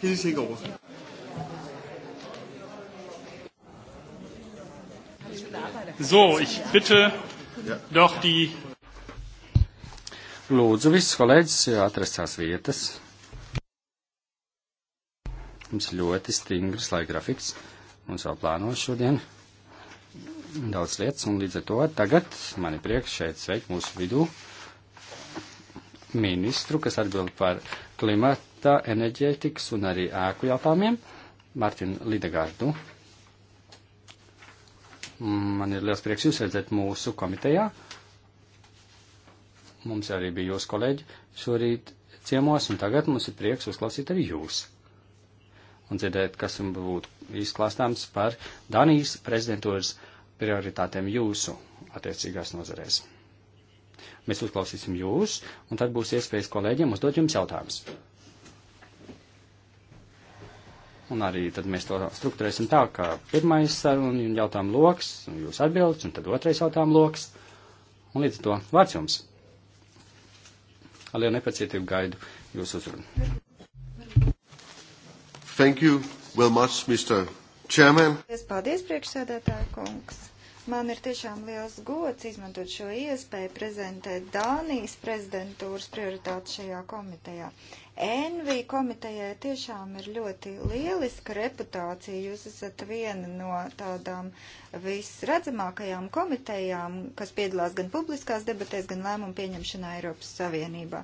He's Eagle. So, ich bitte doch die. Lūdzu, visus kolēģis atrast tās vietas. Mums ļoti stingrs laika grafiks. Mums vēl plāno šodien daudz lietas, un līdz ar to tagad man ir prieks šeit sveikt mūsu vidū ministru, kas atbild par klimata, enerģētikas un arī ēku jautājumiem, Martinu Lidegardu. Man ir liels prieks jūs redzēt mūsu komitejā. Mums arī bija jūsu kolēģi šorīt ciemos, un tagad mums ir prieks uzklausīt arī jūs. Un dzirdēt, kas jums būtu izklāstāms par Danijas prezidentūras prioritātēm jūsu attiecīgās nozarēs. Mēs uzklausīsim jūs, un tad būs iespējas kolēģiem uzdot jums jautājumus. Un arī tad mēs to struktūrēsim tā, ka pirmais saruna un jautājuma loks, un jūs atbildes, un tad otrais jautājuma loks. Un līdz to vārds jums. Ar lielu nepacietību gaidu jūsu uzrunu. Thank you well much, Mr. Chairman. Paldies, priekšsēdētāja kungs. Man ir tiešām liels gods izmantot šo iespēju prezentēt Dānijas prezidentūras prioritāti šajā komitejā. NV komitejai tiešām ir ļoti lieliska reputācija. Jūs esat viena no tādām visredzamākajām komitejām, kas piedalās gan publiskās debatēs, gan lēmumu pieņemšanā Eiropas Savienībā.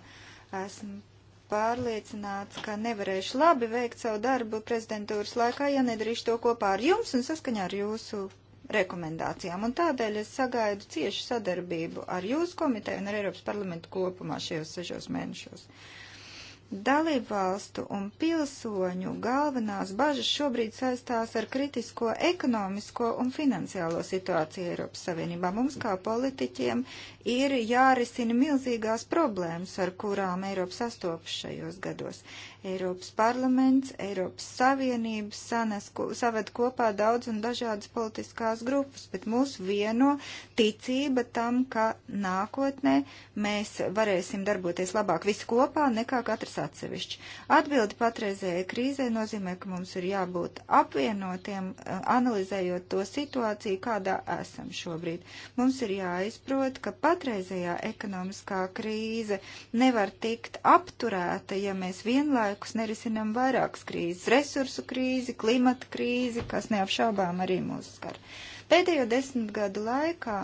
Esmu pārliecināts, ka nevarēšu labi veikt savu darbu prezidentūras laikā, ja nedarīšu to kopā ar jums un saskaņā ar jūsu rekomendācijām, un tādēļ es sagaidu ciešu sadarbību ar jūsu komiteju un ar Eiropas parlamentu kopumā šajos sešos mēnešos. Dalību valstu un pilsoņu galvenās bažas šobrīd saistās ar kritisko ekonomisko un finansiālo situāciju Eiropas Savienībā. Mums kā politiķiem ir jārisina milzīgās problēmas, ar kurām Eiropa sastopas šajos gados. Eiropas parlaments, Eiropas Savienības sanes, ko, saved kopā daudz un dažādas politiskās grupas, bet mūs vieno ticība tam, ka nākotnē mēs varēsim darboties labāk visi kopā nekā katrs atsevišķi. Atbildi patreizējai krīzē nozīmē, ka mums ir jābūt apvienotiem, analizējot to situāciju, kādā esam šobrīd. Mums ir jāizprot, ka pat patreizējā ekonomiskā krīze nevar tikt apturēta, ja mēs vienlaikus nerisinām vairākas krīzes - resursu krīzi, klimata krīzi, kas neapšaubām arī mūs skar. Pēdējo desmit gadu laikā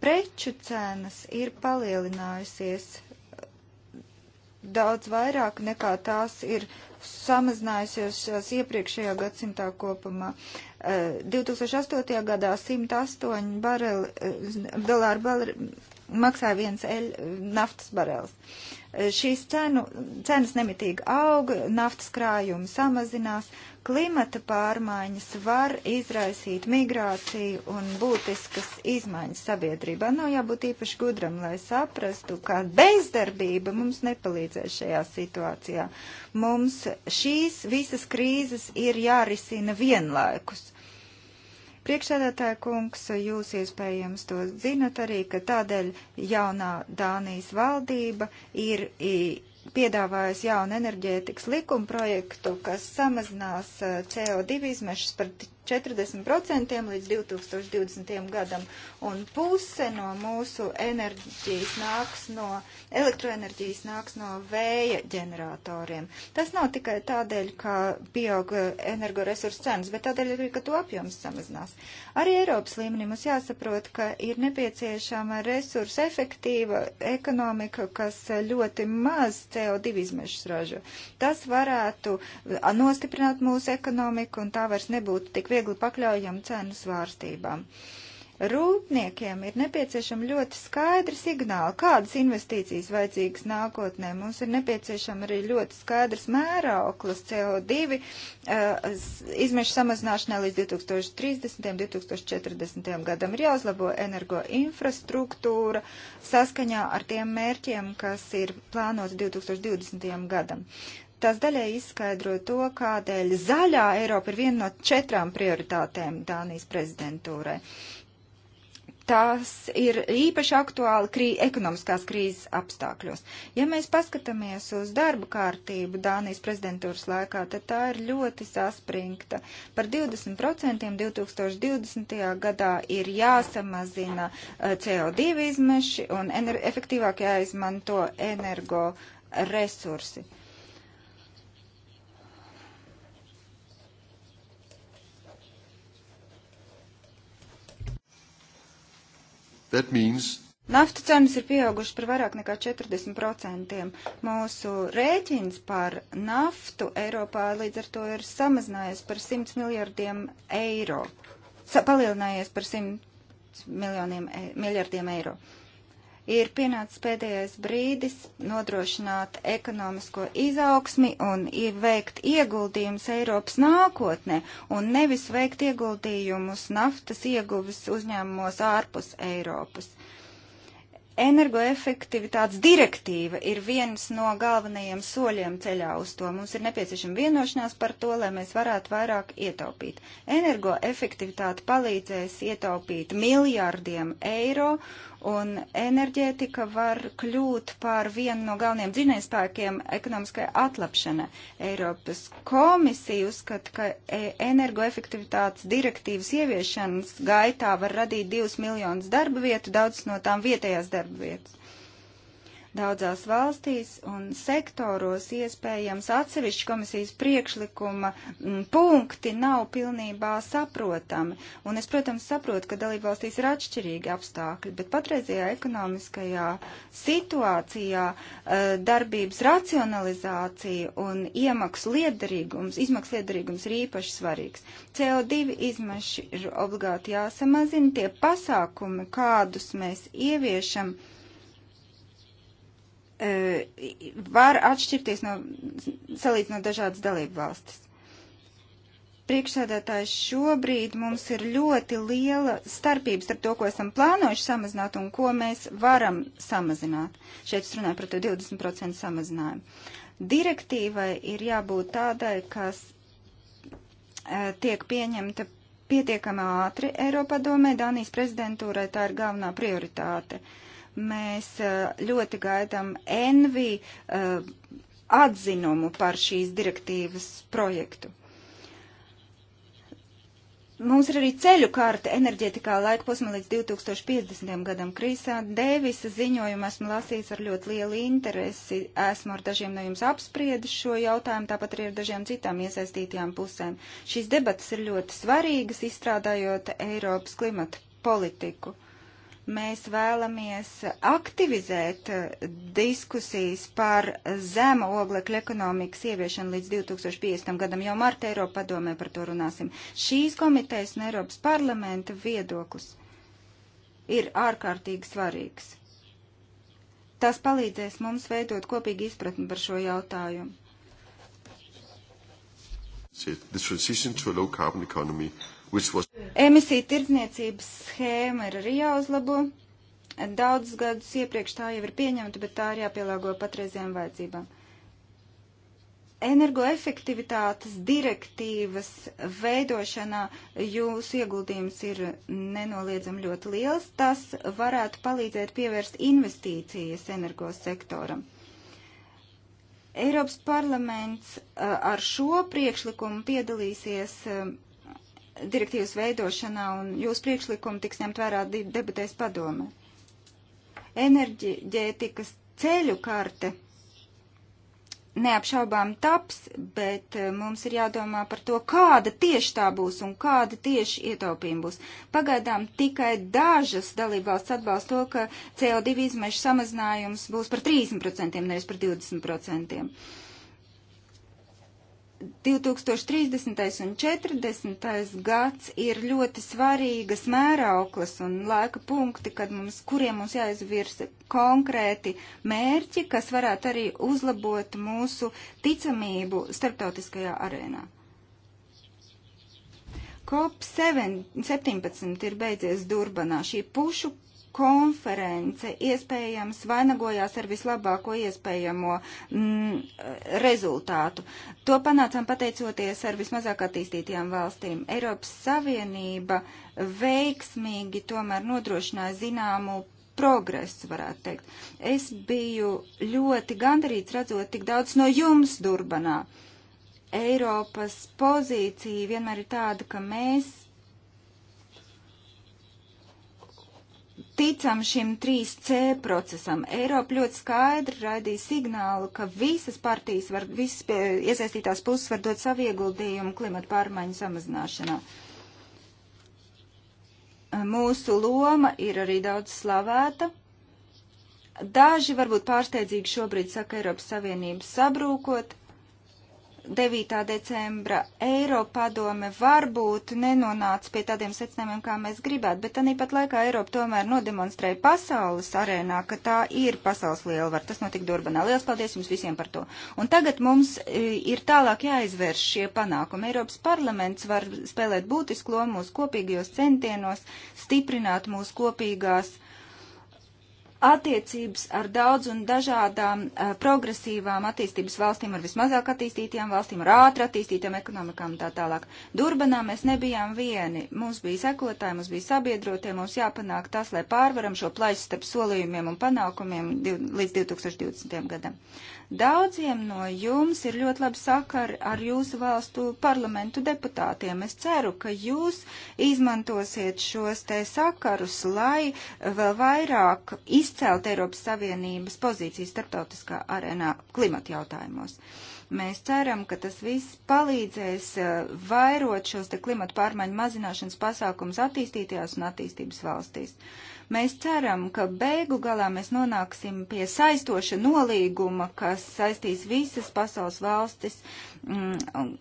preču cenas ir palielinājusies daudz vairāk nekā tās ir samazinājusies iepriekšējā gadsimtā kopumā. 2008. gadā 108 bareli, eh, dolāru bareli maksāja viens eļ, naftas barels. Šīs cenu, cenas nemitīgi auga, naftas krājumi samazinās, klimata pārmaiņas var izraisīt migrāciju un būtiskas izmaiņas sabiedrībā. Nav no, jābūt īpaši gudram, lai saprastu, ka bezdarbība mums nepalīdzēs šajā situācijā. Mums šīs visas krīzes ir jārisina vienlaikus Priekšsēdētāja kungs, jūs iespējams to zinat arī, ka tādēļ jaunā Dānijas valdība ir piedāvājas jaunu enerģētikas likumprojektu, kas samazinās e, CO2 izmešas par 40% līdz 2020. gadam, un puse no mūsu enerģijas nāks no, elektroenerģijas nāks no vēja ģeneratoriem. Tas nav tikai tādēļ, ka pieaug energoresursu cenas, bet tādēļ arī, ka to apjoms samazinās. Arī Eiropas līmenī mums jāsaprot, ka ir nepieciešama resursa efektīva ekonomika, kas ļoti maz CO2 izmešas ražo. Tas varētu nostiprināt mūsu ekonomiku, un tā vairs nebūtu tik viegli pakļaujam cenu svārstībām. Rūpniekiem ir nepieciešama ļoti skaidra signāla, kādas investīcijas vajadzīgas nākotnē. Mums ir nepieciešama arī ļoti skaidrs mērauklis CO2 uh, eh, izmešu samazināšanai līdz 2030. un 2040. gadam. Ir jāuzlabo energo infrastruktūra saskaņā ar tiem mērķiem, kas ir plānoti 2020. gadam. Tas daļai izskaidro to, kādēļ zaļā Eiropa ir viena no četrām prioritātēm Dānijas prezidentūrai. Tas ir īpaši aktuāli krī, ekonomiskās krīzes apstākļos. Ja mēs paskatāmies uz darba kārtību Dānijas prezidentūras laikā, tad tā ir ļoti saspringta. Par 20% 2020. gadā ir jāsamazina eh, CO2 izmeši un ener efektīvāk jāizmanto energo resursi. Uh, means... Naftu cenas ir pieaugušas par vairāk nekā 40%. Mūsu rēķins par naftu Eiropā līdz ar to ir samazinājies par 100 miljardiem eiro. Sa palielinājies par 100 miljoniem, e miljardiem eiro. Uh, ir pienācis pēdējais brīdis nodrošināt ekonomisko izaugsmi un veikt ieguldījumus Eiropas nākotnē un nevis veikt ieguldījumus naftas ieguvis uzņēmumos ārpus Eiropas. Energoefektivitātes direktīva ir viens no galvenajiem soļiem ceļā uz to. Mums ir nepieciešama vienošanās par to, lai mēs varētu vairāk ietaupīt. Energoefektivitāte palīdzēs ietaupīt miljārdiem eiro Un enerģētika var kļūt par vienu no galvenajiem dzinējspēkiem ekonomiskai atlapšanai. Eiropas komisija uzskata, ka e- energoefektivitātes direktīvas ieviešanas gaitā var radīt divus miljonus darba vietu, daudz no tām vietējās darba vietas. Daudzās valstīs un sektoros iespējams atsevišķi komisijas priekšlikuma mm, punkti nav pilnībā saprotami. Un es, protams, saprotu, ka dalībvalstīs ir atšķirīgi apstākļi, bet patreizajā ekonomiskajā situācijā eh, darbības racionalizācija un iemaksu liederīgums, izmaksu liederīgums ir īpaši svarīgs. CO2 izmaši ir obligāti jāsamazina, tie pasākumi, kādus mēs ieviešam, uh, E, var atšķirties no, salīdzinot dažādas dalību valstis. Priekšsēdētājs šobrīd mums ir ļoti liela starpības starp to, ko esam plānojuši samazināt un ko mēs varam samazināt. Šeit es runāju par to 20% samazinājumu. Direktīvai ir jābūt tādai, kas e, tiek pieņemta pietiekami ātri Eiropadomē. Dānijas prezidentūrai tā ir galvenā prioritāte. Uh, Mēs uh, ļoti gaidām NV uh, atzinumu par šīs direktīvas projektu. Mums ir arī ceļu kārta enerģetikā laika posmā līdz 2050. gadam. Krīsā Dēvisa ziņojumu esmu lasījis ar ļoti lielu interesi. Esmu ar dažiem no jums apspriedis šo jautājumu, tāpat arī ar dažiem citām iesaistītajām pusēm. Šīs debatas ir ļoti svarīgas, izstrādājot Eiropas klimata politiku. Uh, Mēs vēlamies aktivizēt eh, diskusijas par zema oglekļa ekonomikas ieviešanu līdz 2050. gadam, jau Marta Eiropa padomē par to runāsim. Šīs komitejas un Eiropas parlamenta viedoklis ir ārkārtīgi svarīgs. Tas palīdzēs mums veidot kopīgu izpratni par šo jautājumu. The transition to a low carbon economy was... Emisija tirdzniecības schēma ir arī jāuzlabo. Daudzus gadus iepriekš tā jau ir pieņemta, bet tā ir jāpielāgo patreizējām vajadzībām energoefektivitātes direktīvas veidošanā jūsu ieguldījums ir nenoliedzami ļoti liels. Tas varētu palīdzēt pievērst investīcijas energosektoram. Eiropas parlaments uh, ar šo priekšlikumu piedalīsies um, direktīvas veidošanā un jūsu priekšlikumi tiks ņemt vērā debatēs padome. Enerģētikas ceļu karte neapšaubām taps, bet eh, mums ir jādomā par to, kāda tieši tā būs un kāda tieši ietaupījuma būs. Pagaidām tikai dažas dalībvalsts atbalsta to, ka CO2 izmešu samazinājums būs par 30%, nevis par 20%. 2030. un 40. gads ir ļoti svarīgas mērauklas un laika punkti, kad mums, kuriem mums jāizvirsa konkrēti mērķi, kas varētu arī uzlabot mūsu ticamību starptautiskajā arēnā. COP17 ir beidzies Durbanā. Šī pušu konference iespējams vainagojās ar vislabāko iespējamo mm, rezultātu. To panācām pateicoties ar vismazāk attīstītajām valstīm. Eiropas Savienība veiksmīgi tomēr nodrošināja zināmu progresu, varētu teikt. Es biju ļoti gandarīts redzot tik daudz no jums Durbanā. Eiropas pozīcija vienmēr ir tāda, ka mēs ticam šim 3C procesam. Eiropa ļoti skaidri raidīja signālu, ka visas partijas, var, visas pie, iesaistītās puses var dot savu ieguldījumu klimata pārmaiņu samazināšanā. Mūsu loma ir arī daudz slavēta. Daži varbūt pārsteidzīgi šobrīd saka Eiropas Savienības sabrūkot, 9. decembra Eiropadome varbūt nenonāca pie tādiem secinājumiem, kā mēs gribētu, bet tāpat laikā Eiropa tomēr nodemonstrēja pasaules arēnā, ka tā ir pasaules lielvara. Tas notika Durbanā. Lielas paldies jums visiem par to. Un tagad mums e, ir tālāk jāizvērš šie panākumi. Eiropas parlaments var spēlēt būtisku lomu mūsu kopīgajos centienos, stiprināt mūsu kopīgās attiecības ar daudz un dažādām uh, progresīvām attīstības valstīm, ar vismazāk attīstītajām valstīm, ar ātri attīstītām ekonomikām un tā tālāk. Durbanā mēs nebijām vieni. Mums bija sekotāji, mums bija sabiedrotie, mums jāpanāk tas, lai pārvaram šo plaisu starp solījumiem un panākumiem div, līdz 2020. gadam. Daudziem no jums ir ļoti labi sakari ar jūsu valstu parlamentu deputātiem. Es ceru, ka jūs izmantosiet šos te sakarus, lai eh, vēl vairāk izpētīt izcelt Eiropas Savienības pozīciju starptautiskā arēnā klimata jautājumos. Mēs ceram, ka tas viss palīdzēs eh, vairot šos te klimata pārmaiņu mazināšanas pasākumus attīstītajās un attīstības valstīs. Mēs ceram, ka beigu galā mēs nonāksim pie saistoša nolīguma, kas saistīs visas pasaules valstis. Mm,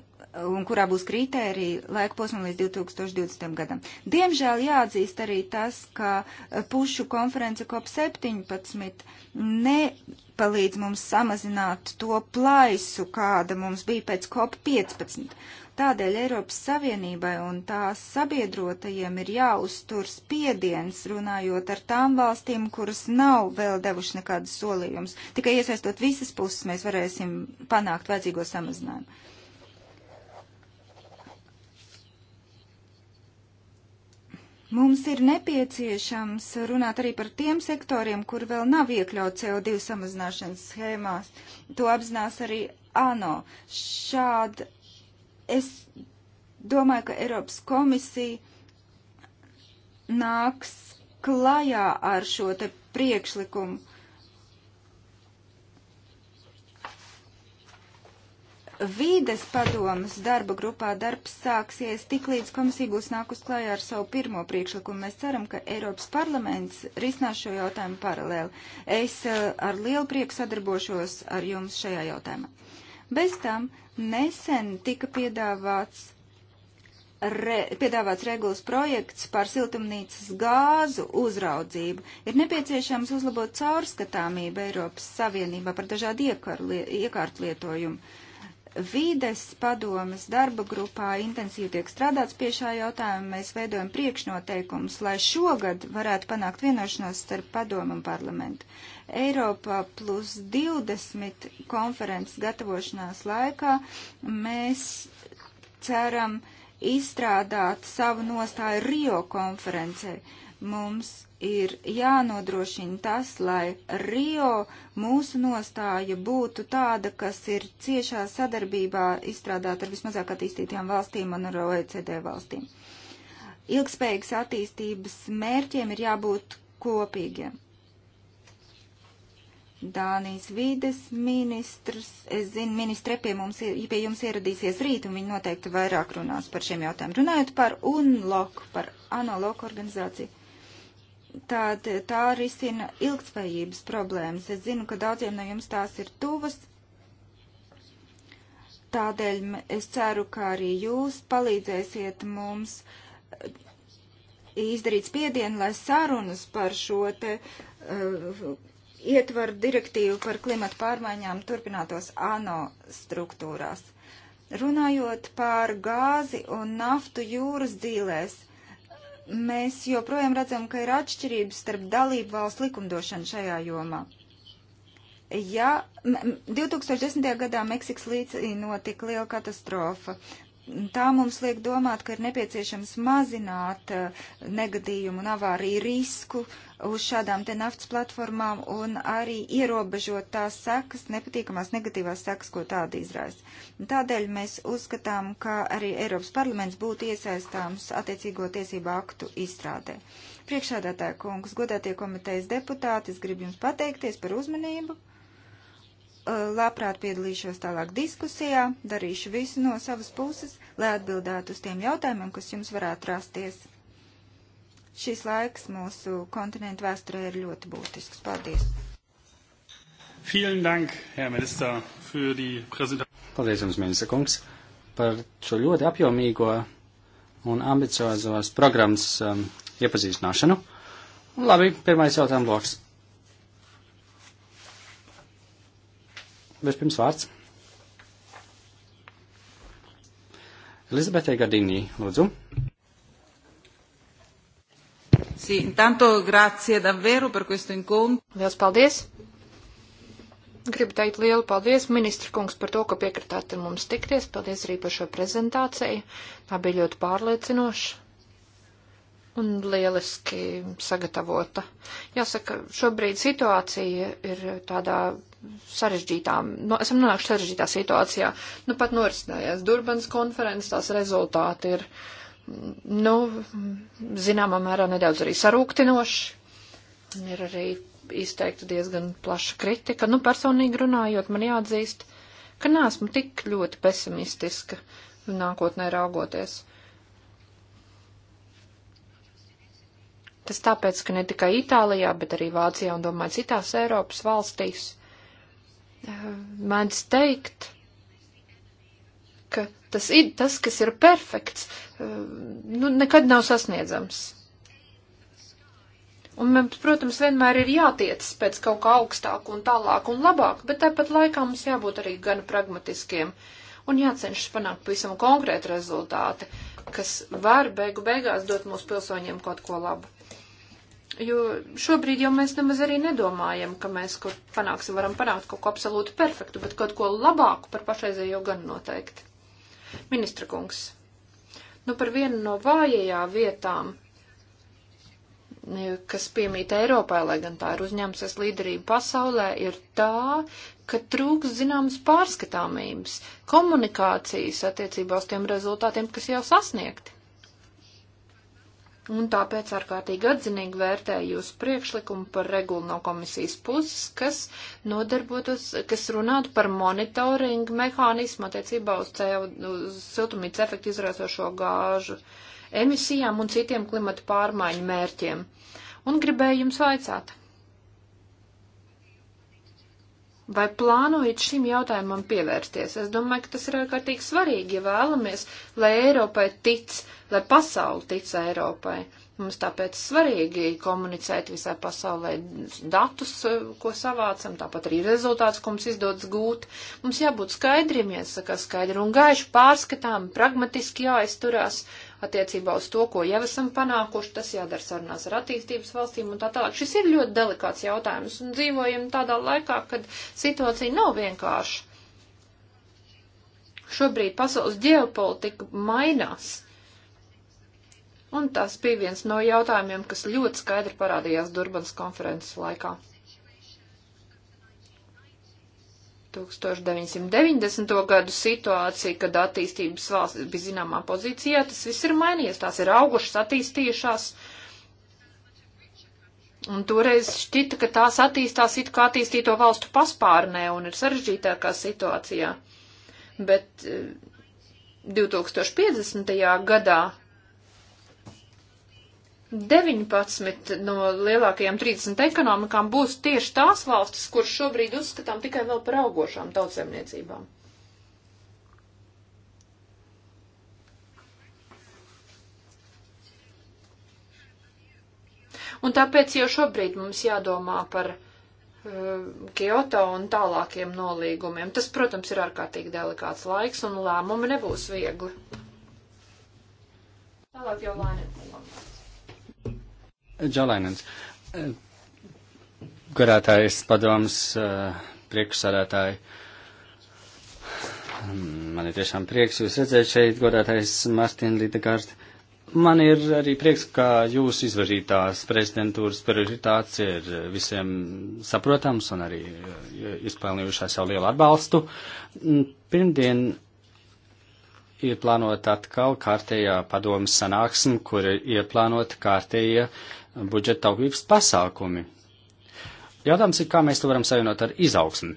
un kurā būs kritērija laika posmam līdz 2020. gadam. Diemžēl jāatzīst arī tas, ka eh, pušu konference COP17 nepalīdz mums samazināt to plaisu, kāda mums bija pēc COP15. Tādēļ Eiropas Savienībai un tās sabiedrotajiem ir jāuztur spiediens, runājot ar tām valstīm, kuras nav vēl devuši nekādas solījumus. Tikai iesaistot visas puses, mēs varēsim panākt vajadzīgo samazinājumu. Mums ir nepieciešams runāt arī par tiem sektoriem, kur vēl nav iekļaut CO2 samazināšanas schēmās. To apzinās arī ANO. Šādi es domāju, ka Eiropas komisija nāks klajā ar šo te priekšlikumu. vīdes padomas darba grupā darbs sāksies tik līdz komisija būs nākus klājā ar savu pirmo priekšlikumu. Mēs ceram, ka Eiropas parlaments risinās šo jautājumu paralēli. Es eh, ar lielu prieku sadarbošos ar jums šajā jautājumā. Bez tam nesen tika piedāvāts re, piedāvāts regulas projekts par siltumnīcas gāzu uzraudzību, ir nepieciešams uzlabot caurskatāmību Eiropas Savienībā par dažādu iekārtu lietojumu. Vides padomas darba grupā intensīvi tiek strādāts pie šā jautājuma. Mēs veidojam priekšnoteikumus, lai šogad varētu panākt vienošanos starp padomu un parlamentu. Eiropā plus 20 konferences gatavošanās laikā mēs ceram izstrādāt savu nostāju Rio konferencei. Mums ir jānodrošina tas, lai Rio mūsu nostāja būtu tāda, kas ir ciešā sadarbībā izstrādāta ar vismazāk attīstītajām valstīm un ar OECD valstīm. Ilgspējīgas attīstības mērķiem ir jābūt kopīgiem. Dānijas vīdes ministrs, es zinu, ministre pie, mums, pie jums ieradīsies rīt, un viņi noteikti vairāk runās par šiem jautājumiem. Runājot par UNLOK, par ANO LOK organizāciju tad tā risina ilgspējības problēmas. Es zinu, ka daudziem no jums tās ir tuvas. Tādēļ es ceru, ka arī jūs palīdzēsiet mums eh, izdarīt spiedienu, lai sarunas par šo te uh, ietvaru direktīvu par klimatu pārmaiņām turpinātos ANO struktūrās. Runājot par gāzi un naftu jūras dzīlēs, uh, mēs joprojām redzam, ka ir atšķirības starp dalību valstu likumdošanu šajā jomā. Ja 2010. gadā Meksikas līdzi notika liela katastrofa, tā mums liek domāt, ka ir nepieciešams mazināt eh, negadījumu un avāriju risku uz šādām te naftas platformām un arī ierobežot tās sekas, nepatīkamās negatīvās sekas, ko tāda izraisa. Tādēļ mēs uzskatām, ka arī Eiropas parlaments būtu iesaistāms attiecīgo tiesību aktu izstrādē. Priekšādātāja kungs, godātie komitejas deputāti, es gribu jums pateikties par uzmanību. Labprāt piedalīšos tālāk diskusijā, darīšu visu no savas puses, lai atbildētu uz tiem jautājumiem, kas jums varētu rasties. Šis laiks mūsu kontinentu vēsturē ir ļoti būtisks. Paldies! Vielen Dank, Herr Minister, für die Präsentation. Paldies jums, ministra kungs, par šo ļoti apjomīgo un ambiciozos programmas um, iepazīstināšanu. Un labi, pirmais jautājums bloks. Vispirms vārds. Elizabetei Gardīnī, lūdzu. Sì, intanto grazie davvero per questo incontro. Lielas paldies! Gribu teikt lielu paldies, ministra kungs, par to, ka piekritāt ar mums tikties. Paldies arī par šo prezentāciju. Tā bija ļoti pārliecinoša un lieliski sagatavota. Jāsaka, šobrīd situācija ir tādā sarežģītā, no, nu, esam nonākuši sarežģītā situācijā. Nu, pat norisinājās Durbanas konferences, tās rezultāti ir. Uh, nu, zināmā mērā nedaudz arī sarūktinoši. Un ir arī izteikta diezgan plaša kritika. Nu, personīgi runājot, man jāatzīst, ka neesmu tik ļoti pesimistiska nākotnē raugoties. Tas tāpēc, ka ne tikai Itālijā, bet arī Vācijā un, domāju, citās Eiropas valstīs mēdz teikt, ka Tas, ir, tas kas ir perfekts, eh, nu, nekad nav sasniedzams. Un mums, protams, vienmēr ir jātiec pēc kaut kā augstāk un tālāk un labāk, bet tāpat laikā mums jābūt arī gan pragmatiskiem un jācenšas panākt pavisam konkrēti rezultāti, kas var beigu beigās dot mūsu pilsoņiem kaut ko labu. Jo šobrīd jau mēs nemaz arī nedomājam, ka mēs kaut panāksim, varam panākt kaut ko absolūti perfektu, bet kaut ko labāku par pašreizējo gan noteikti. Ministra kungs, nu par vienu no vājajā vietām, kas piemīt Eiropai, lai gan tā ir uzņēmusies līderību pasaulē, ir tā, ka trūks zināmas pārskatāmības, komunikācijas attiecībā uz tiem rezultātiem, kas jau sasniegti. Un tāpēc ārkārtīgi atzinīgi vērtēju jūsu priekšlikumu par regulu no komisijas puses, kas nodarbotos, kas runātu par monitoringu mehānismu attiecībā uz, CO, uz siltumnīca efektu izraisošo gāžu emisijām un citiem klimata pārmaiņu mērķiem. Un gribēju jums vaicāt, Vai plānojat šim jautājumam pievērsties? Es domāju, ka tas ir ārkārtīgi svarīgi, ja vēlamies, lai Eiropai tic lai pasauli tic Eiropai. Mums tāpēc svarīgi komunicēt visā pasaulē datus, eh, ko savācam, tāpat arī rezultāts, ko mums izdodas gūt. Mums jābūt skaidriem, jāsaka skaidri un gaiši pārskatām, pragmatiski jāizturās attiecībā uz to, ko jau esam panākuši, tas jādara sarunās ar attīstības valstīm un tā tālāk. Šis ir ļoti delikāts jautājums un dzīvojam tādā laikā, kad situācija nav vienkārša. Šobrīd pasaules ģeopolitika mainās Un tas bija viens no jautājumiem, kas ļoti skaidri parādījās Durbanas konferences laikā. 1990. gadu situācija, kad attīstības valsts bija zināmā pozīcijā, tas viss ir mainījies, tās ir augušas, attīstījušās. Un toreiz šķita, ka tās attīstās it kā attīstīto valstu paspārnē un ir sarežģītākā situācijā. Bet 2050. Eh, gadā 19 no lielākajām 30 ekonomikām būs tieši tās valstis, kuras šobrīd uzskatām tikai vēl par augošām tautsēmniecībām. Un tāpēc jau šobrīd mums jādomā par eh, Kyoto un tālākiem nolīgumiem. Tas, protams, ir ārkārtīgi delikāts laiks un lēmumi nebūs viegli. Tālāk jau lēnīt. Džalainens, garētājs padoms eh, priekšsādātāji. Man ir tiešām prieks jūs redzēt šeit, godātais Martin Lidekārs. Man ir arī prieks, ka jūsu izvirzītās prezidentūras prioritātes ir visiem saprotams un arī eh, izpelnījušās jau lielu atbalstu. Pirmdien ir plānota atkal kārtējā padomas sanāksme, kur ir ieplānota kārtējie budžeta taupības pasākumi. Jautājums ir, kā mēs to varam savienot ar izaugsmi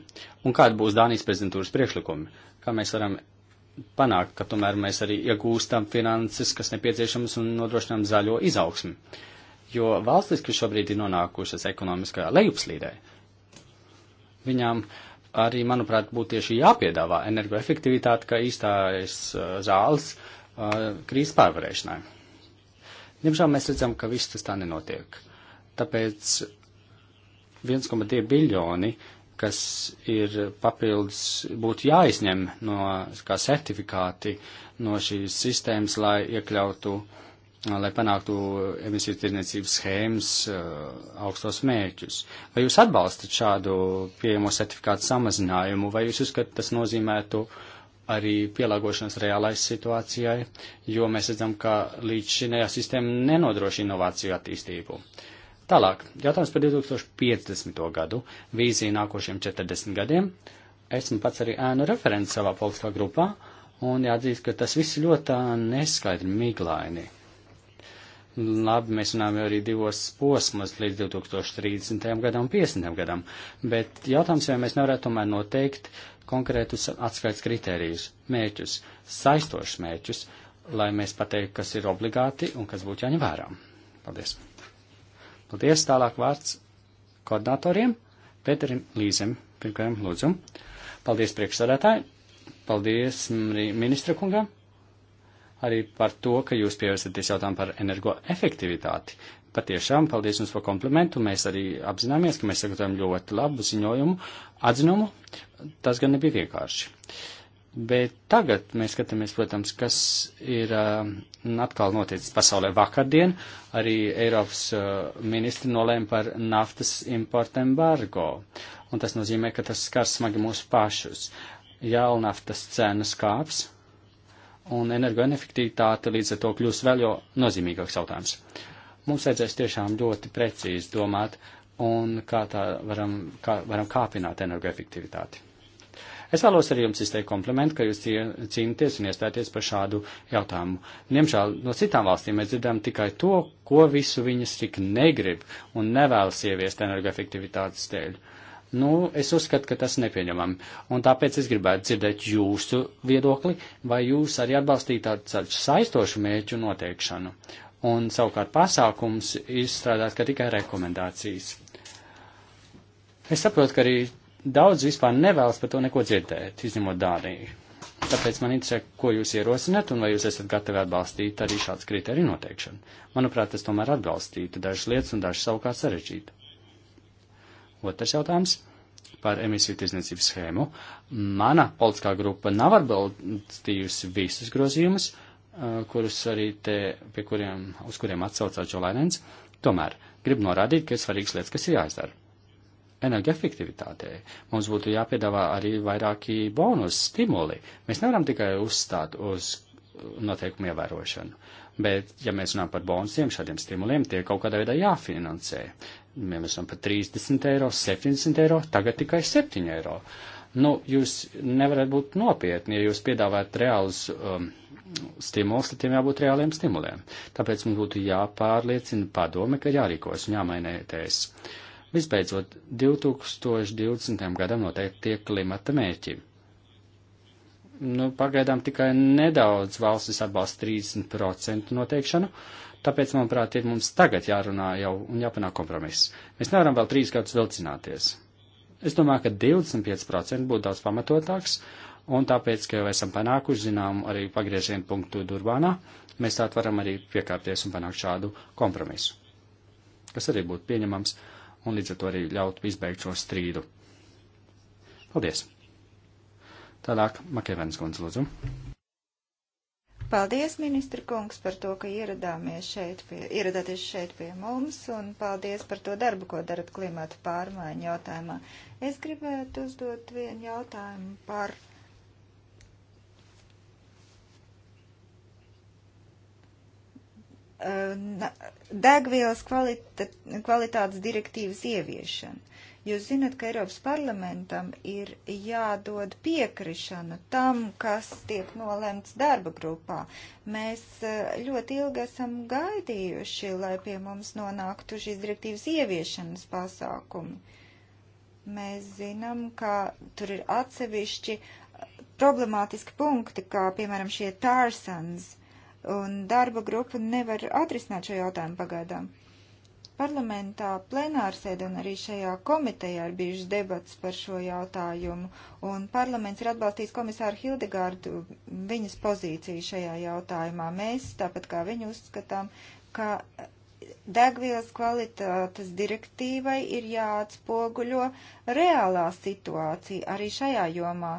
un kāda būs Dānijas prezidentūras priekšlikumi, kā mēs varam panākt, ka tomēr mēs arī iegūstam finanses, kas nepieciešams un nodrošinām zaļo izaugsmi. Jo valstis, kas šobrīd ir nonākušas ekonomiskajā lejupslīdē, viņām arī, manuprāt, būtu tieši jāpiedāvā energoefektivitāte kā īstais uh, zāles uh, krīzes pārvarēšanai. Diemžēl mēs redzam, ka viss tas tā nenotiek. Tāpēc 1,2 biljoni, kas ir papildus, būtu jāizņem no, kā certifikāti no šīs sistēmas, lai iekļautu, lai panāktu emisiju tirniecības schēmas uh, augstos mērķus. Vai jūs atbalstat šādu pieejamo certifikātu samazinājumu, vai jūs uzskatāt, tas nozīmētu uh, arī pielāgošanās reālais situācijai, jo mēs redzam, ka līdz šinējā sistēma nenodrošina inovāciju attīstību. Tālāk, jautājums par 2050. gadu, vīziju nākošiem 40 gadiem. Esmu pats arī ēnu referents savā politiskā grupā, un jāatzīst, ka tas viss ļoti neskaidri miglaini. Uh, Labi, mēs runājam arī divos posmos līdz 2030. gadam un 50. gadam, bet jautājums, vai mēs nevarētu tomēr noteikt konkrētus atskaits kritērijus, mērķus, saistošus mērķus, lai mēs pateiktu, kas ir obligāti un kas būtu jāņem vērā. Paldies. Paldies. Tālāk vārds koordinatoriem. Pēterim Līzem, pirmkārt, lūdzu. Paldies priekšsādātāji. Paldies ministra kungam arī par to, ka jūs pievērsaties jautājumu par energoefektivitāti. Patiešām, paldies jums par komplimentu. Mēs arī apzināmies, ka mēs sagatavojam ļoti labu ziņojumu, atzinumu. Tas gan nebija vienkārši. Bet tagad mēs skatāmies, protams, kas ir uh, atkal noticis pasaulē vakardien. Arī Eiropas uh, ministri nolēma par naftas importu embargo. Un tas nozīmē, ka tas skars smagi mūsu pašus. Jālnaftas cenas kāps, un energoefektivitāte līdz ar to kļūs vēl jo nozīmīgāks jautājums. Mums vajadzēs tiešām ļoti precīzi domāt, un kā tā varam, kā varam kāpināt energoefektivitāti. Es vēlos arī jums izteikt komplimentu, ka jūs cīnāties un iestāties par šādu jautājumu. Diemžēl no citām valstīm mēs dzirdam tikai to, ko visu viņas tik negrib un nevēlas ieviest energoefektivitātes dēļ. Uh, Nu, es uzskatu, ka tas nepieņemam. Un tāpēc es gribētu dzirdēt jūsu viedokli, vai jūs arī atbalstītu tādu saistošu mērķu noteikšanu. Un savukārt pasākums izstrādāt, ka tikai rekomendācijas. Es saprotu, ka arī daudz vispār nevēlas par to neko dzirdēt, izņemot Dāniju. Tāpēc man interesē, ko jūs ierosināt un vai jūs esat gatavi atbalstīt arī šāds kriteriju noteikšanu. Manuprāt, tas tomēr atbalstītu dažas lietas un dažas savukārt sarežģītu. Otrs jautājums par emisiju tirdzniecības schēmu. Mana politiskā grupa nav atbalstījusi visus grozījumus, eh, kurus arī te, pie kuriem, uz kuriem atsaucās Džolainens. Tomēr gribu norādīt, ka ir svarīgas lietas, kas ir jāizdara. Energoefektivitātei mums būtu jāpiedāvā arī vairāki bonus stimuli. Mēs nevaram tikai uzstāt uz noteikumu ievērošanu. Bet, ja mēs runājam par bonusiem, šādiem stimuliem, tie kaut kādā veidā jāfinansē. Ja mēs runājam par 30 eiro, 70 eiro, tagad tikai 7 eiro. Nu, jūs nevarat būt nopietni, ja jūs piedāvājat reālus um, stimulus, tad tiem jābūt reāliem stimuliem. Tāpēc mums būtu jāpārliecina padome, ka jārīkos un jāmainēties. Visbeidzot, 2020. gadam noteikti tie klimata mēķi nu, pagaidām tikai nedaudz valstis atbalsta 30% noteikšanu, tāpēc, manuprāt, ir mums tagad jārunā jau un jāpanāk kompromiss. Mēs nevaram vēl trīs gadus vilcināties. Es domāju, ka 25% būtu daudz pamatotāks, un tāpēc, ka jau esam panākuši, zinām, arī pagriezienu punktu Durbānā, mēs tātad varam arī piekāpties un panākt šādu kompromisu, kas arī būtu pieņemams, un līdz ar to arī ļaut izbeigt šo strīdu. Paldies! Tālāk, Makēvens kundze, lūdzu. Paldies, ministra kungs, par to, ka ieradāmies šeit pie, ieradāties šeit pie mums, un paldies par to darbu, ko darat klimata pārmaiņu jautājumā. Es gribētu uzdot vienu jautājumu par. Eh, degvielas kvalita, kvalitātes direktīvas ieviešanu. Jūs zinat, ka Eiropas parlamentam ir jādod piekrišana tam, kas tiek nolemts darba grupā. Mēs e, ļoti ilgi esam gaidījuši, lai pie mums nonāktu šīs direktīvas ieviešanas pasākumi. Mēs zinām, ka tur ir atsevišķi e, problemātiski punkti, kā piemēram šie tārsans, un darba grupa nevar atrisināt šo jautājumu pagaidām. Parlamentā plenārsēdē un arī šajā komitejā ir bijušas debats par šo jautājumu, un parlaments ir atbalstījis komisāru Hildegārdu viņas pozīciju šajā jautājumā. Mēs, tāpat kā viņu uzskatām, ka degvielas kvalitātes direktīvai ir jāatspoguļo reālā situācija arī šajā jomā.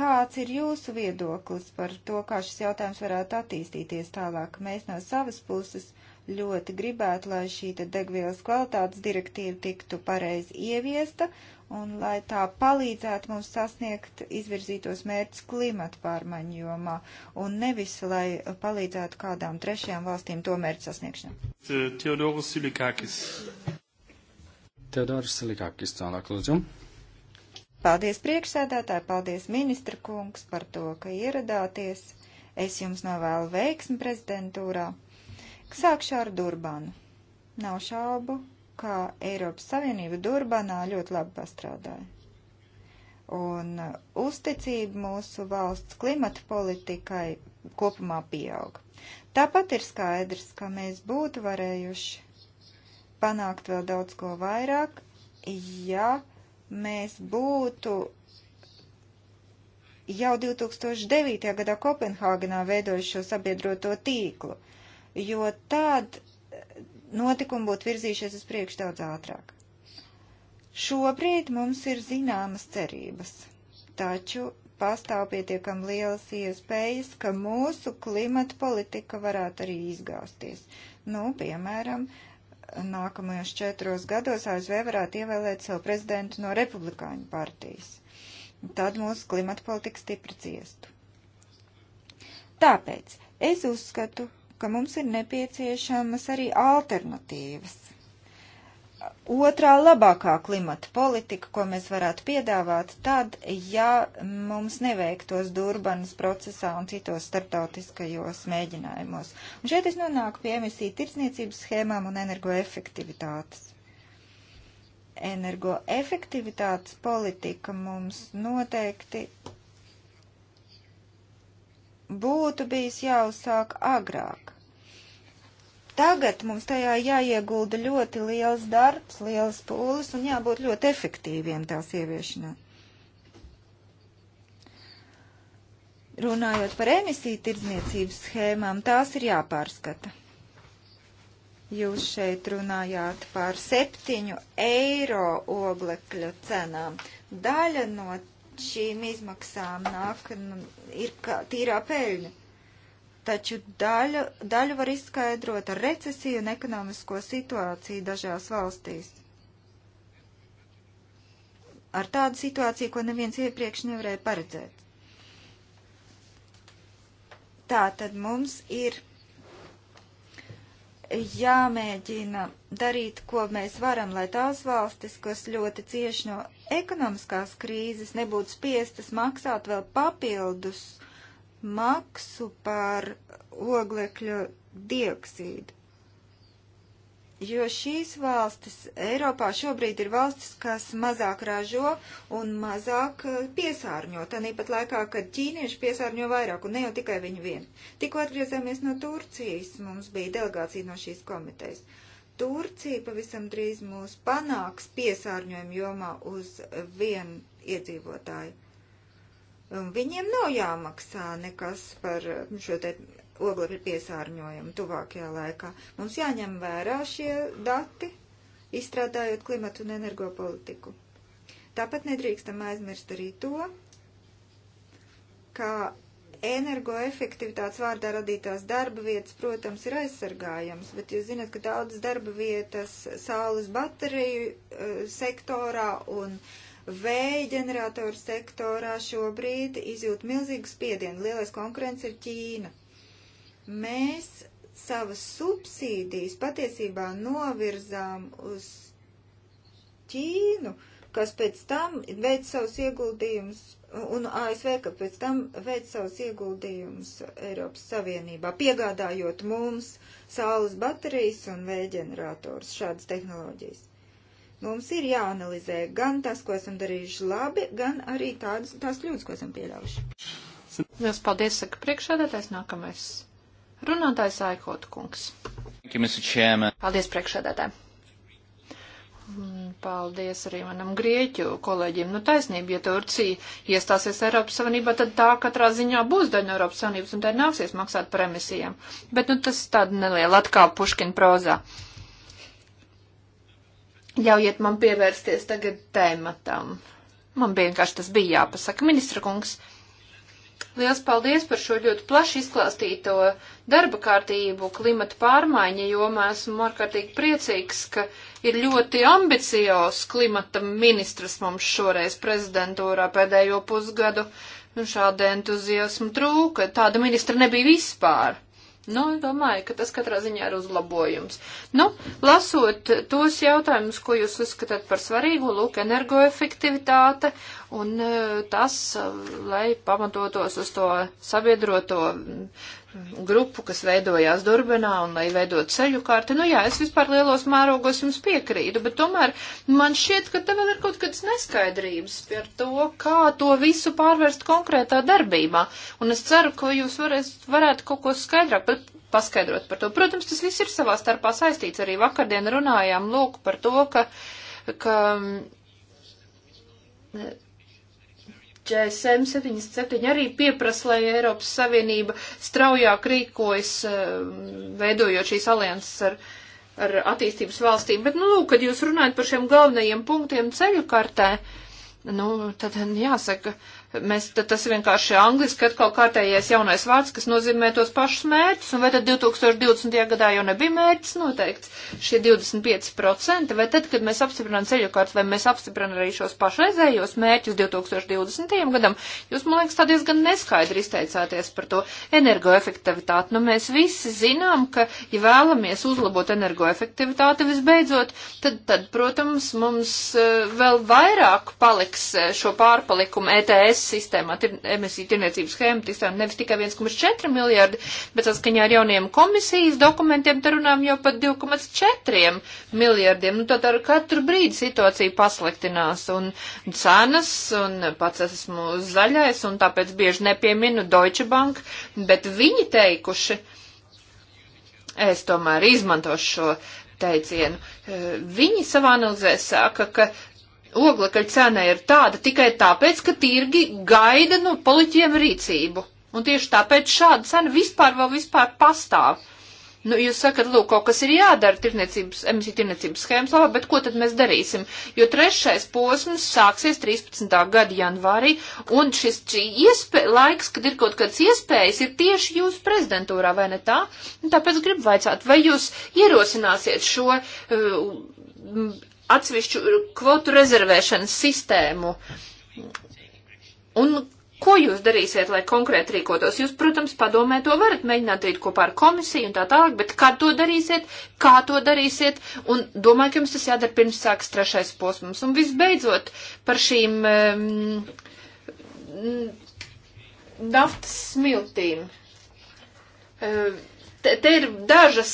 Kāds ir jūsu viedoklis par to, kā šis jautājums varētu attīstīties tālāk? Mēs no savas puses uh, ļoti gribētu, lai šī degvielas kvalitātes direktīva tiktu pareizi ieviesta un lai tā palīdzētu mums sasniegt izvirzītos mērķus klimata pārmaiņu jomā un nevis, lai palīdzētu kādām trešajām valstīm to mērķu sasniegšanā. Teodoros Silikakis. Teodoros Silikakis, tālāk lūdzu. Paldies priekšsēdētāji, paldies ministra kungs par to, ka ieradāties. Es jums novēlu veiksmi prezidentūrā. Sākšu ar Durbanu. Nav šaubu, kā Eiropas Savienība Durbanā ļoti labi pastrādāja. Un uh, uzticība mūsu valsts klimata politikai kopumā pieauga. Tāpat ir skaidrs, ka mēs būtu varējuši panākt vēl daudz ko vairāk, ja mēs būtu jau 2009. gadā Kopenhāgenā veidojuši šo sabiedroto tīklu. Uh, jo tad notikumi būtu virzījušies uz priekšu daudz ātrāk. Šobrīd mums ir zināmas cerības, taču pastāv pietiekam lielas iespējas, ka mūsu klimata politika varētu arī izgāsties. Nu, piemēram, nākamajos četros gados ASV varētu ievēlēt savu prezidentu no republikāņu partijas. Tad mūsu klimata politika stipri ciestu. Tāpēc es uzskatu, ka mums ir nepieciešamas arī alternatīvas. Otrā labākā klimata politika, ko mēs varētu piedāvāt, tad, ja mums neveiktos Durbanas procesā un citos starptautiskajos mēģinājumos. Un šeit es nonāku pie emisiju tirdzniecības schēmām un energoefektivitātes energoefektivitātes politika mums noteikti būtu bijis jāuzsāk agrāk. Tagad mums tajā jāiegulda ļoti liels darbs, liels pūles un jābūt ļoti efektīviem tās ieviešanā. Runājot par emisiju tirdzniecības schēmām, tās ir jāpārskata. Jūs šeit runājāt par septiņu eiro oglekļa cenām. Daļa no šīm izmaksām nāk, ir tīrā peļņa. Taču daļu, daļu var izskaidrot ar recesiju un ekonomisko situāciju dažās valstīs. Ar tādu situāciju, ko neviens iepriekš nevarēja paredzēt. Tā tad mums ir jāmēģina darīt, ko mēs varam, lai tās valstis, kas ļoti cieši no ekonomiskās krīzes, nebūtu spiestas maksāt vēl papildus maksu par oglekļa dioksīdu jo šīs valstis Eiropā šobrīd ir valstis, kas mazāk ražo un mazāk eh, piesārņo. Tāpat laikā, kad ķīnieši piesārņo vairāk, un ne jau tikai viņi vien. Tikko atgriezāmies no Turcijas, mums bija delegācija no šīs komitejas. Turcija pavisam drīz mūs panāks piesārņojumu jomā uz vienu iedzīvotāju. Un viņiem nav jāmaksā nekas par eh, šo te oglekļa piesārņojumu tuvākajā laikā. Mums jāņem vērā šie dati, izstrādājot klimatu un energopolitiku. Tāpat nedrīkstam aizmirst arī to, ka energoefektivitātes vārdā radītās darba vietas, protams, ir aizsargājams, bet jūs zināt, ka daudzas darba vietas saules bateriju uh, sektorā un vēja ģeneratoru sektorā šobrīd izjūt milzīgu spiedienu. Lielais konkurents ir Ķīna. Mēs savas subsīdijas patiesībā novirzām uz Ķīnu, kas pēc tam veids savus ieguldījumus, un ASV, ka pēc tam veids savus ieguldījumus Eiropas Savienībā, piegādājot mums saules baterijas un vējģenerators, šādas tehnoloģijas. Mums ir jāanalizē gan tas, ko esam darījuši labi, gan arī tādas, tās kļūdas, ko esam pieļāvuši. Liels paldies, saka priekšādātais nākamais Runātājs Aikot kungs. Paldies priekšsēdētājiem. Paldies arī manam grieķu kolēģim. Nu, taisnība, ja Turcija iestāsies Eiropas Savienībā, tad tā katrā ziņā būs daļa no Eiropas Savienības un tai nāksies maksāt par emisijām. Bet, nu, tas tāda neliela atkāpa Puškina prozā. Ļaujiet man pievērsties tagad tēmatam. Man vienkārši tas bija jāpasaka. Ministra kungs, Liels paldies par šo ļoti plaši izklāstīto darba kārtību klimata pārmaiņa jomā. Esmu ārkārtīgi priecīgs, ka ir ļoti ambiciozs klimata ministrs mums šoreiz prezidentūrā pēdējo pusgadu. Un nu, šāda entuziasma trūka. Tāda ministra nebija vispār. Nu, domāju, ka tas katrā ziņā ir uzlabojums. Nu, lasot tos jautājumus, ko jūs uzskatāt par svarīgu, lūk, energoefektivitāte un eh, tas, eh, lai pamatotos uz to sabiedroto grupu, kas veidojās Durbanā un lai veidot ceļu kārti. Nu jā, es vispār lielos mērogos jums piekrītu, bet tomēr man šķiet, ka te vēl ir kaut kādas neskaidrības par to, kā to visu pārvērst konkrētā darbībā. Un es ceru, ka jūs varēs, varētu kaut ko skaidrāk pat paskaidrot par to. Protams, tas viss ir savā starpā saistīts. Arī vakardien runājām lūk par to, ka, ka GSM 77 arī pieprasa, lai Eiropas Savienība straujāk rīkojas, eh, veidojot šīs alianses ar, ar attīstības valstīm. Bet, nu, kad jūs runājat par šiem galvenajiem punktiem ceļu kartē, nu, tad jāsaka, uh, Mēs, tad tas vienkārši angliski atkal kārtējies jaunais vārds, kas nozīmē tos pašus mērķus, un vai tad 2020. gadā jau nebija mērķis noteikts šie 25%, vai tad, kad mēs apstiprinām ceļokārtu, vai mēs apstiprinām arī šos pašreizējos mērķus 2020. gadam, jūs, man liekas, tā diezgan neskaidri izteicāties par to energoefektivitāti. Nu, mēs visi zinām, ka, ja vēlamies uzlabot energoefektivitāti visbeidzot, tad, tad protams, mums eh, vēl vairāk paliks eh, šo pārpalikumu ETS ETS sistēmā, tir, emisiju tirniecības schēma, tiksām nevis tikai 1,4 miljardi, bet saskaņā ar jauniem komisijas dokumentiem te runām jau pat 2,4 miljardiem. Nu, tad ar katru brīdi situācija pasliktinās un cenas, un pats esmu zaļais, un tāpēc bieži nepieminu Deutsche Bank, bet viņi teikuši, es tomēr izmantošu šo teicienu. Viņi savā analizē saka, ka oglekļa cena ir tāda tikai tāpēc, ka tirgi gaida no nu, politiķiem rīcību. Un tieši tāpēc šāda cena vispār vēl vispār pastāv. Nu, jūs sakat, lūk, kaut kas ir jādara tirniecības, emisiju tirniecības schēmas labā, bet ko tad mēs darīsim? Jo trešais posms sāksies 13. gada janvārī, un šis iespē, laiks, kad ir kaut kāds iespējas, ir tieši jūsu prezidentūrā, vai ne tā? Un tāpēc gribu vaicāt, vai jūs ierosināsiet šo uh, atsevišķu kvotu rezervēšanas sistēmu. Un ko jūs darīsiet, lai konkrēti rīkotos? Jūs, protams, padomē to varat mēģināt darīt kopā ar komisiju un tā tālāk, bet kad to darīsiet, kā to darīsiet, un domāju, ka jums tas jādara pirms sāks trešais posms. Un visbeidzot par šīm um, naftas smiltīm. Um, Te, te ir dažas,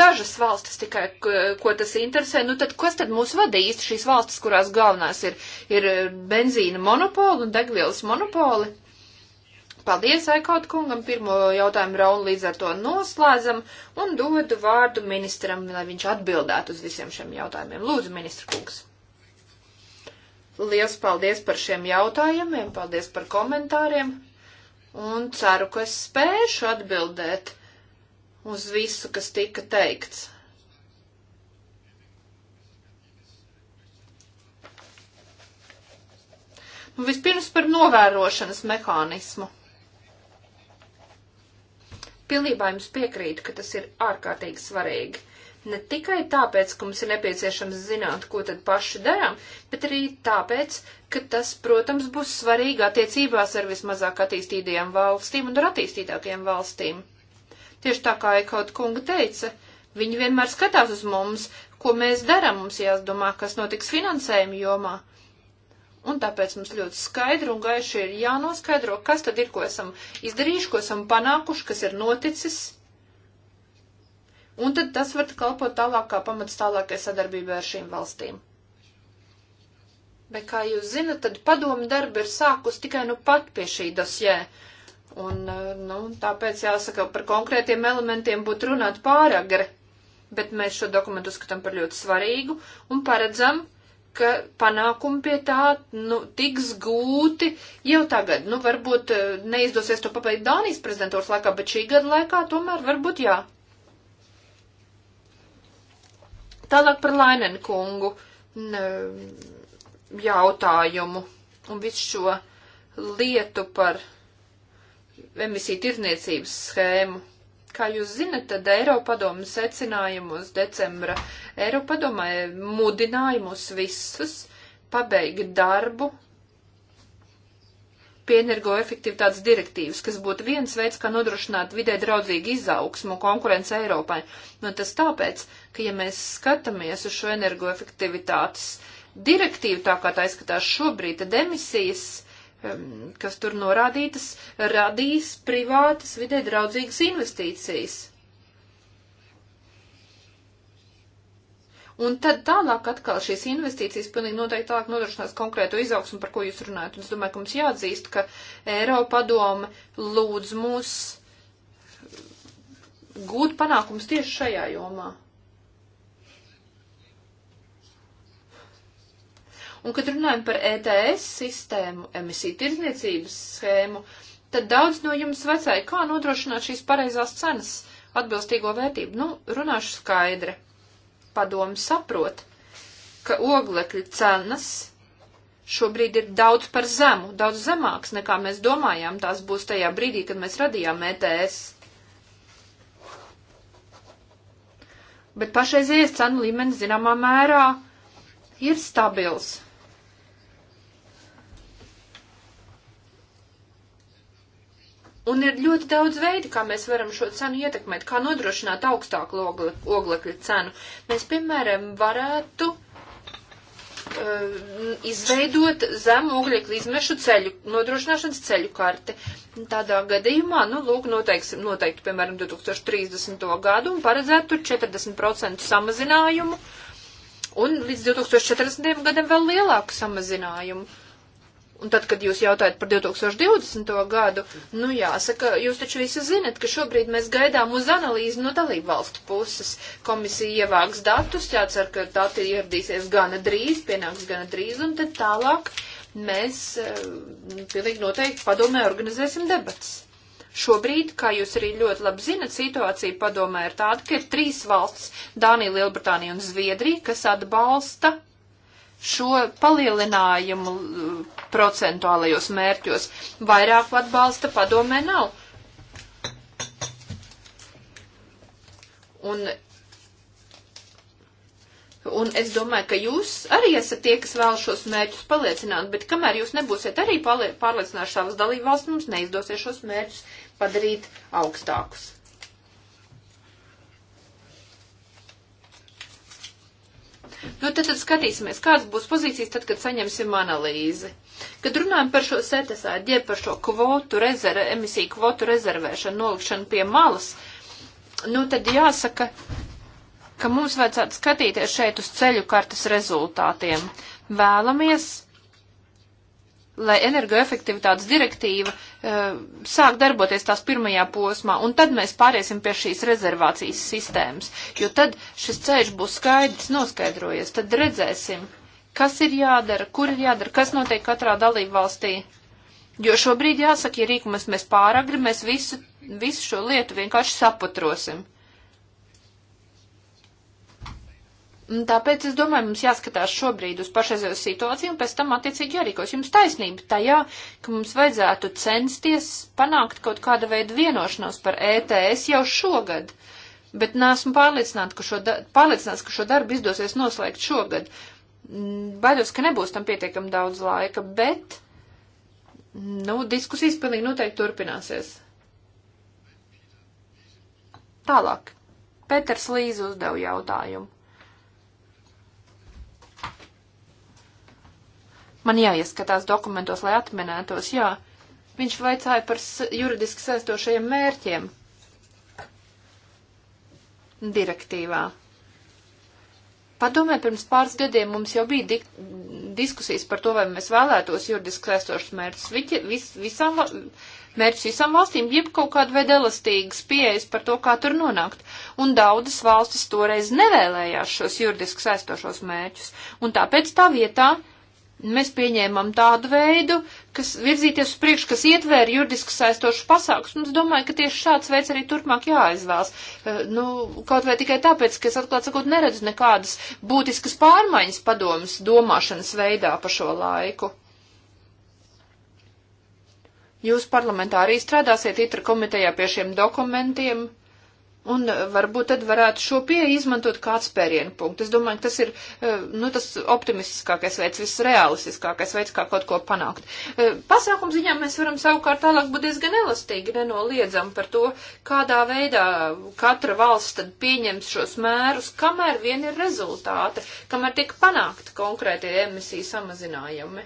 dažas valstis tikai, ko tas interesē. Nu tad, kas tad mūs vada īsti šīs valstis, kurās galvenās ir, ir benzīna monopoli un degvielas monopoli? Paldies, Aikaut kungam, pirmo jautājumu raunu līdz ar to noslēdzam un dodu vārdu ministram, lai viņš atbildētu uz visiem šiem jautājumiem. Lūdzu, ministra kungs. Liels paldies par šiem jautājumiem, paldies par komentāriem un ceru, ka es spēšu atbildēt uz visu, kas tika teikts. Nu, vispirms par novērošanas mehānismu. Pilnībā jums piekrītu, ka tas ir ārkārtīgi svarīgi. Ne tikai tāpēc, ka mums ir nepieciešams zināt, ko tad paši darām, bet arī tāpēc, ka tas, protams, būs svarīgi attiecībās ar vismazāk attīstītajām valstīm un ar attīstītākajām valstīm. Tieši tā kā Ekaut kunga teica, viņi vienmēr skatās uz mums, ko mēs darām, mums jāsdomā, kas notiks finansējuma jomā. Un tāpēc mums ļoti skaidri un gaiši ir jānoskaidro, kas tad ir, ko esam izdarījuši, ko esam panākuši, kas ir noticis. Un tad tas var kalpot tālāk kā pamats tālākai sadarbībai ar šīm valstīm. Bet, kā jūs zinat, tad padomu darbi ir sākus tikai nu pat pie šī dosjē. Yeah Un, eh, nu, tāpēc jāsaka, par konkrētiem elementiem būtu runāt pārāk gari. Bet mēs šo dokumentu uzskatām par ļoti svarīgu un paredzam, ka panākumi pie tā nu, tiks gūti jau tagad. Nu, varbūt eh, neizdosies to pabeigt Dānijas prezidentūras laikā, bet šī gada laikā tomēr varbūt jā. Tālāk par Lainēnu kungu eh, jautājumu un visu šo lietu par emisiju tirzniecības schēmu. Kā jūs zinat, tad Eiropadomu secinājumus decembra Eiropadomē mudināja mūs visus pabeigt darbu pie energoefektivitātes direktīvas, kas būtu viens veids, kā nodrošināt vidē draudzīgu izaugsmu un konkurenci Eiropai. Nu, tas tāpēc, ka ja mēs skatāmies uz šo energoefektivitātes direktīvu tā kā tā izskatās šobrīd, tad emisijas Um, kas tur norādītas, radīs privātas vidē draudzīgas investīcijas. Un tad tālāk atkal šīs investīcijas pilnīgi noteikti tālāk nodrošinās konkrēto izaugsmu, par ko jūs runājat. Un es domāju, ka mums jāatzīst, ka Eiropa padome lūdz mūs gūt panākums tieši šajā jomā. Un, kad runājam par ETS sistēmu, emisiju tirdzniecības schēmu, tad daudz no jums vecāji, kā nodrošināt šīs pareizās cenas atbilstīgo vērtību? Nu, runāšu skaidri. Padomu saprot, ka oglekļa cenas šobrīd ir daudz par zemu, daudz zemāks nekā mēs domājām tās būs tajā brīdī, kad mēs radījām ETS. Bet pašreizējais cenu līmenis zināmā mērā ir stabils. Un ir ļoti daudz veidu, kā mēs varam šo cenu ietekmēt, kā nodrošināt augstāku ogle, oglekļa cenu. Mēs, piemēram, varētu uh, izveidot zem oglekļa izmešu ceļu, nodrošināšanas ceļu karti. Tādā gadījumā, nu, lūk, noteikti, noteikti piemēram, 2030. gadu un paredzētu tur 40% samazinājumu un līdz 2040. gadam vēl lielāku samazinājumu. Un tad, kad jūs jautājat par 2020. gadu, nu jāsaka, jūs taču visi zinat, ka šobrīd mēs gaidām uz analīzi no dalību valstu puses. Komisija ievāks datus, jācer, ka dati ieradīsies gana drīz, pienāks gana drīz, un tad tālāk mēs nu, pilnīgi noteikti padomē organizēsim debats. Šobrīd, kā jūs arī ļoti labi zinat, situācija padomē ir tāda, ka ir trīs valsts - Dānija, Lielbritānija un Zviedrija, kas atbalsta šo palielinājumu uh, procentuālajos mērķos. Vairāk atbalsta padomē nav. Un, un es domāju, ka jūs arī esat tie, kas vēl šos mērķus paliecināt, bet kamēr jūs nebūsiet arī pārliecinājuši savas dalībvalsts, mums neizdosies šos mērķus padarīt augstākus. Nu, tad, tad skatīsimies, kādas būs pozīcijas tad, kad saņemsim analīzi. Kad runājam par šo setesādu, jeb par šo kvotu rezervu, emisiju kvotu rezervēšanu, nolikšanu pie malas, nu, tad jāsaka, ka mums vajadzētu skatīties šeit uz ceļu kartas rezultātiem. Vēlamies lai energoefektivitātes direktīva uh, sāk darboties tās pirmajā posmā, un tad mēs pāriesim pie šīs rezervācijas sistēmas, jo tad šis ceļš būs skaidrs, noskaidrojies, tad redzēsim, kas ir jādara, kur ir jādara, kas notiek katrā dalību valstī. Jo šobrīd jāsaka, ja rīkumas mēs pāragri, mēs visu, visu šo lietu vienkārši sapatrosim. Un tāpēc es domāju, mums jāskatās šobrīd uz pašreizējo situāciju un pēc tam attiecīgi jārīkos. Jums taisnība tajā, ka mums vajadzētu censties panākt kaut kāda veida vienošanos par ETS jau šogad, bet nesmu pārliecināts, ka šo, da pārliecināts, ka šo darbu izdosies noslēgt šogad. Mm, baidos, ka nebūs tam pietiekam daudz laika, bet, nu, diskusijas pilnīgi noteikti turpināsies. Tālāk. Pēters Līze uzdeva jautājumu. Man jāieskatās dokumentos, lai atminētos, jā. Viņš vaicāja par juridiski saistošajiem mērķiem direktīvā. Padomē, pirms pāris gadiem mums jau bija di diskusijas par to, vai mēs vēlētos juridiski saistošus mērķus vis visām, mērķus visām valstīm, jeb kaut kādu veidu elastīgas pieejas par to, kā tur nonākt. Un daudzas valstis toreiz nevēlējās šos juridiski saistošos mērķus. Un tāpēc tā vietā Mēs pieņēmām tādu veidu, kas virzīties uz priekšu, kas ietvēra juridiski saistošu pasākus. Un es domāju, ka tieši šāds veids arī turpmāk jāizvēlas. Eh, nu, kaut vai tikai tāpēc, ka es atklāt sakot neredzu nekādas būtiskas pārmaiņas padomas domāšanas veidā pa šo laiku. Jūs parlamentā arī strādāsiet itra komitejā pie šiem dokumentiem. Un varbūt tad varētu šo pieeju izmantot kā atspērienu punktu. Es domāju, ka tas ir eh, nu, tas optimistiskākais veids, visrealistiskākais veids, kā kaut ko panākt. Eh, pasākumu ziņā mēs varam savukārt tālāk būt diezgan elastīgi, nenoliedzam par to, kādā veidā katra valsts tad pieņems šos mērus, kamēr vien ir rezultāti, kamēr tiek panākti konkrētie emisiju samazinājumi.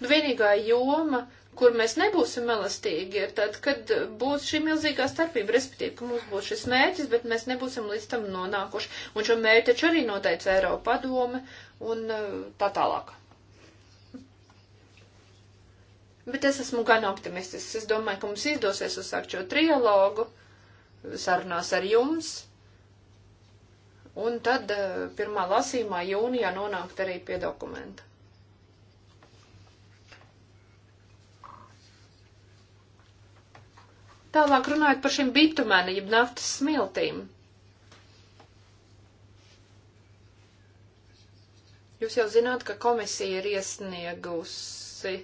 Nu, vienīgā joma kur mēs nebūsim elastīgi, ir tad, kad būs šī milzīgā starpība, respektīvi, ka mums būs šis mērķis, bet mēs nebūsim līdz tam nonākuši. Un šo mērķi taču arī noteica Eiropa padome un eh, tā tālāk. Bet es esmu gan optimistisks. Es domāju, ka mums izdosies uzsākt šo trialogu, sarunās ar jums. Un tad eh, pirmā lasīmā jūnijā nonākt arī pie dokumenta. Tālāk runājot par šīm bitumēna, jeb naftas smiltīm. Jūs jau zināt, ka komisija ir iesniegusi,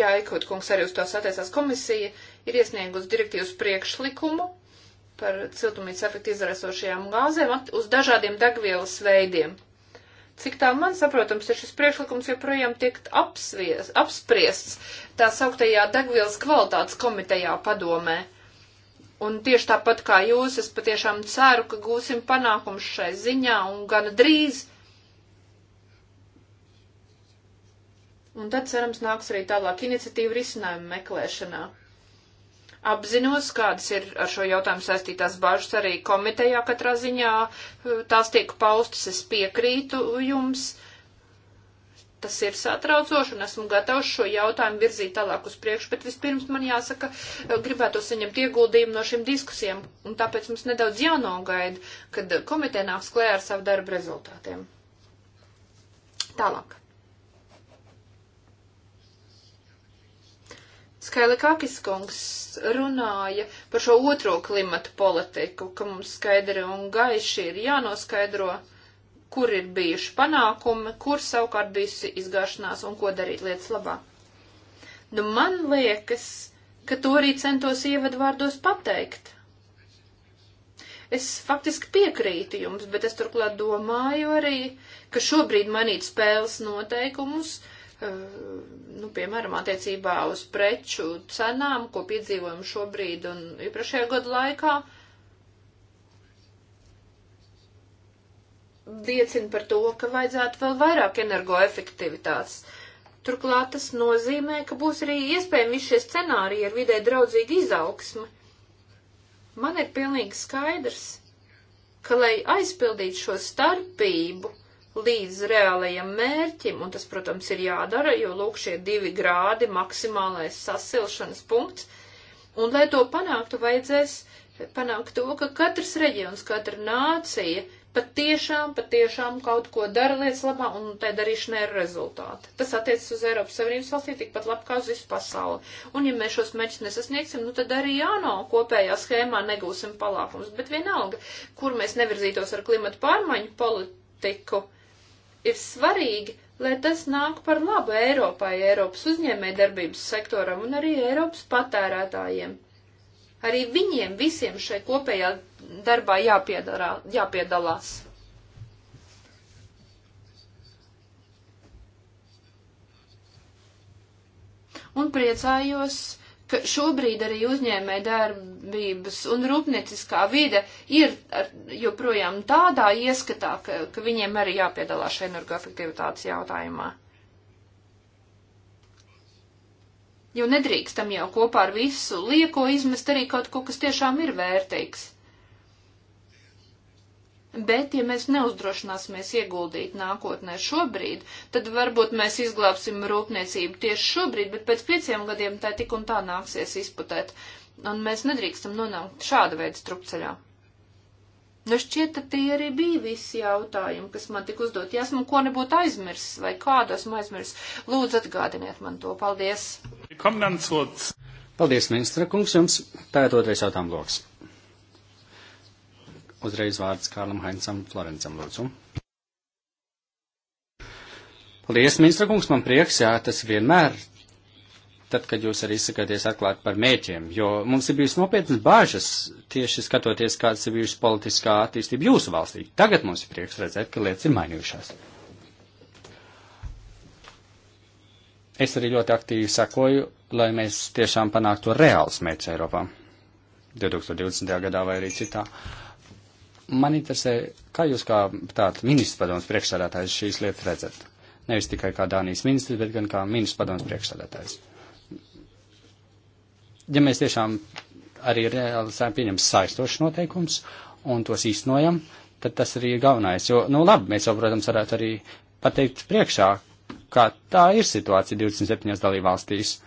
jā, Ekot kungs arī uz to satiesās, komisija ir iesniegusi direktīvas priekšlikumu par ciltumīts efektu izraisošajām gāzēm uz dažādiem degvielas veidiem. Cik tā man saprotams, ir šis priekšlikums joprojām tiek apsvies, apspriests tā sauktajā degvielas kvalitātes komitejā padomē. Un tieši tāpat kā jūs, es patiešām ceru, ka gūsim panākumus šai ziņā un gana drīz. Un tad, cerams, nāks arī tālāk iniciatīva risinājumu meklēšanā apzinos, kādas ir ar šo jautājumu saistītās bažas arī komitejā katrā ziņā. Eh, tās tiek paustas, es piekrītu jums. Tas ir satraucoši un esmu gatavs šo jautājumu virzīt tālāk uz priekšu, bet vispirms man jāsaka, eh, gribētu saņemt ieguldījumu no šīm diskusijām, un tāpēc mums nedaudz jānogaida, kad komiteja nāks klējā ar savu darbu rezultātiem. Tālāk. Skailikakis kungs runāja par šo otro klimatu politiku, ka mums skaidri un gaiši ir jānoskaidro, kur ir bijuši panākumi, kur savukārt bijusi izgāšanās un ko darīt lietas labā. Nu, man liekas, ka to arī centos ievadvārdos pateikt. Es faktiski piekrītu jums, bet es turklāt domāju arī, ka šobrīd mainīt spēles noteikumus Eh, nu, piemēram, attiecībā uz preču cenām, ko piedzīvojam šobrīd un iepriekšējā gada laikā, liecina par to, ka vajadzētu vēl vairāk energoefektivitātes. Turklāt tas nozīmē, ka būs arī iespējami šie scenāriji ar vidē draudzīgu izaugsmu. Man ir pilnīgi skaidrs, ka, lai aizpildītu šo starpību, līdz reālajam mērķim, un tas, protams, ir jādara, jo lūk šie divi grādi maksimālais sasilšanas punkts. Un, lai to panāktu, vajadzēs panākt to, ka katrs reģions, katra nācija patiešām, patiešām kaut ko dara lietas labā, un tai darīšanai ir rezultāti. Tas attiecas uz Eiropas Savienības valstīm tikpat labi kā uz visu pasauli. Un, ja mēs šos mērķus nesasniegsim, nu tad arī jāno kopējā schēmā negūsim palākums. Bet vienalga, kur mēs nevirzītos ar klimatu pārmaiņu politiku, ir svarīgi, lai tas nāk par labu Eiropai, Eiropas uzņēmējdarbības sektoram un arī Eiropas patērētājiem. Arī viņiem visiem šai kopējā darbā jāpiedarā, jāpiedalās. Un priecājos, ka šobrīd arī uzņēmē darbības un rūpnieciskā vide ir ar, joprojām tādā ieskatā, ka, ka viņiem arī jāpiedalās šajā energoefektivitātes jautājumā. Jo nedrīkstam jau kopā ar visu lieko izmest arī kaut ko, kas tiešām ir vērtīgs. Bet, ja mēs neuzdrošināsimies ieguldīt nākotnē šobrīd, tad varbūt mēs izglābsim rūpniecību tieši šobrīd, bet pēc pieciem gadiem tā tik un tā nāksies izputēt. Un mēs nedrīkstam nonākt šāda veida strupceļā. Nu šķiet, ka tie arī bija visi jautājumi, kas man tik uzdot. Ja esmu ko nebūtu aizmirsis vai kādu esmu aizmirsis, lūdzu atgādiniet man to. Paldies! Paldies, ministra kungs, jums tā ir otrais jautājums bloks uzreiz vārds Kārlam Hainsam Florencam, lūdzu. Paldies, ministra kungs, man prieks, jā, tas vienmēr, tad, kad jūs arī izsakāties atklāt par mēķiem, jo mums ir bijusi nopietnas bāžas, tieši skatoties, kāds ir bijusi politiskā attīstība jūsu valstī. Tagad mums ir prieks redzēt, ka lietas ir mainījušās. es arī ļoti aktīvi sekoju, lai mēs tiešām panāktu reāls mērķus Eiropā 2020. gadā vai arī citā. Uh, Man interesē, kā jūs kā tāds ministrs padoms priekšsādātājs šīs lietas redzat? Nevis tikai kā Dānijas ministrs, bet gan kā ministrs padoms priekšsādātājs. Ja mēs tiešām arī realizējam pieņemt saistošus noteikumus un tos īstenojam, tad tas arī ir galvenais. Jo, nu labi, mēs jau, protams, varētu arī pateikt priekšā, kā tā ir situācija 27 dalībvalstīs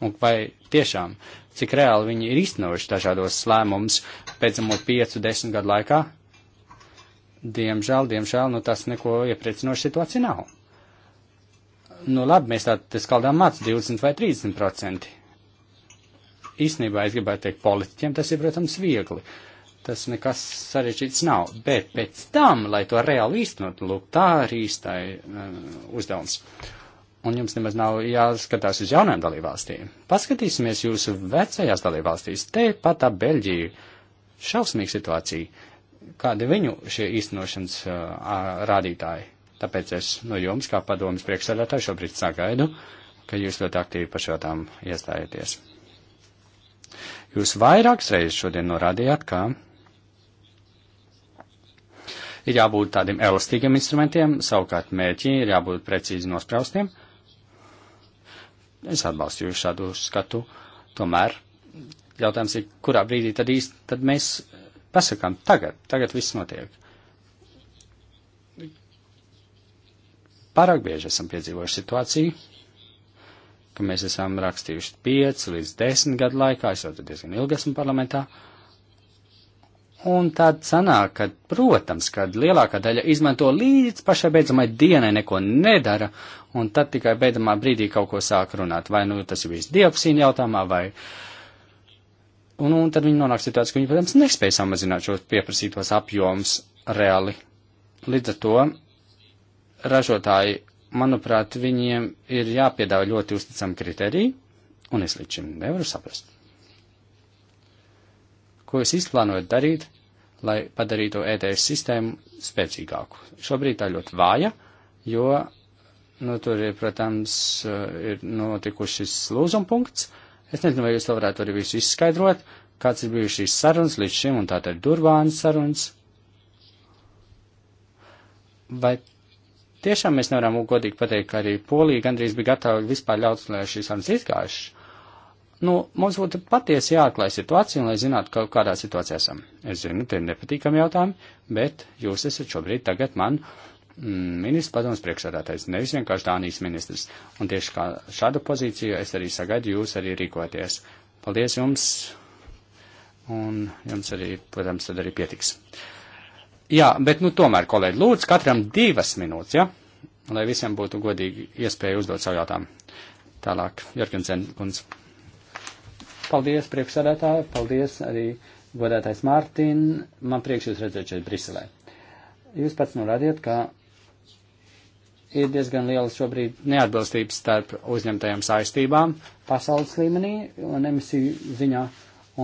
un vai tiešām, cik reāli viņi ir iznoši dažādos lēmumus pēdējos 5-10 gadu laikā, diemžēl, diemžēl, nu tas neko iepriecinoši situācija nav. Nu labi, mēs tādā skaldām māc 20 vai 30 procenti. Īsnībā es gribētu teikt politiķiem, tas ir, protams, viegli. Tas nekas sarežģīts nav, bet pēc tam, lai to reāli īstenot, lūk, tā ir īstai uh, uzdevums. Uh, un jums nemaz nav jāskatās uz jaunām dalībvalstīm. Paskatīsimies jūsu vecajās dalībvalstīs, te pat ap Beļģiju. Šausmīga situācija. Kādi viņu šie īstenošanas uh, rādītāji? Tāpēc es no jums, kā padomas priekšsēdētāju, šobrīd sagaidu, ka jūs ļoti aktīvi par šo tām iestājaties. Jūs vairākas reizes šodien norādījāt, ka ir jābūt tādiem elastīgiem instrumentiem, savukārt mērķi ir jābūt precīzi nospraustiem. Uh, Es atbalstu jūs šādu skatu. Tomēr jautājums ir, kurā brīdī tad īsti tad mēs pasakām tagad, tagad viss notiek. Pārāk bieži esam piedzīvojuši situāciju, ka mēs esam rakstījuši 5 līdz 10 gadu laikā, es jau diezgan ilgi esmu parlamentā, uh, Un tad sanāk, ka, protams, ka lielākā daļa izmanto līdz pašai beidzamai dienai neko nedara, un tad tikai beidzamā brīdī kaut ko sāk runāt. Vai nu tas ir viss dioksīna jautājumā, vai. Un, un tad viņi nonāk situācijā, ka viņi, protams, nespēj samazināt šos pieprasītos apjomus reāli. Līdz ar to ražotāji, manuprāt, viņiem ir jāpiedāvā ļoti uzticami kriteriji, un es līdz šim nevaru saprast ko jūs izplānojat darīt, lai padarītu ETS sistēmu spēcīgāku. Šobrīd tā ļoti vāja, jo, nu, tur ir, protams, eh, ir notikušas lūzuma punkts. Es nezinu, vai jūs to varētu arī visu izskaidrot, kāds ir bijuši šīs sarunas līdz šim, un tātad Durvānas sarunas. Vai tiešām mēs nevaram godīgi pateikt, ka arī Polija gandrīz bija gatava vispār ļaut, lai šīs sarunas izgājušas? nu, mums būtu patiesi jāatklāj situācija, lai zinātu, ka kādā situācijā esam. Es zinu, tie ir nepatīkami jautājumi, bet jūs esat šobrīd tagad man mm, ministrs padoms priekšsādātais, nevis vienkārši Dānijas ministrs. Un tieši kā šādu pozīciju es arī sagaidu jūs arī rīkoties. Paldies jums, un jums arī, protams, tad arī pietiks. Jā, bet nu tomēr, kolēģi, lūdzu, katram divas minūtes, ja? Lai visiem būtu godīgi iespēja uzdot savu jautājumu. Tālāk, Jorgensen, kundze. Paldies, priekšsēdētāji, paldies arī godētais Mārtiņ. Man prieks jūs redzēt šeit Briselē. Jūs pats norādījat, ka ir diezgan liela šobrīd neatbilstības starp uzņemtajām saistībām pasaules līmenī un emisiju ziņā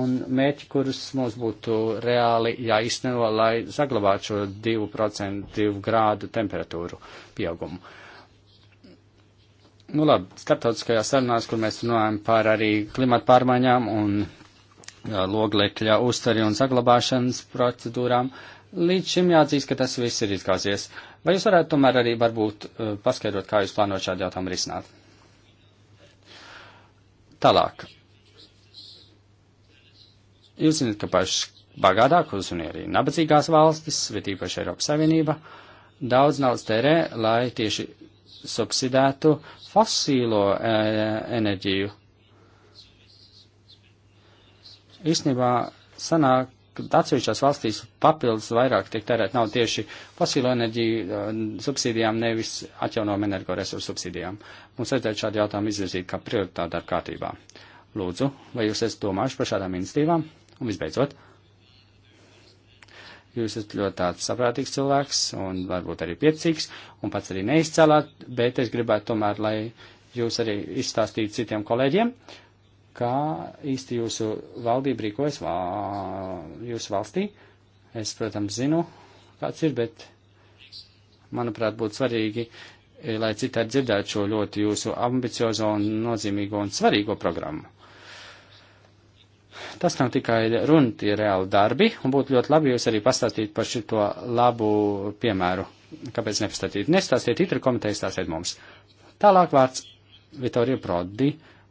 un mērķi, kurus mums būtu reāli jāizsnelo, lai saglabātu šo 2%, 2 grādu temperatūru pieaugumu. Uh, nu labi, starptautiskajās sarunās, kur mēs runājam par arī klimatu pārmaiņām un jā, loglekļa uztveri un saglabāšanas procedūrām, līdz šim jāatzīst, ka tas viss ir izgāzies. Vai jūs varētu tomēr arī varbūt eh, paskaidrot, kā jūs plānojat šādu jautājumu risināt? Tālāk. Jūs zināt, ka paši bagātākos un arī nabadzīgās valstis, bet īpaši Eiropas Savienība, daudz naudas tērē, lai tieši subsidētu fosīlo e, enerģiju. Īsnībā sanāk, ka atsevišķās valstīs papildus vairāk tiek tērēt nav tieši fosīlo enerģiju e, subsīdijām, nevis atjaunojumu energoresursu subsīdijām. Mums vajadzētu šādu jautājumu izvirzīt kā prioritāti darba kārtībā. Lūdzu, vai jūs esat domājuši par šādām institīvām? Un visbeidzot, uh, Jūs esat ļoti tāds saprātīgs cilvēks un varbūt arī piecīgs un pats arī neizcēlāt, bet es gribētu tomēr, lai jūs arī izstāstītu citiem kolēģiem, kā īsti jūsu valdība rīkojas vā, jūsu valstī. Es, protams, zinu, kāds ir, bet manuprāt, būtu svarīgi, eh, lai citādi dzirdētu šo ļoti jūsu ambiciozo un nozīmīgo un svarīgo programmu. Tas nav tikai runa, tie reāli darbi, un būtu ļoti labi jūs arī pastāstīt par šito labu piemēru. Kāpēc nepastāstīt? Nestāstiet itri komiteju, stāstiet mums. Tālāk vārds Vitorio Prodi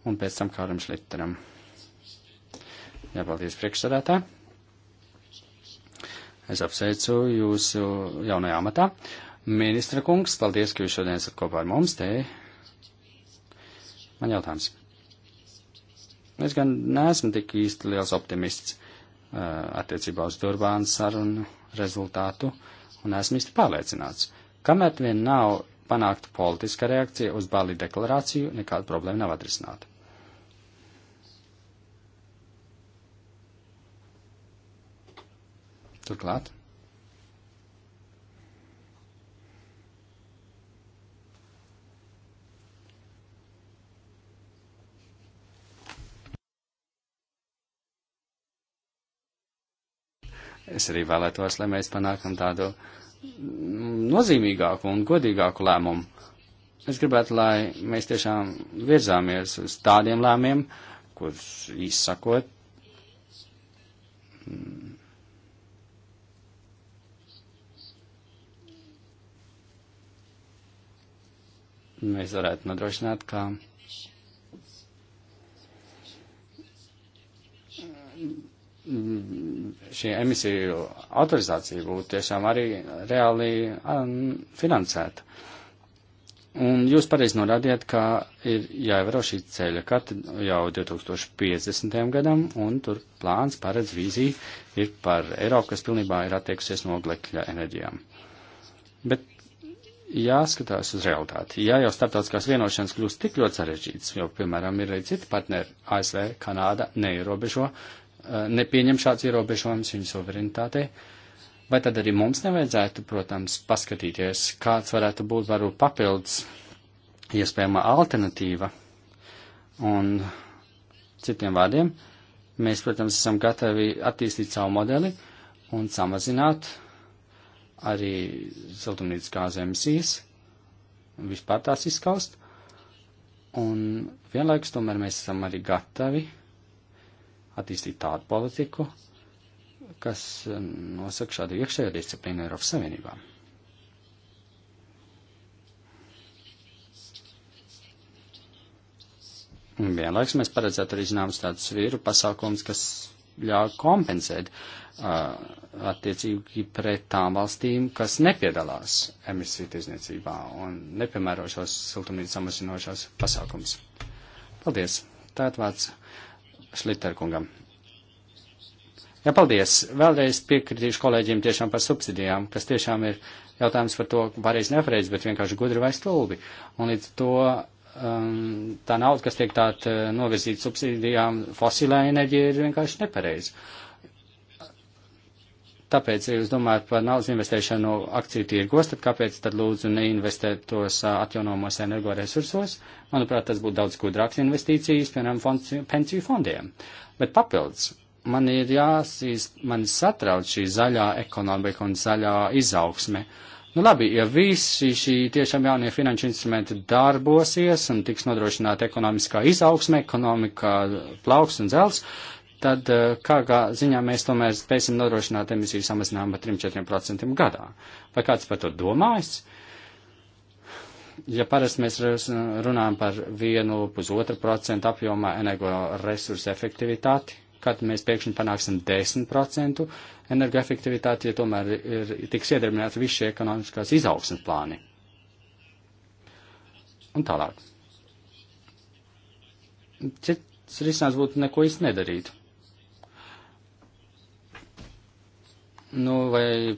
un pēc tam Kāram Šliteram. Jā, paldies priekšsādātā. Es apsveicu jūsu jaunajā amatā. Ministra kungs, paldies, ka jūs šodien esat kopā ar mums te. Man jautājums. Es gan neesmu tik īsti liels optimists uh, attiecībā uz Durbānu sarunu rezultātu, un esmu īsti pārliecināts. Kamēr vien nav panākta politiska reakcija uz Bali deklarāciju, nekāda problēma nav atrisināta. Turklāt. Es arī vēlētos, lai mēs panākam tādu nozīmīgāku un godīgāku lēmumu. Es gribētu, lai mēs tiešām virzāmies uz tādiem lēmiem, kurus izsakot. Mēs varētu nodrošināt, ka Mm, šī emisiju autorizācija būtu tiešām arī reāli um, finansēta. Un jūs pareizi norādījāt, ka ir jāievēro šī ceļa karta jau 2050. gadam, un tur plāns paredz vīziju ir par Eiropu, kas pilnībā ir attiekusies no oglekļa enerģijām. Bet jāskatās uz realitāti. Ja jau starptautiskās vienošanas kļūst tik ļoti sarežģītas, jo, piemēram, ir arī citi partneri, ASV, Kanāda, neierobežo Eh, nepieņem šāds ierobežojums viņu suverenitātei. Vai tad arī mums nevajadzētu, protams, paskatīties, kāds varētu būt varbūt papildus iespējama alternatīva? Un citiem vārdiem, mēs, protams, esam gatavi attīstīt savu modeli un samazināt arī siltumnīcas gāzes emisijas, vispār tās izskaust. Un vienlaikus tomēr mēs esam arī gatavi attīstīt tādu politiku, kas nosaka šādu iekšējo disciplīnu Eiropas Savienībā. Un vienlaiks mēs paredzētu arī zināmas tādas vīru pasākums, kas ļauj kompensēt uh, attiecīgi pret tām valstīm, kas nepiedalās emisiju tirzniecībā un nepiemēro šos siltumnīcas samazinošās pasākums. Paldies! Tātad vārds Šliterkungam. Jā, paldies. Vēlreiz piekritīšu kolēģiem tiešām par subsidijām, kas tiešām ir jautājums par to, pareizi nepareizi, bet vienkārši gudri vai stulbi. Un līdz to um, tā nauda, kas tiek tā eh, novirzīta subsidijām fosilē enerģija, ir vienkārši nepareizi. Uh, Tāpēc, ja jūs domājat par naudas investēšanu akciju tirgos, tad kāpēc tad lūdzu neinvestēt tos atjaunojumos energoresursos? Manuprāt, tas būtu daudz gudrāks investīcijas, piemēram, fonds, pensiju fondiem. Bet papildus, man ir jāsīst, man satrauc šī zaļā ekonomika un zaļā izaugsme. Nu labi, ja visi šī tiešām jaunie finanšu instrumenti darbosies un tiks nodrošināta ekonomiskā izaugsme, ekonomika plauks un zels, tad eh, kādā ziņā mēs tomēr spēsim nodrošināt emisiju samazinājumu par 3-4% gadā? Vai kāds par to domājis? Ja parasti mēs runājam par 1,5% apjomā energoresursu efektivitāti, kad mēs pēkšņi panāksim 10% energoefektivitāti, ja tomēr ir, tiks iedarbināti visi šie ekonomiskās izaugsmes plāni. Un tālāk. Cits risinājums būtu neko īsti nedarīt. nu, vai,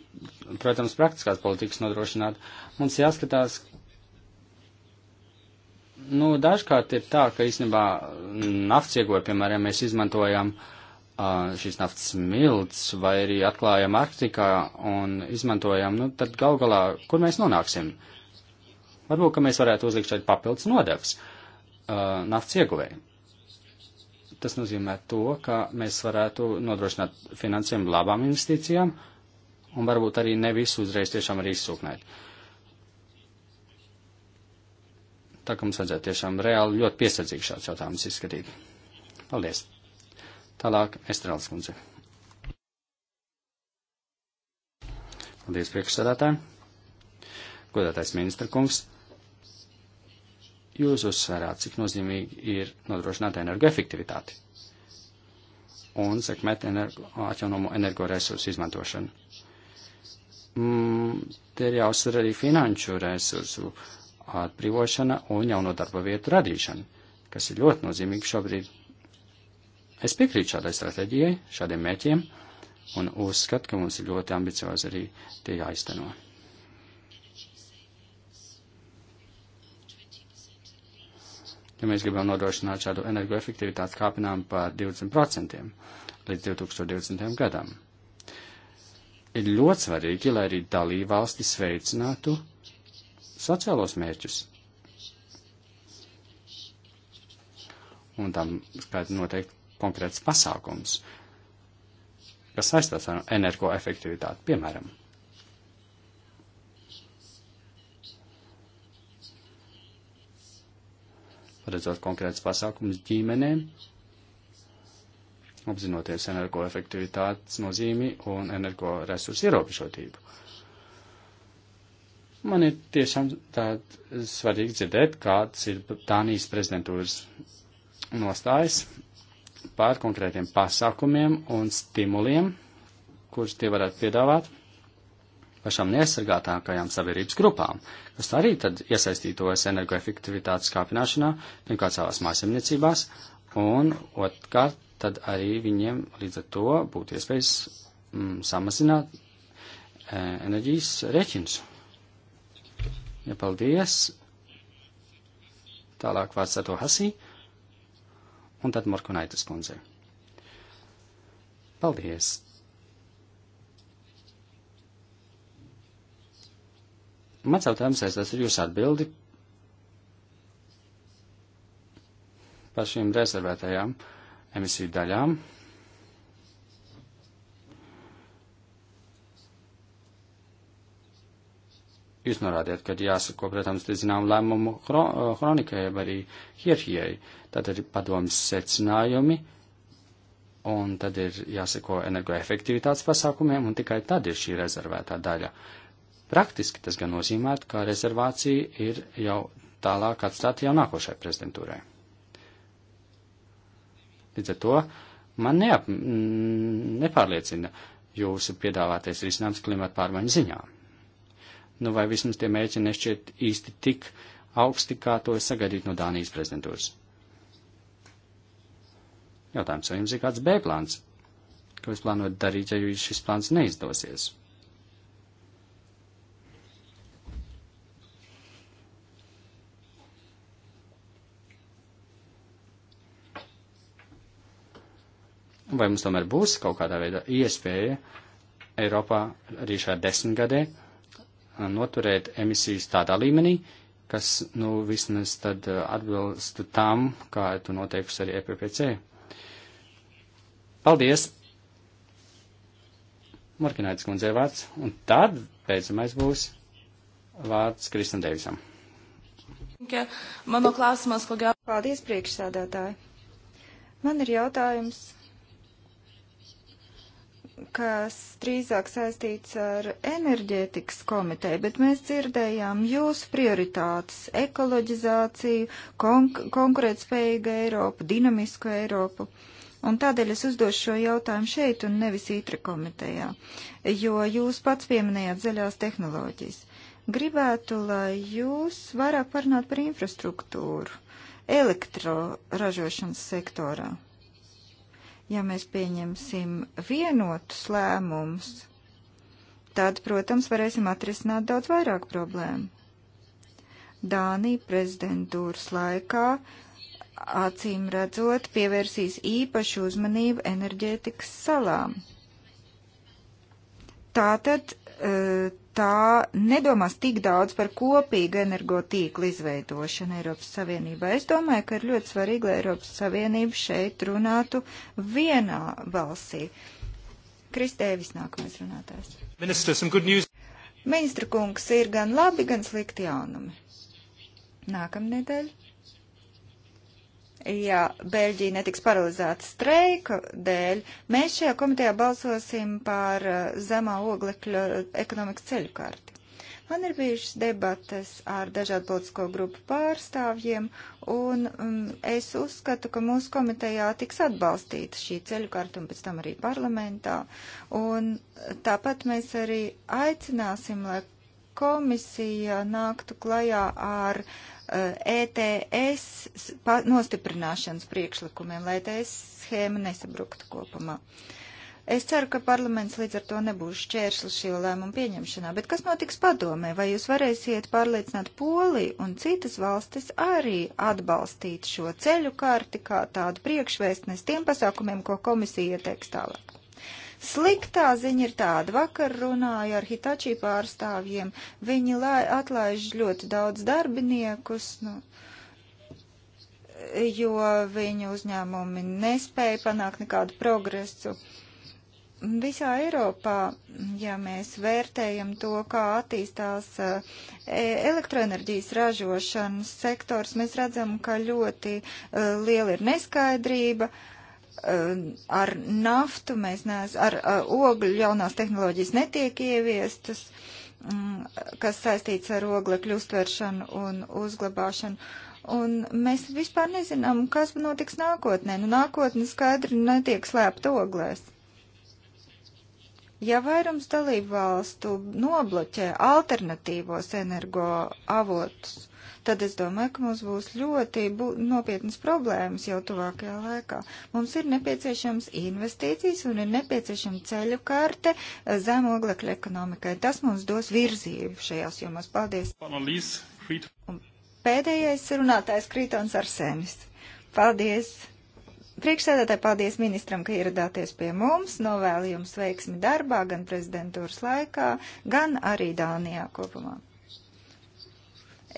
protams, praktiskās politikas nodrošināt. Mums jāskatās, nu, dažkārt ir tā, ka īstenībā nafts iegoja, piemēram, mēs izmantojam uh, šīs naftas smilts vai arī atklājam Arktikā un izmantojam, nu, tad gal galā, kur mēs nonāksim? Varbūt, ka mēs varētu uzlikt šeit papildus nodevs uh, naftas ieguvējiem. Tas nozīmē to, ka mēs varētu nodrošināt finansējumu labām investīcijām un varbūt arī ne visu uzreiz tiešām arī izsūknēt. Tā kā mums vajadzētu tiešām reāli ļoti piesardzīgi šāds jautājums izskatīt. Paldies. Tālāk, Estrēlas kundze. Paldies priekšsēdētājiem. Godātais ministra kungs jūs uzsverāt, cik nozīmīgi ir nodrošināt energoefektivitāti un sekmēt energo, atjaunomu energoresursu izmantošanu. Mm, te ir jāuzsver arī finanšu resursu atbrīvošana un jauno darba vietu radīšana, kas ir ļoti nozīmīgi šobrīd. Es piekrītu šādai stratēģijai, šādiem mērķiem, un uzskatu, ka mums ir ļoti ambiciozi arī tie jāizteno. ja mēs gribam nodrošināt šādu energoefektivitātes kāpinājumu par 20% līdz 2020. gadam. Ir ļoti svarīgi, lai arī dalībvalstis veicinātu sociālos mērķus. Un tam skaidri noteikti konkrēts pasākums, kas saistās ar energoefektivitāti, piemēram. paredzot konkrēts pasākums ģimenēm, apzinoties energoefektivitātes nozīmi un energoresursu ierobežotību. Man ir tiešām tāda svarīgi dzirdēt, kāds ir Dānijas prezidentūras nostājas pār konkrētiem pasākumiem un stimuliem, kurus tie varētu piedāvāt pašām neaizsargātākajām sabiedrības grupām, kas arī tad iesaistītos energoefektivitātes kāpināšanā, pirmkārt savās mājasemniecībās, un otrkārt tad arī viņiem līdz ar to būtu iespējas mm, samazināt e, enerģijas reķinus. Ja paldies! Tālāk vārds Sato Hasī un tad Morkunaitis kundzei. Paldies! Mans jautājums saistās ar jūsu atbildi par šīm rezervētajām emisiju daļām. Jūs norādījāt, ka jāsako, protams, te zinām lēmumu eh, hronikai vai arī hierhijai. Tad ir padomas secinājumi, un tad ir jāsako energoefektivitātes pasākumiem, un tikai tad ir šī rezervētā daļa. Uh, Praktiski tas gan nozīmētu, ka rezervācija ir jau tālāk atstāta jau nākošai prezidentūrai. Līdz ar to man neap, mm, nepārliecina jūsu piedāvātais risinājums klimata pārmaiņu ziņā. Nu, vai vismaz tie mēģina nešķiet īsti tik augsti, kā to es sagaidītu no Dānijas prezidentūras. Jautājums, vai jums ir kāds B plāns? Ko jūs plānojat darīt, ja šis plāns neizdosies? vai mums tomēr būs kaut kādā veidā iespēja Eiropā arī šajā desmitgadē uh, noturēt emisijas tādā līmenī, kas, nu, vismaz tad uh, atbilstu tam, kā tu noteikusi arī EPPC. Paldies! Markināts kundzei vārds, un tad beidzamais būs vārds Kristam Deivisam. Mano klausimas, ko gāja. Paldies, priekšsādātāji. Man ir jautājums kas drīzāk saistīts ar enerģētikas komiteju, bet mēs dzirdējām jūsu prioritātes - ekoloģizāciju, konk konkurētspējīgu Eiropu, dinamisku Eiropu. Un tādēļ es uzdošu šo jautājumu šeit un nevis ītri komitejā, jo jūs pats pieminējāt zaļās tehnoloģijas. Gribētu, lai jūs vairāk parunātu par infrastruktūru elektroražošanas sektorā. Ja mēs pieņemsim vienotus lēmumus, tad, protams, varēsim atrisināt daudz vairāk problēmu. Dānija prezidentūras laikā acīm redzot pievērsīs īpašu uzmanību enerģētikas salām. Tātad E, tā nedomās tik daudz par kopīgu energotīklu izveidošanu Eiropas Savienībā. Es domāju, ka ir ļoti svarīgi, lai Eiropas Savienība šeit runātu vienā balsī. Kristēvis nākamais runātājs. Ministra, Ministra kungs ir gan labi, gan slikti jaunumi. Nākamnedēļ ja Beļģija netiks paralizēta streika dēļ, mēs šajā komitejā balsosim par uh, zemā oglekļa ekonomikas ceļu karti. Man ir bijušas debates ar dažādu politisko grupu pārstāvjiem, un um, es uzskatu, ka mūsu komitejā tiks atbalstīta šī ceļu karta un pēc tam arī parlamentā. Un tāpat mēs arī aicināsim, lai komisija nāktu klajā ar uh, ETS nostiprināšanas priekšlikumiem, lai ETS schēma nesabruktu kopumā. Es ceru, ka parlaments līdz ar to nebūs šķērslis šī lēmuma pieņemšanā, bet kas notiks padomē? Vai jūs varēsiet pārliecināt Poliju un citas valstis arī atbalstīt šo ceļu karti kā tādu priekšvēstnes tiem pasākumiem, ko komisija ieteiks tālāk? Sliktā ziņa ir tāda. Vakar runāju ar Hitachi pārstāvjiem. Viņi lai, atlaiž ļoti daudz darbiniekus, nu, jo viņu uzņēmumi nespēja panākt nekādu progresu. Visā Eiropā, ja mēs vērtējam to, kā attīstās e, elektroenerģijas ražošanas sektors, mēs redzam, ka ļoti e, liela ir neskaidrība. Uh, Ehm, ar naftu, mēs neesam, ar, ar eh, ogļu jaunās tehnoloģijas netiek ieviestas, mm, kas saistīts ar oglekļu uztveršanu un uzglabāšanu. Un mēs vispār nezinām, kas notiks nākotnē. Nu, nākotne skaidri netiek slēpta oglēs. Ja vairums dalību valstu nobloķē alternatīvos energo avotus, tad es domāju, ka mums būs ļoti bū nopietnas problēmas jau tuvākajā laikā. Mums ir nepieciešams investīcijas un ir nepieciešama ceļu karte eh, zem oglekļa ekonomikai. Tas mums dos virzību šajās jomās. Paldies! Un pēdējais runātājs Krītons Arsenis. Paldies! Priekšsēdētāji, paldies ministram, ka ieradāties pie mums. Novēlu jums veiksmi darbā, gan prezidentūras laikā, gan arī Dānijā kopumā.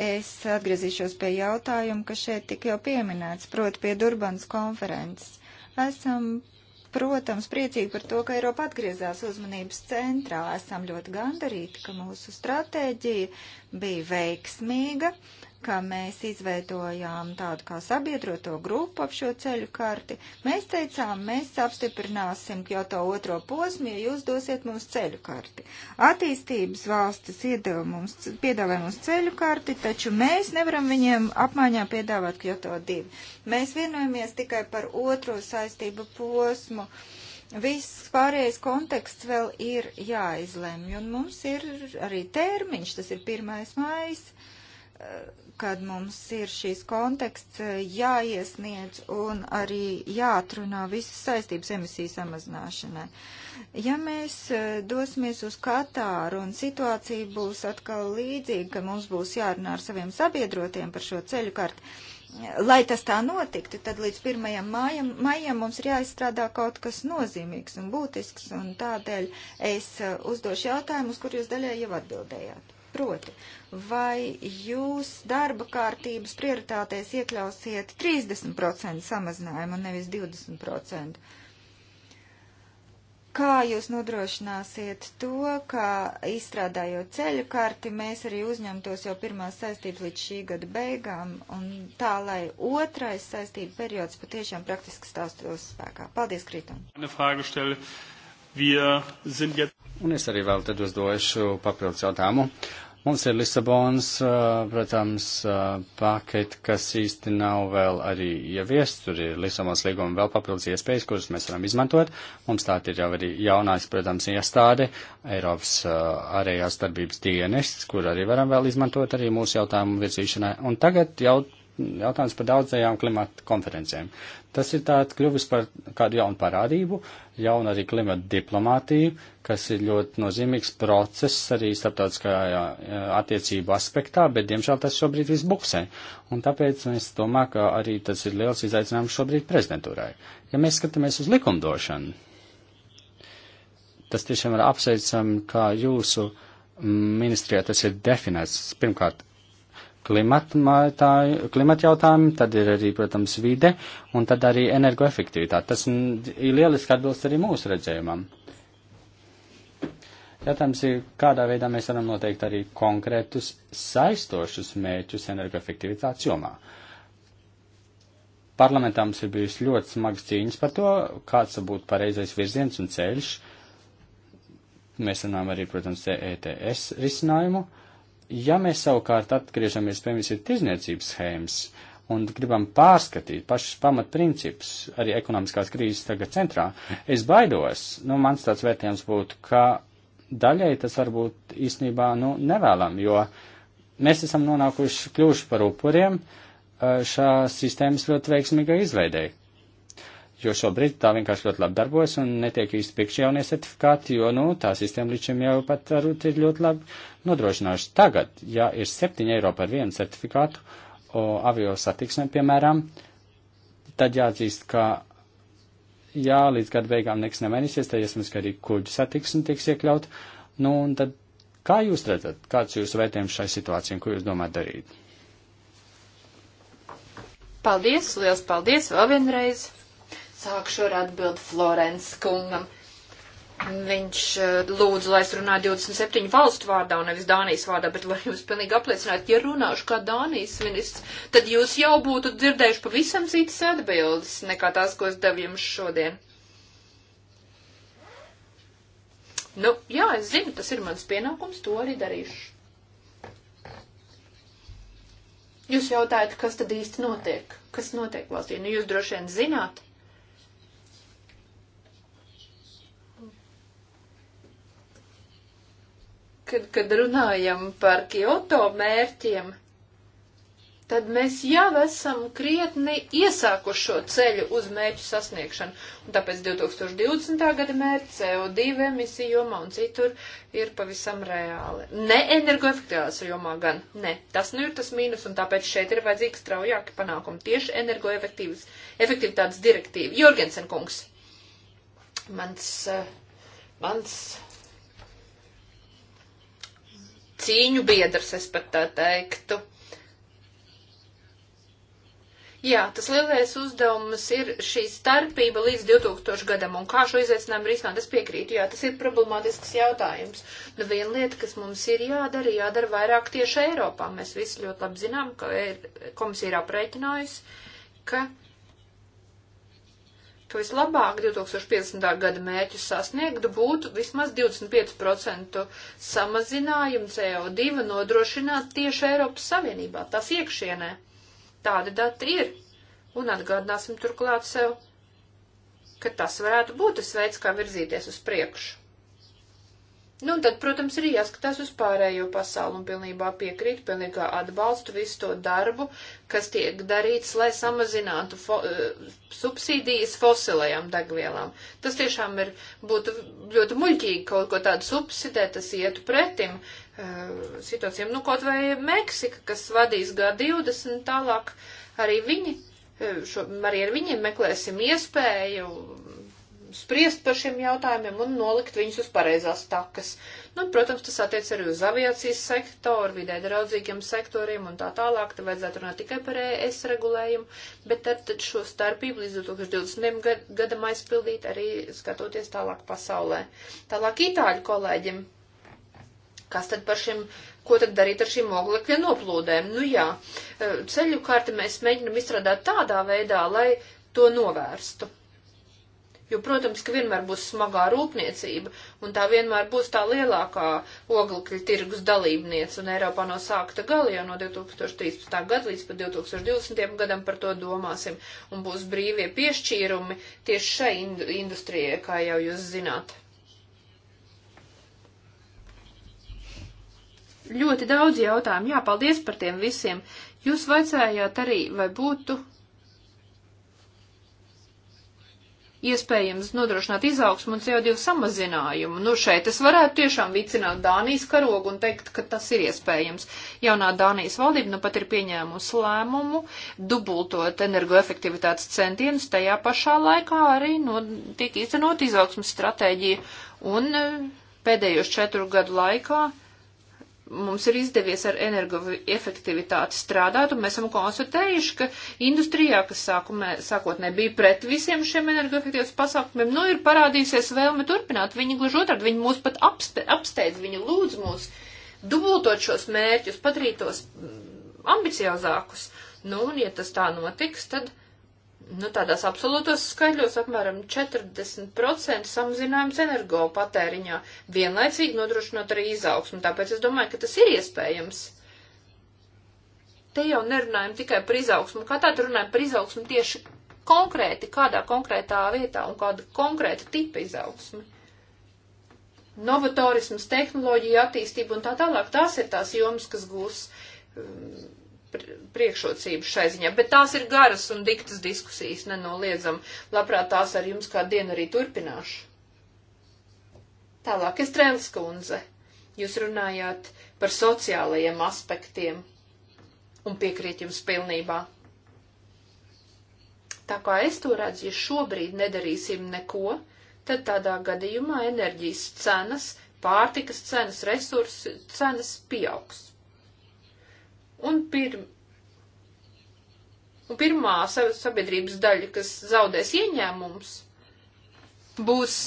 Es atgriezīšos pie jautājuma, kas šeit tik jau pieminēts, proti pie Durbanas konferences. Esam, protams, priecīgi par to, ka Eiropa atgriezās uzmanības centrā. Esam ļoti gandarīti, ka mūsu stratēģija bija veiksmīga ka mēs izveidojām tādu kā sabiedroto grupu ap šo ceļu karti. Mēs teicām, mēs apstiprināsim Kyoto otro posmu, ja jūs dosiet mums ceļu karti. Attīstības valstis iedeva mums, piedāvāja mums ceļu karti, taču mēs nevaram viņiem apmaiņā piedāvāt Kyoto divi. Mēs vienojamies tikai par otro saistību posmu viss pārējais konteksts vēl ir jāizlemj, un mums ir arī termiņš, tas ir pirmais mājas kad mums ir šīs konteksts eh, jāiesniedz un arī jāatrunā visas saistības emisiju samazināšanai. Ja mēs eh, dosimies uz Katāru un situācija būs atkal līdzīga, ka mums būs jārunā ar saviem sabiedrotiem par šo ceļu kartu, eh, lai tas tā notiktu, tad līdz 1. Mājam, maijam mums ir jāizstrādā kaut kas nozīmīgs un būtisks, un tādēļ es uzdošu jautājumu, uz kur jūs daļai jau atbildējāt. Proti, vai jūs darba kārtības prioritātēs iekļausiet 30% samazinājumu un nevis 20%? Kā jūs nodrošināsiet to, ka izstrādājot ceļu karti, mēs arī uzņemtos jau pirmās saistības līdz šī gada beigām un tā, lai otrais saistību periods patiešām praktiski stāstos spēkā? Paldies, Kritam! Wir sind jetzt Un es arī vēl tad uzdošu papildus jautājumu. Mums ir Lisabonas, protams, paketi, kas īsti nav vēl arī ieviest. Tur ir Lisabonas līguma vēl papildus iespējas, kuras mēs varam izmantot. Mums tā ir jau arī jaunais, protams, iestāde, Eiropas ārējās darbības dienests, kur arī varam vēl izmantot arī mūsu jautājumu virzīšanai. Un tagad jau jautājums par daudzajām klimata konferencēm. Tas ir tāds kļuvis par kādu jaunu parādību, jaunu arī klimata diplomātiju, kas ir ļoti nozīmīgs process arī starptautiskajā attiecību aspektā, bet diemžēl tas šobrīd viss buksē. Un tāpēc mēs domājam, ka arī tas ir liels izaicinājums šobrīd prezidentūrai. Ja mēs skatāmies uz likumdošanu, tas tiešām ir apsveicam, kā jūsu ministrijā tas ir definēts. Pirmkārt, klimata jautājumi, tad ir arī, protams, vide un tad arī energoefektivitāte. Tas ir lieliski atbilst arī mūsu redzējumam. Jautājums ir, kādā veidā mēs varam noteikt arī konkrētus saistošus mēķus energoefektivitātes jomā. Parlamentā mums ir bijusi ļoti smagas cīņas par to, kāds būtu pareizais virziens un ceļš. Mēs runājam arī, protams, ETS risinājumu. Uh, Ja mēs savukārt atgriežamies pie visiem tirzniecības schēmas un gribam pārskatīt pašus pamatprincipus arī ekonomiskās krīzes tagad centrā, es baidos, nu, mans tāds vērtējums būtu, ka daļai tas varbūt īstenībā, nu, nevēlam, jo mēs esam nonākuši kļuvuši par upuriem šā sistēmas ļoti veiksmīgai izveidēji jo šobrīd tā vienkārši ļoti labi darbojas un netiek īsti pikši jaunie certifikāti, jo, nu, tā sistēma līdz šim jau pat varbūt ir ļoti labi nodrošinājuši. Tagad, ja ir 7 eiro par vienu certifikātu o, avio satiksmē, piemēram, tad jāatzīst, ka, jā, līdz gada beigām nekas nemainīsies, tad iespējams, ka arī kuģu satiksme tiks iekļaut. Nu, un tad, kā jūs redzat, kāds jūsu vērtējums šai situācijai un ko jūs domājat darīt? Paldies, liels paldies vēl vienreiz! sākšu ar atbildi Florence kungam. Viņš eh, lūdzu, lai es runāju 27 valstu vārdā un nevis Dānijas vārdā, bet var jums pilnīgi apliecināt, ja runāšu kā Dānijas ministrs, tad jūs jau būtu dzirdējuši pavisam citas atbildes nekā tās, ko es devu jums šodien. Nu, jā, es zinu, tas ir mans pienākums, to arī darīšu. Jūs jautājat, kas tad īsti notiek? Kas notiek valstī? Nu, jūs droši vien zināt, kad, kad runājam par Kyoto mērķiem, tad mēs jau esam krietni iesākuši šo ceļu uz mērķu sasniegšanu. Un tāpēc 2020. gada mērķi CO2 emisiju jomā un citur ir pavisam reāli. Ne energoefektivitātes jomā gan, ne. Tas nu ir tas mīnus, un tāpēc šeit ir vajadzīgi straujāki panākumi. Tieši energoefektivitātes direktīva. Jorgensen kungs, mans, eh, mans cīņu biedrs, es pat tā teiktu. Jā, tas lielais uzdevums ir šī starpība līdz 2000 gadam, un kā šo izaicinājumu risināt, es piekrītu, jā, tas ir problemātisks jautājums. Nu, viena lieta, kas mums ir jādara, jādara vairāk tieši Eiropā. Mēs visi ļoti labi zinām, ka komisija ir aprēķinājusi, ka ka vislabāk 2050. gada mērķus sasniegtu būtu vismaz 25% samazinājumu CO2 nodrošināt tieši Eiropas Savienībā, tās iekšienē. Tādi dati ir. Un atgādināsim turklāt sev, ka tas varētu būt tas veids, kā virzīties uz priekšu. Nu, un tad, protams, ir jāskatās uz pārējo pasauli un pilnībā piekrīt, pilnībā atbalstu visu to darbu, kas tiek darīts, lai samazinātu fo eh, subsīdijas fosilajām degvielām. Tas tiešām ir, būtu ļoti muļķīgi kaut ko tādu subsidēt, tas ietu pretim uh, situācijām. Nu, kaut vai Meksika, kas vadīs G20 tālāk, arī viņi, eh, šo, arī ar viņiem meklēsim iespēju spriest par šiem jautājumiem un nolikt viņus uz pareizās takas. Nu, protams, tas attiec arī uz aviācijas sektoru, vidē draudzīgiem sektoriem un tā tālāk. Te vajadzētu runāt tikai par ES regulējumu, bet tad, tad šo starpību līdz 2020. gadam aizpildīt arī skatoties tālāk pasaulē. Tālāk itāļu kolēģim. Kas tad par šiem ko tad darīt ar šīm oglekļa noplūdēm. Nu jā, eh, ceļu karti mēs mēģinam izstrādāt tādā veidā, lai to novērstu. Jo, protams, ka vienmēr būs smagā rūpniecība, un tā vienmēr būs tā lielākā oglekļa tirgus dalībniece, un Eiropā no sākta gala jau no 2013. gada līdz pat 2020. gadam par to domāsim, un būs brīvie piešķīrumi tieši šai industrijai, kā jau jūs zināt. Ļoti daudz jautājumu, jā, paldies par tiem visiem. Jūs vaicājāt arī, vai būtu iespējams nodrošināt izaugsmu un CO2 samazinājumu. Nu, šeit es varētu tiešām vicināt Dānijas karogu un teikt, ka tas ir iespējams. Jaunā Dānijas valdība nu pat ir pieņēmusi lēmumu dubultot energoefektivitātes centienus, tajā pašā laikā arī no, nu, tiek īstenot izaugsmas stratēģija un eh, pēdējos četru gadu laikā mums ir izdevies ar energoefektivitāti strādāt, un mēs esam konstatējuši, ka industrijā, kas sākumē, sākotnē bija pret visiem šiem energoefektivitātes pasākumiem, nu ir parādījusies vēlme turpināt. Viņi gluži otrādi, viņi mūs pat apste, apsteidz, viņi lūdz mūs dubultot šos mērķus, padarīt tos mm, ambiciozākus. Nu, un ja tas tā notiks, tad nu, tādās absolūtos skaidros apmēram 40% samazinājums energo patēriņā, vienlaicīgi nodrošinot arī izaugsmu. Tāpēc es domāju, ka tas ir iespējams. Te jau nerunājam tikai par izaugsmu, kā tādu runājam par izaugsmu tieši konkrēti, kādā konkrētā vietā un kāda konkrēta tipa izaugsme. Novatorisms, tehnoloģija attīstība un tā tālāk, tās ir tās jomas, kas gūs um, priekšrocības šai ziņā, bet tās ir garas un diktas diskusijas, nenoliedzam. Labprāt, tās ar jums kā dienu arī turpināšu. Tālāk, Estrēls kundze, jūs runājāt par sociālajiem aspektiem un piekrīt jums pilnībā. Tā kā es to redzu, ja šobrīd nedarīsim neko, tad tādā gadījumā enerģijas cenas, pārtikas cenas, resursu cenas pieaugs. Un, pir, un pirmā sabiedrības daļa, kas zaudēs ieņēmums, būs,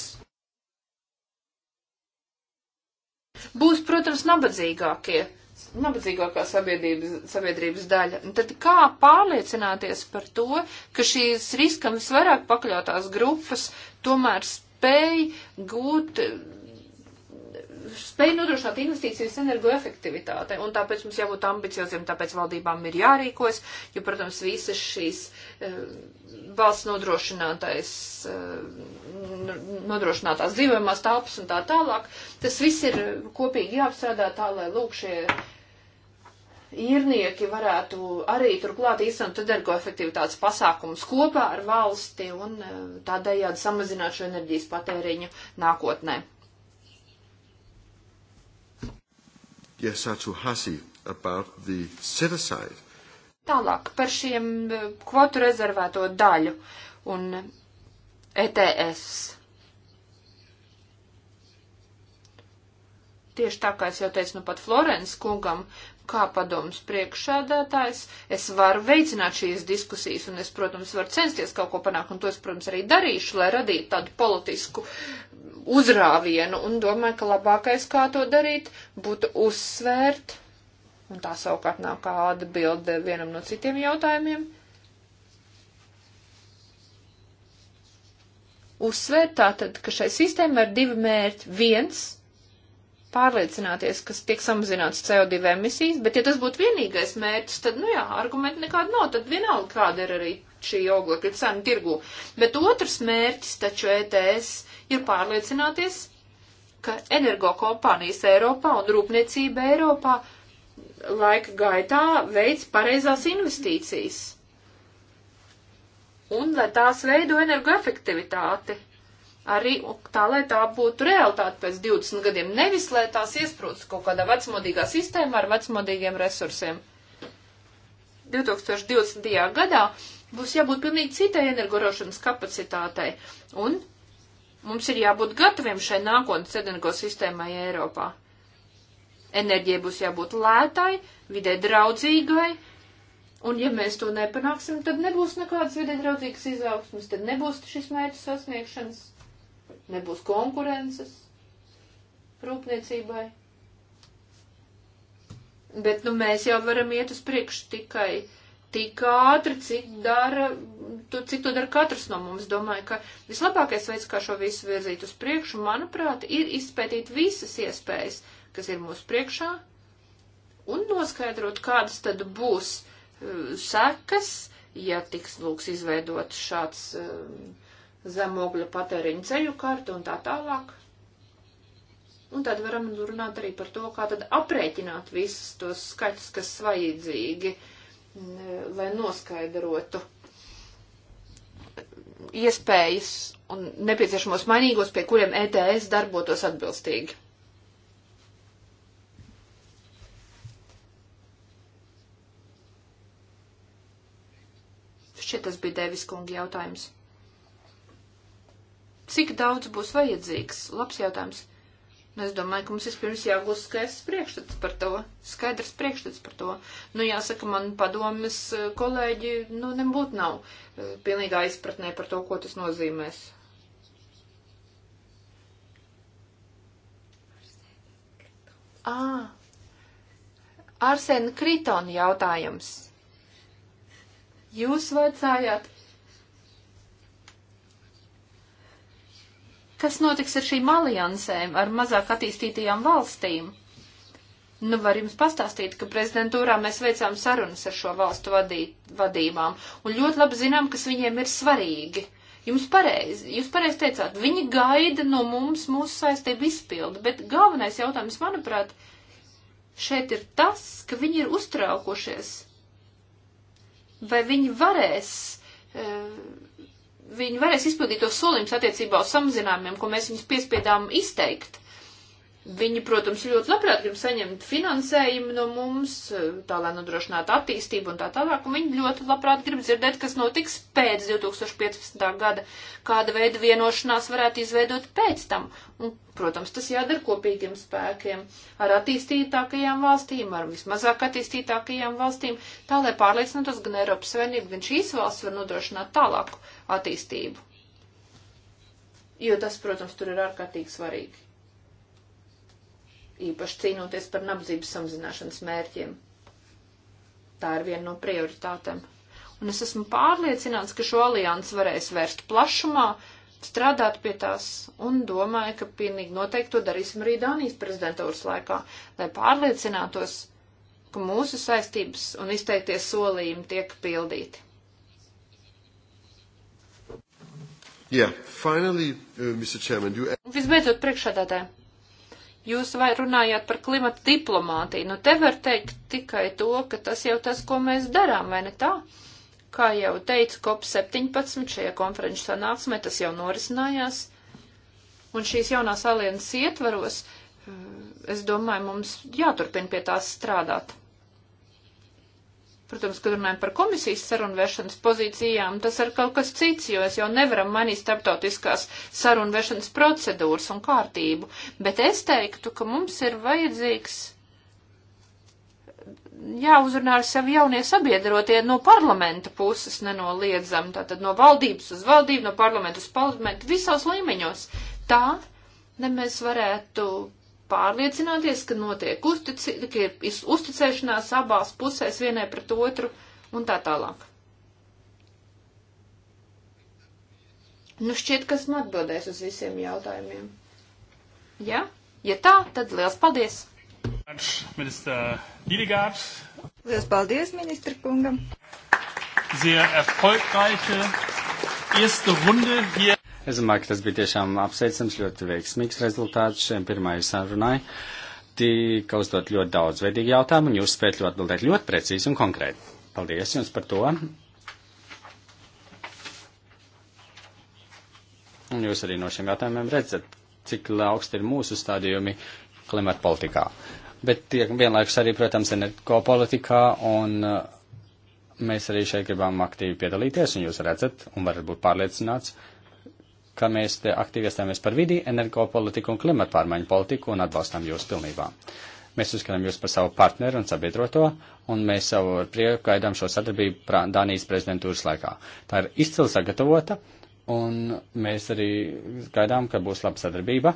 būs, protams, nabadzīgākie, nabadzīgākā sabiedrības, sabiedrības daļa. Un tad kā pārliecināties par to, ka šīs riskam visvairāk pakļautās grupas tomēr spēj gūt spēj nodrošināt investīcijas energoefektivitāte, un tāpēc mums jābūt ambicioziem, tāpēc valdībām ir jārīkojas, jo, protams, visas šīs eh, valsts nodrošinātais, eh, nodrošinātās dzīvojumās tāpas un tā tālāk, tas viss ir kopīgi jāapstrādā tā, lai lūk šie īrnieki varētu arī turklāt īstenot energoefektivitātes pasākumus kopā ar valsti un eh, tādējādi samazināt šo enerģijas patēriņu nākotnē. Yasatu Hasi about the set aside. Tālāk par šiem eh, kvotu rezervēto daļu un ETS. Tieši tā kā es jau teicu, nu pat Florence kungam, kā padomas priekšsēdētājs, es varu veicināt šīs diskusijas, un es, protams, varu censties kaut ko panākt, un to es, protams, arī darīšu, lai radītu tādu politisku uzrāvienu, un domāju, ka labākais, kā to darīt, būtu uzsvērt, un tā savukārt nav kāda bilde vienam no citiem jautājumiem. Uzsvērt tātad, ka šai sistēmai ir divi mērķi. Viens pārliecināties, ka tiek samazināts CO2 emisijas, bet ja tas būtu vienīgais mērķis, tad, nu jā, argumenti nekāda nav, tad vienalga kāda ir arī šī oglekļa cena tirgu. Bet otrs mērķis taču ETS ir pārliecināties, ka energo kompānijas Eiropā un rūpniecība Eiropā laika gaitā veids pareizās investīcijas. Un lai tās veido energoefektivitāti arī tā, lai tā būtu realitāte pēc 20 gadiem, nevis lai tās iesprūst kaut kādā vecmodīgā sistēmā ar vecmodīgiem resursiem. 2020. gadā būs jābūt pilnīgi citai energorošanas kapacitātei, un mums ir jābūt gataviem šai nākotnes energosistēmai Eiropā. Enerģija būs jābūt lētai, vidē draudzīgai, un ja mēs to nepanāksim, tad nebūs nekādas vidē draudzīgas izaugsmas, tad nebūs šis mērķis sasniegšanas nebūs konkurences rūpniecībai. Bet, nu, mēs jau varam iet uz priekšu tikai tik ātri, cik dara, to, cik to dara katrs no mums. Domāju, ka vislabākais veids, kā šo visu virzīt uz priekšu, manuprāt, ir izpētīt visas iespējas, kas ir mūsu priekšā, un noskaidrot, kādas tad būs uh, sekas, ja tiks lūks izveidot šāds. Uh, zemogļa patēriņu ceļu karti un tā tālāk. Un tad varam runāt arī par to, kā tad aprēķināt visus tos skaitļus, kas vajadzīgi, mm, lai noskaidrotu iespējas un nepieciešamos mainīgos, pie kuriem ETS darbotos atbilstīgi. Šķiet, tas bija Devis kunga jautājums. Cik daudz būs vajadzīgs? Labs jautājums. Nu, es domāju, ka mums vispirms jāgūst skaidrs priekšstats par to. Skaidrs priekšstats par to. Nu, jāsaka, man padomas eh, kolēģi, nu, nebūtu nav eh, pilnīgā izpratnē par to, ko tas nozīmēs. Ā, Arsēna Kritona jautājums. Jūs vajadzājāt Kas notiks ar šīm aliansēm, ar mazāk attīstītajām valstīm? Nu, var jums pastāstīt, ka prezidentūrā mēs veicām sarunas ar šo valstu vadī, vadībām, un ļoti labi zinām, kas viņiem ir svarīgi. Jums pareizi, jūs pareizi teicāt, viņi gaida no mums mūsu saistību izpildu, bet galvenais jautājums, manuprāt, šeit ir tas, ka viņi ir uztraukušies. Vai viņi varēs. Uh, viņi varēs izpildīt tos solījumus attiecībā uz samazinājumiem, ko mēs viņus piespiedām izteikt. Viņi, protams, ļoti labprāt grib saņemt finansējumu no mums, tā lai nodrošinātu attīstību un tā tālāk, un viņi ļoti labprāt grib dzirdēt, kas notiks pēc 2015. gada, kāda veida vienošanās varētu izveidot pēc tam. Un, protams, tas jādara kopīgiem spēkiem ar attīstītākajām valstīm, ar vismazāk attīstītākajām valstīm, tā lai pārliecinātos gan Eiropas Savienību, gan šīs valsts var nodrošināt tālāku attīstību. Jo tas, protams, tur ir ārkārtīgi svarīgi īpaši cīnoties par nabadzības samazināšanas mērķiem. Tā ir viena no prioritātēm. Un es esmu pārliecināts, ka šo aliansu varēs vērst plašumā, strādāt pie tās un domāju, ka pilnīgi noteikti to darīsim arī Dānijas prezidentūras laikā, lai pārliecinātos, ka mūsu saistības un izteiktie solījumi tiek pildīti. Yeah, finally, uh, Mr. Chairman, you... Visbeidzot, priekšādātāji Jūs vai runājāt par klimata diplomātiju. Nu, te var teikt tikai to, ka tas jau tas, ko mēs darām, vai ne tā? Kā jau teicu, COP17 šajā konferenču sanāksmē tas jau norisinājās. Un šīs jaunās alianses ietvaros, eh, es domāju, mums jāturpina pie tās strādāt. Protams, kad runājam par komisijas sarunvešanas pozīcijām, tas ir kaut kas cits, jo es jau nevaram mainīt starptautiskās sarunvešanas procedūras un kārtību. Bet es teiktu, ka mums ir vajadzīgs jāuzrunā ar sevi jaunie sabiedrotie no parlamenta puses nenoliedzam, tātad no valdības uz valdību, no parlamentu uz parlamentu, visos līmeņos. Tā, lai mēs varētu pārliecināties, ka notiek uztici, ka ir uzticēšanās abās pusēs vienai pret otru un tā tālāk. Nu šķiet, ka esmu atbildējis uz visiem jautājumiem. Ja? Ja tā, tad liels paldies! Liels paldies, ministra kungam! Sehr erfolgreiche erste Runde hier. Es domāju, ka tas bija tiešām apsveicams, ļoti veiksmīgs rezultāts šiem pirmajai sarunai. Tika uzdot ļoti daudz veidīgi jautājumi, un jūs spējat ļoti atbildēt ļoti precīzi un konkrēti. Paldies jums par to! Un jūs arī no šiem jautājumiem redzat, cik augsti ir mūsu stādījumi klimata politikā. Bet tiek vienlaikus arī, protams, energo politikā, un uh, mēs arī šeit gribam aktīvi piedalīties, un jūs redzat, un varat būt pārliecināts, uh, ka mēs te aktīvi iestājāmies par vidi, energopolitiku un klimatu pārmaiņu politiku un atbalstām jūs pilnībā. Mēs uzskatām jūs par savu partneru un sabiedroto, un mēs savu prieku gaidām šo sadarbību Dānijas prezidentūras laikā. Tā ir izcili sagatavota, un mēs arī gaidām, ka būs laba sadarbība,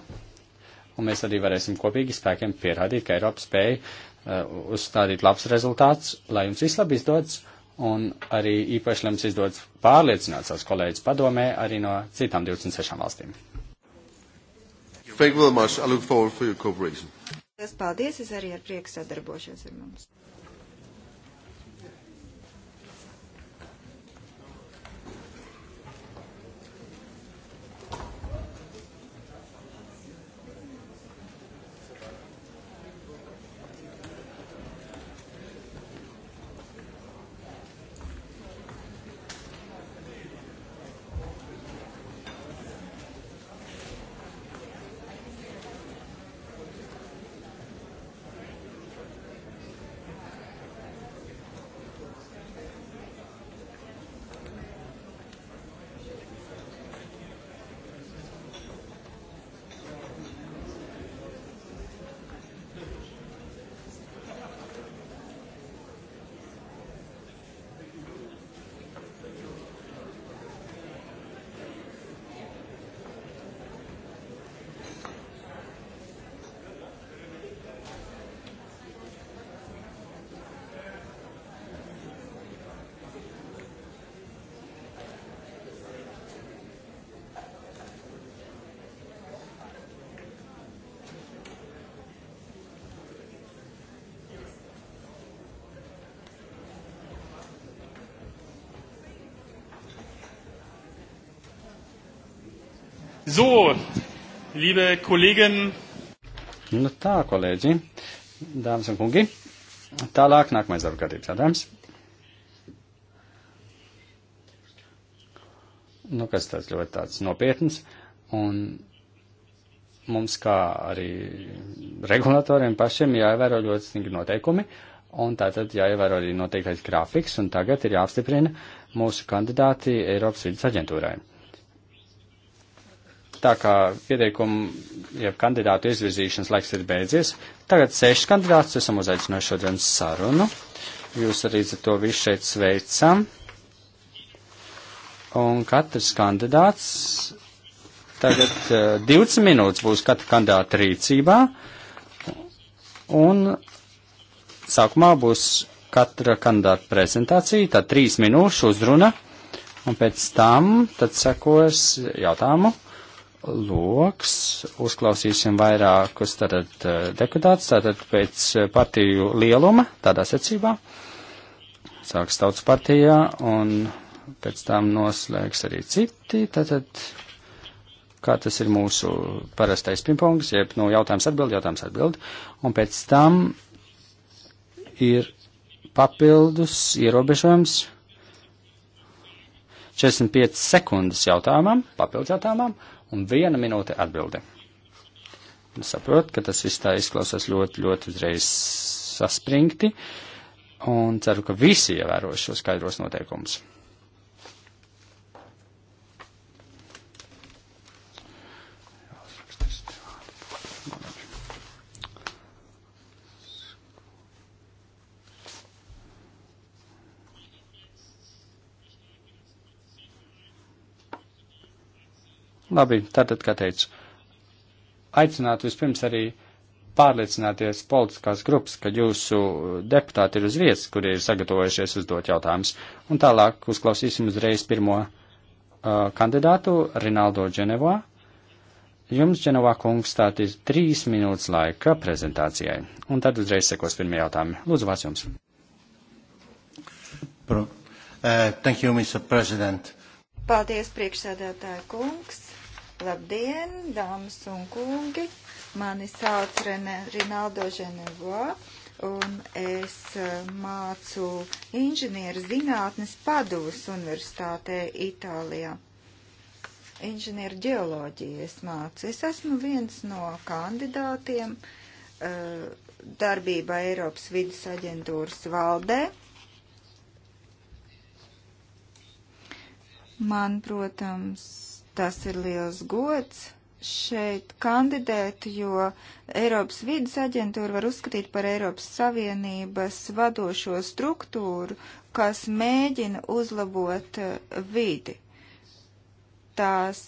un mēs arī varēsim kopīgi spēkiem pierādīt, ka Eiropa spēja uh, uzstādīt labs rezultāts, lai jums viss labi izdodas Un arī īpaši lems izdodas pārliecināt savus kolēģus padomē arī no citām 26 valstīm. Thank you very much. I look forward for your cooperation. Es paldies, es arī ar prieku sadarbošos ar mums. So, liebe Kolleginnen. Nu tā, kolēģi, dāmas un kungi. Tālāk nākamais darba gadījums jautājums. Nu, kas tāds ļoti tāds nopietns. Un mums kā arī regulatoriem pašiem jāievēro ļoti stingri noteikumi. Un tātad jāievēro arī noteiktais grafiks. Un tagad ir jāapstiprina mūsu kandidāti Eiropas vidas aģentūrai tā kā pieteikumu, ja kandidātu izvirzīšanas laiks ir beidzies, tagad sešas kandidātus esam uzaicinājuši šodienas sarunu. Jūs arī ar to visu šeit sveicam. Un katrs kandidāts tagad uh, eh, 20 minūtes būs katra kandidāta rīcībā. Un sākumā būs katra kandidāta prezentācija, tā trīs minūšu uzruna, un pēc tam tad sekos jautājumu loks. Uzklausīsim vairākus tātad eh, deputātus, tātad pēc eh, partiju lieluma, tādā secībā. Sāks tautas partijā un pēc tam noslēgs arī citi. Tātad, kā tas ir mūsu parastais pingpongs, jeb nu, jautājums atbild, jautājums atbild. Un pēc tam ir papildus ierobežojums 45 sekundes jautājumam, papildus jautājumam, un viena minūte atbildi. Es saprotu, ka tas viss tā izklausās ļoti, ļoti uzreiz saspringti, un ceru, ka visi ievēros šos skaidros noteikumus. Labi, tātad, kā teicu, aicināt vispirms arī pārliecināties politiskās grupas, ka jūsu deputāti ir uz vietas, kuri ir sagatavojušies uzdot jautājumus. Un tālāk uzklausīsim uzreiz pirmo uh, kandidātu, Rinaldo Dženevā. Jums, Dženevā kungs, tāt ir trīs minūtes laika prezentācijai. Un tad uzreiz sekos pirmie jautājumi. Lūdzu, vārds jums. Pro, uh, thank you, Mr. President. Paldies, priekšsēdētāja kungs Labdien, dāmas un kungi! Mani sauc Rene, Rinaldo Ženevo un es eh, mācu inženieru zinātnes Paduvas universitātē Itālijā inženieru ģeoloģiju es mācu. Es esmu viens no kandidātiem uh, darbībā Eiropas vidus aģentūras valdē. Man, protams, Tas ir liels gods šeit kandidēt, jo Eiropas vidas aģentūra var uzskatīt par Eiropas Savienības vadošo struktūru, kas mēģina uzlabot eh, vidi. Tās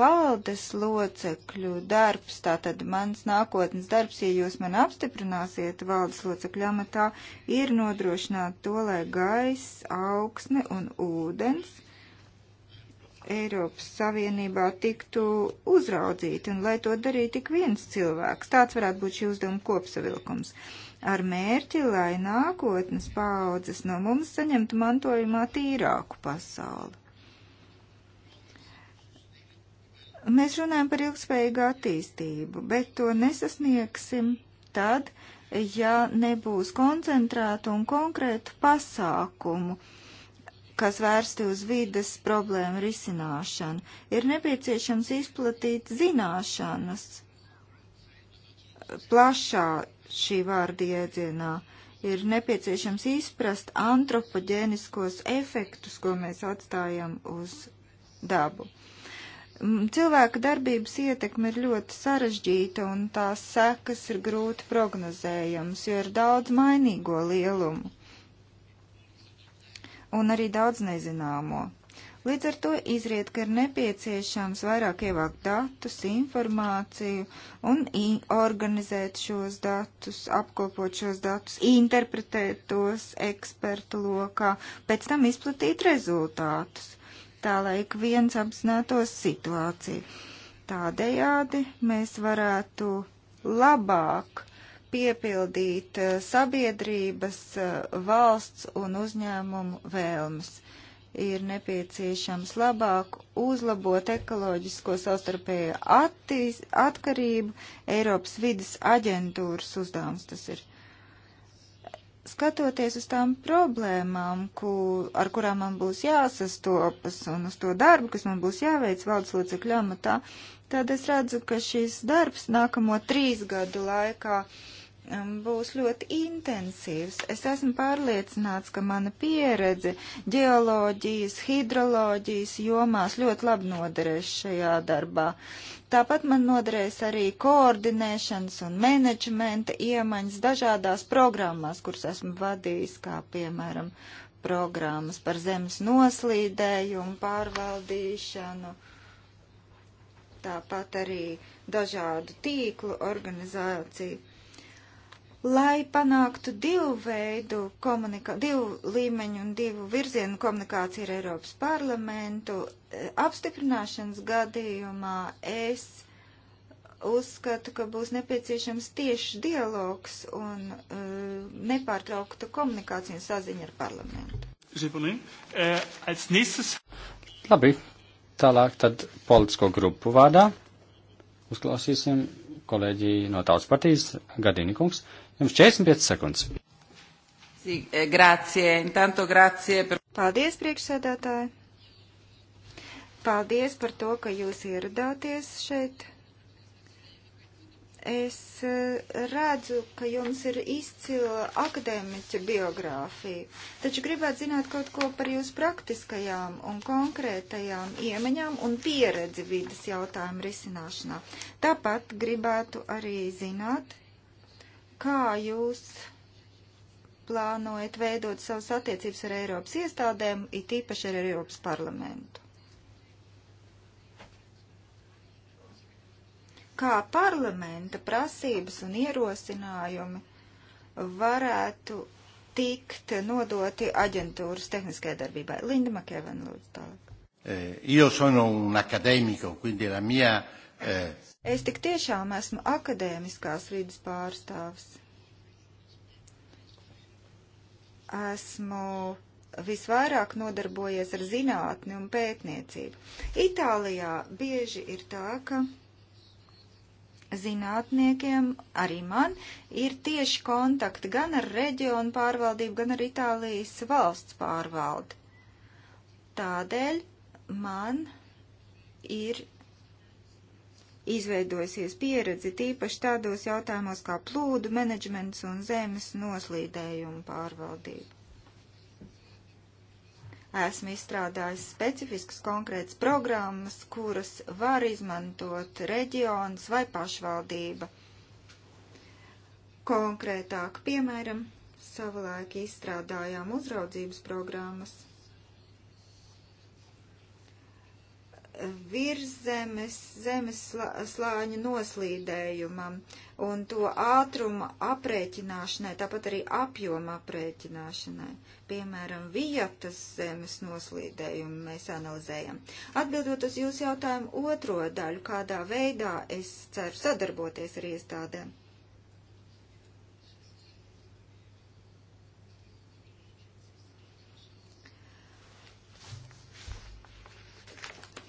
valdes locekļu darbs, tātad mans nākotnes darbs, ja jūs man apstiprināsiet valdes locekļu amatā, ir nodrošināt to, lai gaiss, augsne un ūdens Eiropas Savienībā tiktu uzraudzīti un lai to darītu tik viens cilvēks. Tāds varētu būt šī uzdevuma kopsavilkums. Ar mērķi, lai nākotnes paaudzes no mums saņemtu mantojumā tīrāku pasauli. Mēs runājam par ilgspējīgu attīstību, bet to nesasniegsim tad, ja nebūs koncentrētu un konkrētu pasākumu kas vērsti uz vides problēmu risināšanu. Ir nepieciešams izplatīt zināšanas plašā šī vārda iedzienā. Ir nepieciešams izprast antropoģēniskos efektus, ko mēs atstājam uz dabu. Cilvēka darbības ietekme ir ļoti sarežģīta un tās sekas ir grūti prognozējams, jo ir daudz mainīgo lielumu un arī daudz nezināmo. Līdz ar to izriet, ka ir nepieciešams vairāk ievākt datus, informāciju un organizēt šos datus, apkopot šos datus, interpretēt tos ekspertu lokā, pēc tam izplatīt rezultātus, tā lai ik viens apzinātos situāciju. Tādējādi mēs varētu labāk piepildīt eh, sabiedrības, eh, valsts un uzņēmumu vēlmes. Ir nepieciešams labāk uzlabot ekoloģisko savstarpēju attīst, atkarību. Eiropas vidas aģentūras uzdevums tas ir. Skatoties uz tām problēmām, ku, ar kurām man būs jāsastopas un uz to darbu, kas man būs jāveic valdes locekļu amatā, tad es redzu, ka šis darbs nākamo trīs gadu laikā uh, Um, būs ļoti intensīvs. Es esmu pārliecināts, ka mana pieredze geoloģijas, hidroloģijas jomās ļoti labi noderēs šajā darbā. Tāpat man noderēs arī koordinēšanas un menedžmenta iemaņas dažādās programmās, kuras esmu vadījis, kā piemēram programmas par zemes noslīdējumu, pārvaldīšanu, tāpat arī dažādu tīklu organizāciju lai panāktu divu veidu komunikā, divu līmeņu un divu virzienu komunikāciju ar Eiropas parlamentu, e, apstiprināšanas gadījumā es uzskatu, ka būs nepieciešams tieši dialogs un uh, nepārtraukta komunikācija un saziņa ar parlamentu. E, Labi, tālāk tad politisko grupu vārdā uzklausīsim kolēģi no Tautas partijas, Gadīni kungs. Uh, Jums 45 sekundes. Eh, grācie, intanto grācie. Paldies, priekšsēdētāji. Paldies par to, ka jūs ieradāties šeit. Es eh, redzu, ka jums ir izcila akadēmiķa biogrāfija, taču gribētu zināt kaut ko par jūsu praktiskajām un konkrētajām iemaņām un pieredzi vidas jautājumu risināšanā. Tāpat gribētu arī zināt, Kā jūs plānojat veidot savas attiecības ar Eiropas iestādēm, it īpaši ar Eiropas parlamentu? Kā parlamenta prasības un ierosinājumi varētu tikt nodoti aģentūras tehniskajai darbībai? Linda Makēvena, lūdzu tālāk. Eh, io sono un accademico, quindi la mia eh, Es tik tiešām esmu akadēmiskās vidas pārstāvs. Esmu visvairāk nodarbojies ar zinātni un pētniecību. Itālijā bieži ir tā, ka zinātniekiem, arī man, ir tieši kontakti gan ar reģionu pārvaldību, gan ar Itālijas valsts pārvaldi. Tādēļ man ir izveidosies pieredze tīpaši tādos jautājumos kā plūdu menedžments un zemes noslīdējumu pārvaldība. Esmu izstrādājis specifiskas konkrētas programmas, kuras var izmantot reģions vai pašvaldība. Konkrētāk, piemēram, savulaik izstrādājām uzraudzības programmas virzemes zemes slāņa noslīdējumam un to ātruma aprēķināšanai, tāpat arī apjoma aprēķināšanai. Piemēram, vietas zemes noslīdējumu mēs analizējam. Atbildot uz jūsu jautājumu otro daļu, kādā veidā es ceru sadarboties ar iestādēm.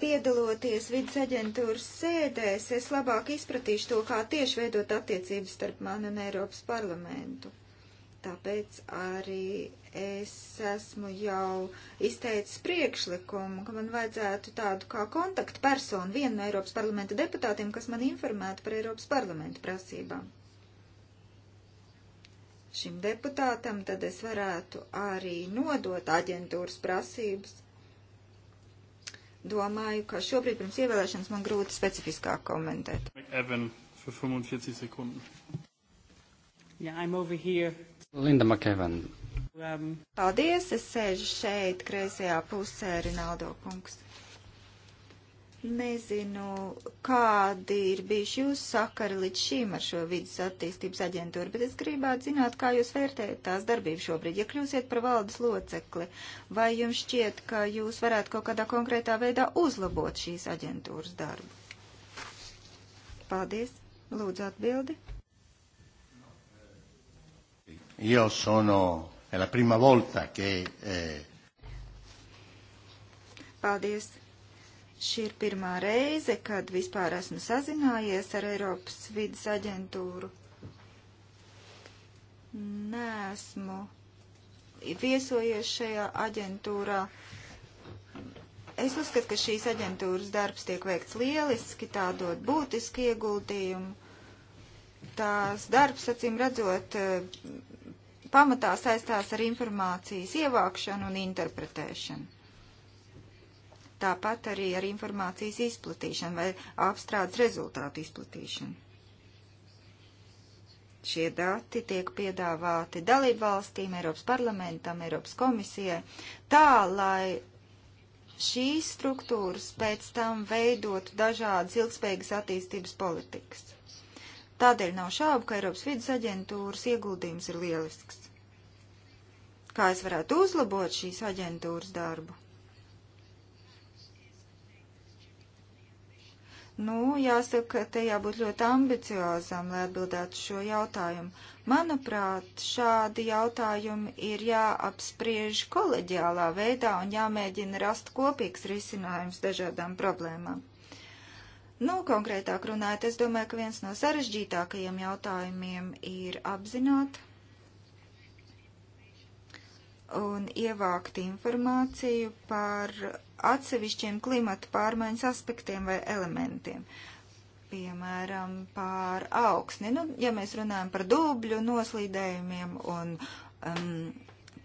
Piedaloties vidas aģentūras sēdēs, es labāk izpratīšu to, kā tieši veidot attiecības starp mani un Eiropas parlamentu. Tāpēc arī es esmu jau izteicis priekšlikumu, ka man vajadzētu tādu kā kontaktpersonu vienu no Eiropas parlamenta deputātiem, kas man informētu par Eiropas parlamenta prasībām. Šim deputātam tad es varētu arī nodot aģentūras prasības domāju, ka šobrīd pirms ievēlēšanas man grūti specifiskāk komentēt. Evan, 45 sekundes. Yeah, I'm over here. Linda McEvan. Um. Paldies, es sēžu šeit, kreisajā pusē, Rinaldo kungs. Nezinu, kādi ir bijuši jūsu sakari līdz šim ar šo vidas attīstības aģentūru, bet es gribētu zināt, kā jūs vērtējat tās darbību šobrīd. Ja kļūsiet par valdes locekli, vai jums šķiet, ka jūs varētu kaut kādā konkrētā veidā uzlabot šīs aģentūras darbu? Paldies. Lūdzu atbildi. Io sono, è la prima volta che... Eh... Paldies. Šī ir pirmā reize, kad vispār esmu sazinājies ar Eiropas vidas aģentūru. Nē, esmu viesojies šajā aģentūrā. Es uzskatu, ka šīs aģentūras darbs tiek veikts lieliski, tā dod būtiski ieguldījumu. Tās darbs, acīm redzot, eh, pamatā saistās ar informācijas ievākšanu un interpretēšanu tāpat arī ar informācijas izplatīšanu vai apstrādes rezultātu izplatīšanu. Šie dati tiek piedāvāti dalību valstīm, Eiropas parlamentam, Eiropas komisijai, tā lai šīs struktūras pēc tam veidotu dažādas ilgspējīgas attīstības politikas. Tādēļ nav šaubu, ka Eiropas vidas aģentūras ieguldījums ir lielisks. Kā es varētu uzlabot šīs aģentūras darbu? Nu, jāsaka, te jābūt ļoti ambiciozam, lai atbildētu šo jautājumu. Manuprāt, šādi jautājumi ir jāapspriež koleģiālā veidā un jāmēģina rast kopīgs risinājums dažādām problēmām. Nu, konkrētāk runājot, es domāju, ka viens no sarežģītākajiem jautājumiem ir apzināt un ievākt informāciju par atsevišķiem klimata pārmaiņas aspektiem vai elementiem. Piemēram, pār augsni. Nu, ja mēs runājam par dubļu noslīdējumiem un um,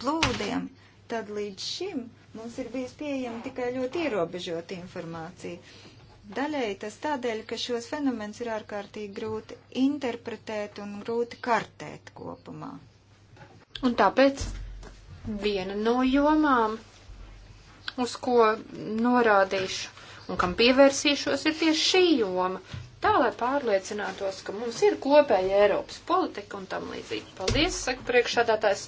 plūdiem, tad līdz šim mums ir bijis pieejama tikai ļoti ierobežota informācija. Daļēji tas tādēļ, ka šos fenomens ir ārkārtīgi grūti interpretēt un grūti kartēt kopumā. Un tāpēc viena no jomām, uz ko norādīšu un kam pievērsīšos, ir tieši šī joma. Tā, lai pārliecinātos, ka mums ir kopēja Eiropas politika un tam līdzīgi. Paldies, saka priekšādātājs.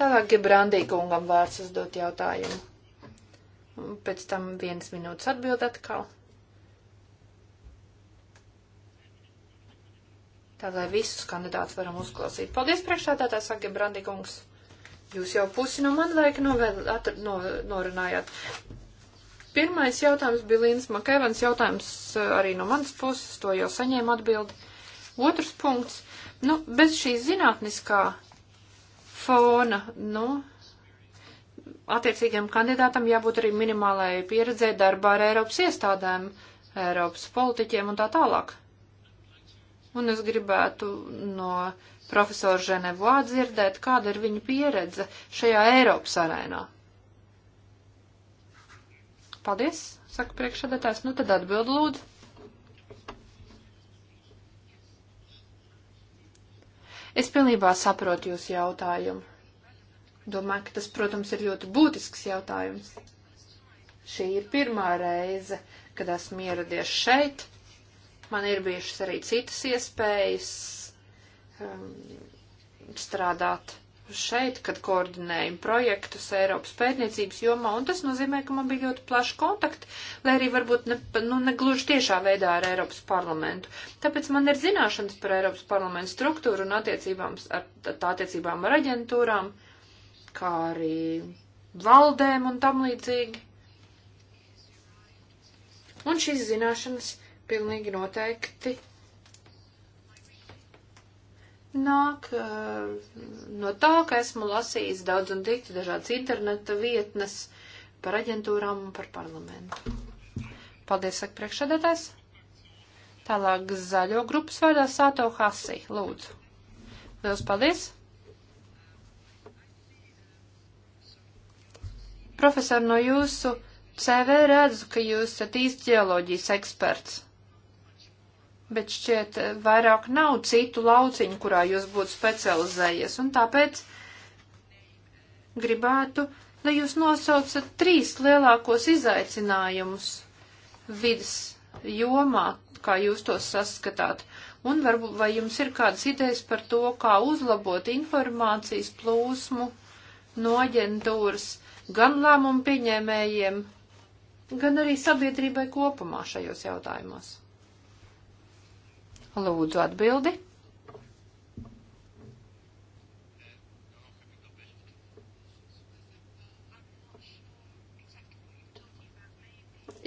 Tālāk Gebrandī kungam vārds uzdot jautājumu. Un pēc tam vienas minūtes atbild atkal. Tā, lai visus kandidātus varam uzklausīt. Paldies, priekšādātājs, saka Gebrandī kungs. Jūs jau pusi no man laika novēl, atr, no, norunājāt. Pirmais jautājums bija Līnas Makēvans jautājums eh, arī no manas puses, to jau saņēmu atbildi. Otrs punkts, nu, bez šī zinātniskā fona, nu, attiecīgiem kandidātam jābūt arī minimālai pieredzē darbā ar Eiropas iestādēm, Eiropas politiķiem un tā tālāk. Un es gribētu no profesoru Ženevoā dzirdēt, kāda ir viņa pieredze šajā Eiropas arēnā. Paldies, saka priekšsēdētājs. Nu tad atbild lūdzu. Es pilnībā saprotu jūsu jautājumu. Domāju, ka tas, protams, ir ļoti būtisks jautājums. Šī ir pirmā reize, kad esmu ieradies šeit. Man ir bijušas arī citas iespējas Um, strādāt šeit, kad koordinējam projektus Eiropas pētniecības jomā, un tas nozīmē, ka man bija ļoti plaši kontakti, lai arī varbūt ne, nu, ne gluži tiešā veidā ar Eiropas parlamentu. Tāpēc man ir zināšanas par Eiropas parlamentu struktūru un attiecībām ar, tā attiecībām ar aģentūrām, kā arī valdēm un tam līdzīgi. Un šīs zināšanas pilnīgi noteikti nāk eh, no tā, ka esmu lasījis daudz un dikti dažādas interneta vietnes par aģentūrām un par parlamentu. Paldies, saka priekšsēdētājs. Tālāk zaļo grupas vārdā Sāto Hasi, lūdzu. Liels paldies! Profesor, no jūsu CV redzu, ka jūs esat īsts ģeoloģijas eksperts bet šķiet eh, vairāk nav citu lauciņu, kurā jūs būtu specializējies, un tāpēc gribētu, lai jūs nosaucat trīs lielākos izaicinājumus vidas jomā, kā jūs tos saskatāt, un varbūt vai jums ir kādas idejas par to, kā uzlabot informācijas plūsmu no aģentūras gan lēmumu pieņēmējiem, gan arī sabiedrībai kopumā šajos jautājumos. Lūdzu atbildi.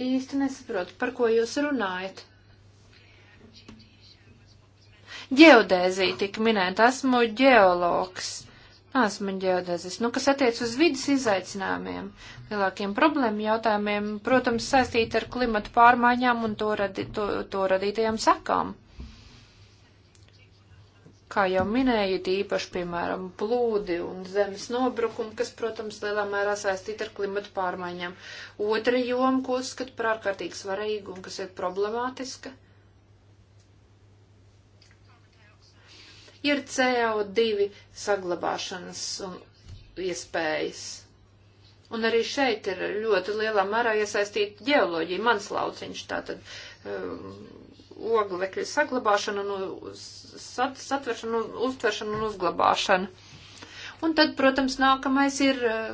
Īsti nesaprotu, par ko jūs runājat. Geodēzija tika minēta, esmu ģeologs. Esmu ģeodēzis. Nu, kas attiec uz vidas izaicinājumiem, lielākiem problēmu jautājumiem, protams, saistīti ar klimatu pārmaiņām un to, radi, to, to radītajām sakām. Kā jau minēju, īpaši, piemēram, plūdi un zemes nobrukumi, kas, protams, lielā mērā saistīti ar klimatu pārmaiņām. Otra joma, ko uzskatu par ārkārtīgi svarīgu un kas ir problemātiska, ir CO2 saglabāšanas un iespējas. Un arī šeit ir ļoti lielā mērā iesaistīta ģeoloģija, mans lauciņš, tātad um, oglekļa saglabāšanu, un nu, sat, satveršanu, uztveršanu un uzglabāšanu. Un tad, protams, nākamais ir eh,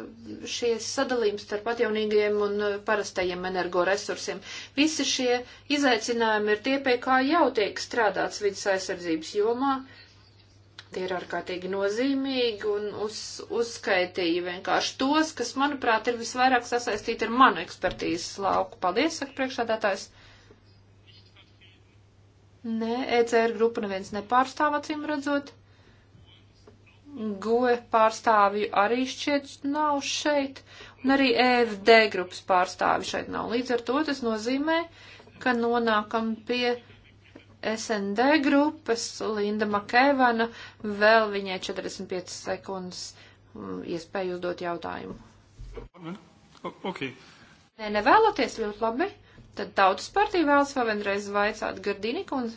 šīs sadalījums starp atjaunīgajiem un eh, parastajiem energoresursiem. Visi šie izaicinājumi ir tie, pie kā jau tiek strādāts vidas aizsardzības jomā. Tie ir ārkārtīgi nozīmīgi un uz, uzskaitīju vienkārši tos, kas, manuprāt, ir visvairāk sasaistīti ar manu ekspertīzes lauku. Paldies, saka priekšādātājs. Nē, ECR grupa neviens nepārstāv acīm redzot. GOE pārstāvju arī šķiet nav šeit, un arī EFD grupas pārstāvju šeit nav. Līdz ar to tas nozīmē, ka nonākam pie SND grupas Linda Makēvana, vēl viņai 45 sekundes mm, iespēju uzdot jautājumu. Ok. Nē, nevēlaties ļoti labi. Tad tautas partija vēlas vēl vienreiz vaicāt Gardini kundze.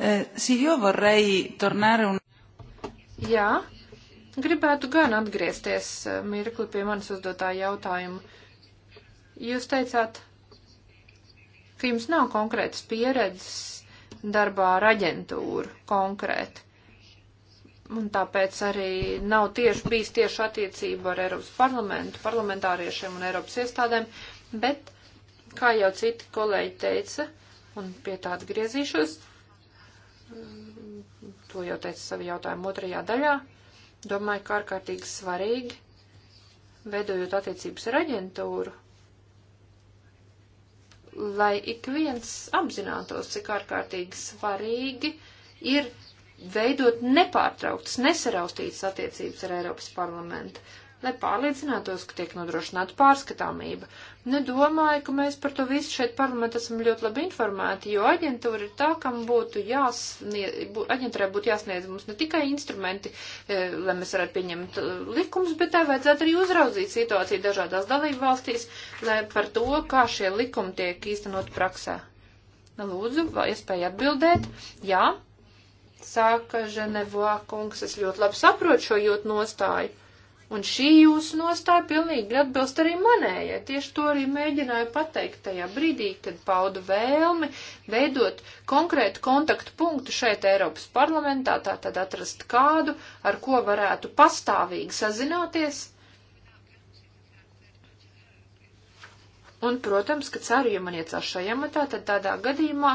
Eh, sì, io vorrei tornare un... Jā, gribētu gan atgriezties eh, mirkli pie manis uzdotā jautājuma. Jūs teicāt, ka jums nav konkrētas pieredzes darbā ar aģentūru konkrēti. Un tāpēc arī nav tieši bijis tieši attiecība ar Eiropas parlamentu, parlamentāriešiem un Eiropas iestādēm, bet, kā jau citi kolēģi teica, un pie tā atgriezīšos, to jau teica savu jautājumu otrajā daļā, domāju, ka ārkārtīgi svarīgi, veidojot attiecības ar aģentūru, lai ik viens apzinātos, cik ārkārtīgi svarīgi ir veidot nepārtrauktas, nesaraustītas attiecības ar Eiropas parlamentu lai pārliecinātos, ka tiek nodrošināta pārskatāmība. Nedomāju, ka mēs par to visu šeit parlamentā esam ļoti labi informēti, jo aģentūra ir tā, kam būtu jāsniedz, bū, aģentūrai būtu jāsniedz mums ne tikai instrumenti, e, lai mēs varētu pieņemt e, likumus, bet tā vajadzētu arī uzraudzīt situāciju dažādās dalību valstīs, lai par to, kā šie likumi tiek īstenot praksē. Nu, lūdzu, vai iespēja atbildēt? Jā. Sāka Ženevā kungs, es ļoti labi saprotu šo jūtu nostāju. Un šī jūsu nostāja pilnīgi atbilst arī manējai. Tieši to arī mēģināju pateikt tajā brīdī, kad paudu vēlmi veidot konkrētu kontaktu punktu šeit Eiropas parlamentā, tā tad atrast kādu, ar ko varētu pastāvīgi sazināties Un, protams, ka ceru, ja man iecās šajā matā, tad tādā gadījumā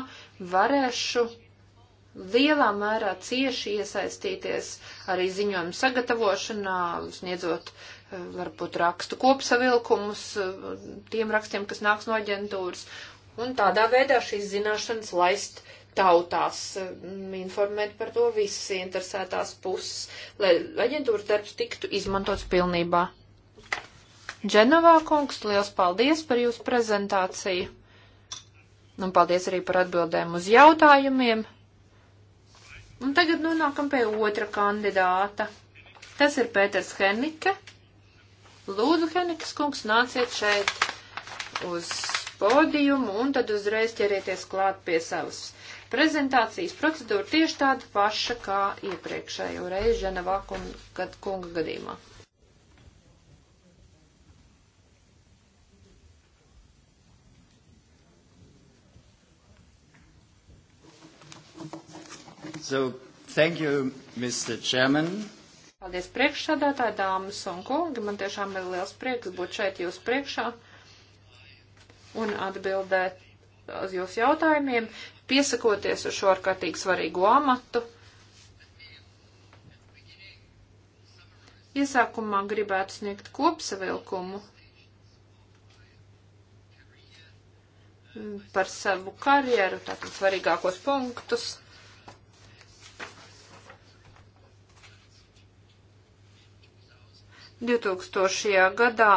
varēšu lielā mērā cieši iesaistīties arī ziņojumu sagatavošanā, sniedzot eh, varbūt rakstu kopsavilkumus eh, tiem rakstiem, kas nāks no aģentūras, un tādā veidā šīs zināšanas laist tautās, eh, informēt par to visas interesētās puses, lai aģentūras darbs tiktu izmantots pilnībā. Dženovā kungs, liels paldies par jūsu prezentāciju, un paldies arī par atbildēm uz jautājumiem. Un tagad nonākam pie otra kandidāta. Tas ir Pēters Henike. Lūdzu, Henikas kungs, nāciet šeit uz podiumu un tad uzreiz ķerieties klāt pie savas prezentācijas procedūra tieši tāda paša kā iepriekšējo reizi Ženevā kunga gadījumā. So, thank you, Mr. Chairman. Paldies priekšsādātāji, dāmas un kungi. Man tiešām ir liels prieks būt šeit jūs priekšā un atbildēt uz jūsu jautājumiem, piesakoties uz šo ārkārtīgi svarīgu amatu. Iesākumā gribētu sniegt kopsavilkumu par savu karjeru, tātad svarīgākos punktus 2000. gadā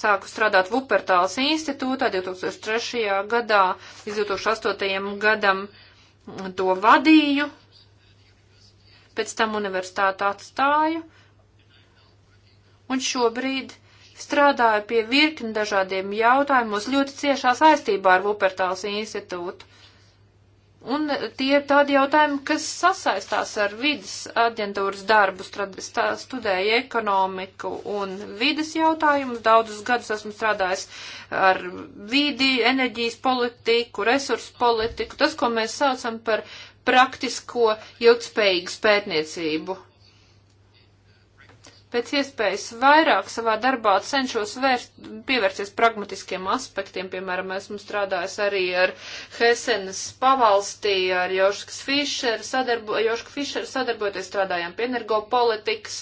sāku strādāt Vupertāls institūtā, 2003. gadā līdz 2008. gadam to vadīju, pēc tam universitāti atstāju, un šobrīd strādāju pie virkni dažādiem jautājumos ļoti ciešā saistībā ar Vupertāls institūtu. Un tie ir tādi jautājumi, kas sasaistās ar vidas aģentūras darbu. Studēju ekonomiku un vidas jautājumus. Daudzus gadus esmu strādājis ar vidi, enerģijas politiku, resursu politiku. Tas, ko mēs saucam par praktisko ilgspējīgu spētniecību pēc iespējas vairāk savā darbā cenšos vērst, pievērsties pragmatiskiem aspektiem. Piemēram, esmu strādājis arī ar Hesenas pavalstī, ar Joškas Fišeru sadarbo, Joška Fišeru sadarbojoties, strādājām pie energopolitikas.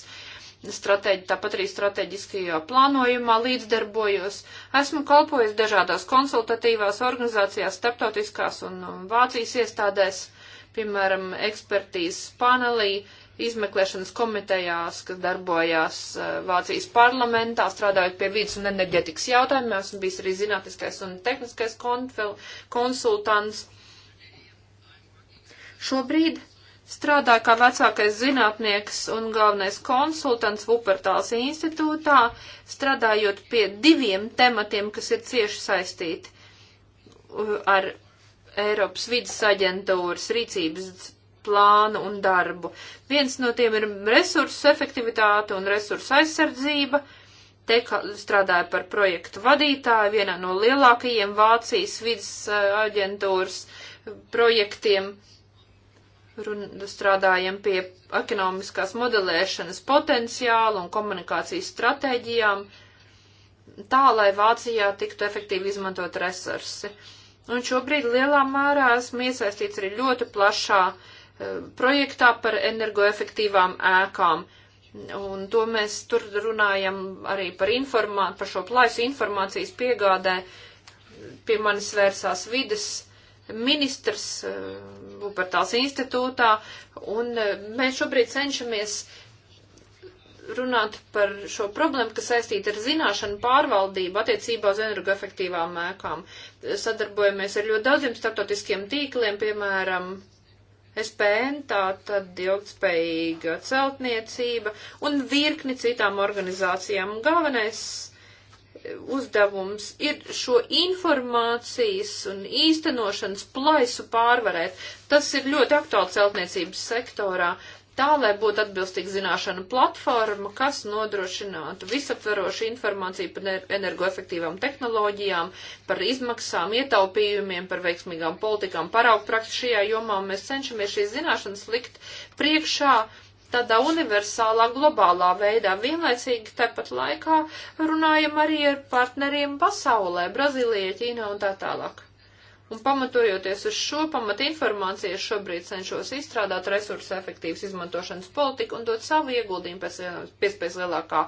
Strateģi, tāpat arī strateģiskajā plānojumā līdzdarbojos. Esmu kalpojis dažādās konsultatīvās organizācijās, starptautiskās un um, Vācijas iestādēs, piemēram, ekspertīzes panelī, uh, izmeklēšanas komitejās, kas darbojās eh, Vācijas parlamentā, strādājot pie vidas un enerģetikas jautājumiem. Esmu bijis arī zinātniskais un tehniskais konsultants. Šobrīd strādāju kā vecākais zinātnieks un galvenais konsultants Vupertāls institūtā, strādājot pie diviem tematiem, kas ir cieši saistīti eh, ar Eiropas vidas aģentūras rīcības plānu un darbu. Viens no tiem ir resursu efektivitāte un resursu aizsardzība. Te strādāja par projektu vadītāju vienā no lielākajiem Vācijas vidas eh, aģentūras projektiem. Run, strādājam pie ekonomiskās modelēšanas potenciāla un komunikācijas stratēģijām, tā lai Vācijā tiktu efektīvi izmantot resursi. Un šobrīd lielā mērā esmu iesaistīts arī ļoti plašā uh, projektā par energoefektīvām ēkām. Un to mēs tur runājam arī par, informā, par šo plaisu informācijas piegādē. Pie manis vērsās vides ministrs Bupertāls eh, institūtā, un eh, mēs šobrīd cenšamies runāt par šo problēmu, kas saistīta ar zināšanu pārvaldību attiecībā uz energoefektīvām ēkām. Sadarbojamies ar ļoti daudziem starptautiskiem tīkliem, piemēram, SPN, tātad ilgtspējīga celtniecība un virkni citām organizācijām. Un galvenais e, uzdevums ir šo informācijas un īstenošanas plaisu pārvarēt. Tas ir ļoti aktuāli celtniecības sektorā tā, lai būtu atbilstīga zināšana platforma, kas nodrošinātu visaptverošu informāciju par energoefektīvām tehnoloģijām, par izmaksām, ietaupījumiem, par veiksmīgām politikām, paraugprakti šajā jomā. Mēs cenšamies šīs zināšanas likt priekšā tādā universālā, globālā veidā. Vienlaicīgi tāpat laikā runājam arī ar partneriem pasaulē, Brazīlijā, Ķīnā un tā tālāk. Un pamatojoties uz šo pamatu informāciju, es šobrīd cenšos izstrādāt resursu efektīvas izmantošanas politiku un dot savu ieguldījumu pēc iespējas lielākā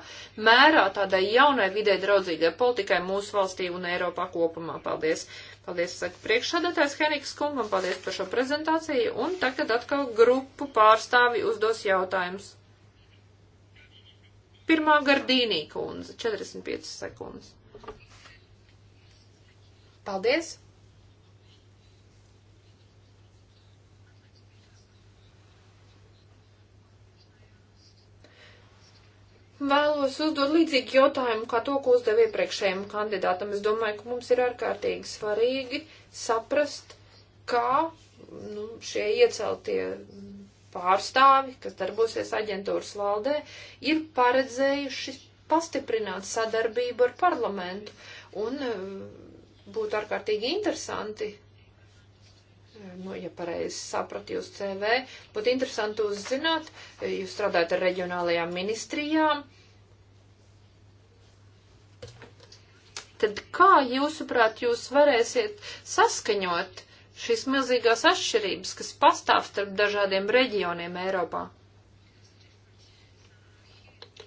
mērā tādai jaunai vidē draudzīgai politikai mūsu valstī un Eiropā kopumā. Paldies! Paldies, saka priekšsādātājs Heniks kungam, paldies par šo prezentāciju un tagad atkal grupu pārstāvi uzdos jautājumus. Pirmā gardīnī kundze, 45 sekundes. Paldies! vēlos uzdot līdzīgu jautājumu, kā to, ko uzdevu iepriekšējiem kandidātam. Es domāju, ka mums ir ārkārtīgi svarīgi saprast, kā nu, šie ieceltie pārstāvi, kas darbosies aģentūras valdē, ir paredzējuši pastiprināt sadarbību ar parlamentu. Un eh, būtu ārkārtīgi interesanti nu, ja pareizi sapratu jūs CV, būtu interesanti uzzināt, jūs strādājat ar reģionālajām ministrijām. Tad kā jūsuprāt jūs varēsiet saskaņot šīs milzīgās atšķirības, kas pastāv starp dažādiem reģioniem Eiropā?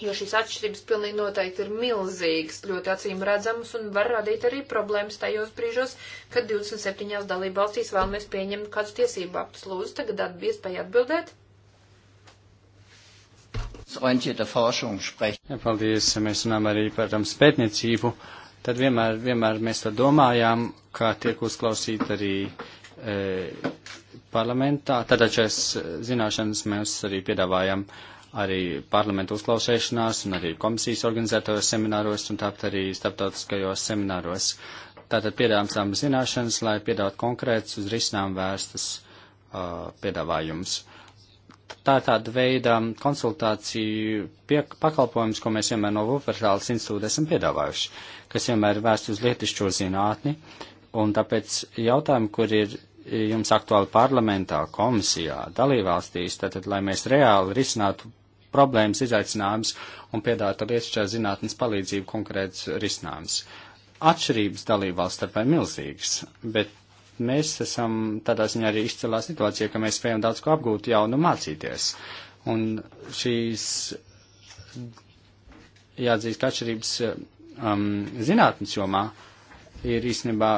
jo šīs atšķirības pilnīgi noteikti ir milzīgas, ļoti acīm redzamas un var radīt arī problēmas tajos brīžos, kad 27 dalība valstīs vēlamies pieņemt kādus tiesību aktus. Lūdzu, tagad atbiespēja atbildēt. Ja, paldies, mēs runājam arī par tam um, spētniecību. Tad vienmēr, vienmēr mēs tā domājām, kā tiek uzklausīt arī e, parlamentā. Tātad šīs eh, zināšanas mēs arī piedāvājam uh, arī parlamentu uzklausēšanās un arī komisijas organizētajos semināros un tāpat arī starptautiskajos semināros. Tātad piedāvājam samas zināšanas, lai piedāvātu konkrēts uz risinām vērstas uh, piedāvājums. Tā ir tāda veida konsultāciju piek, pakalpojums, ko mēs vienmēr no Vupertāles institūta esam piedāvājuši, kas vienmēr ir vērsts uz lietišķo zinātni, un tāpēc jautājumi, kur ir jums aktuāli parlamentā, komisijā, dalībvalstīs, tātad, lai mēs reāli risinātu problēmas, izaicinājums un piedāvāt ar iešķirā zinātnes palīdzību konkrēts risinājums. Atšķirības dalībvalsts starpā ir milzīgas, bet mēs esam tādā ziņā arī izcēlā situācijā, ka mēs spējam daudz ko apgūt jaunu mācīties. Un šīs jāatzīst, ka atšķirības um, zinātnes jomā ir īstenībā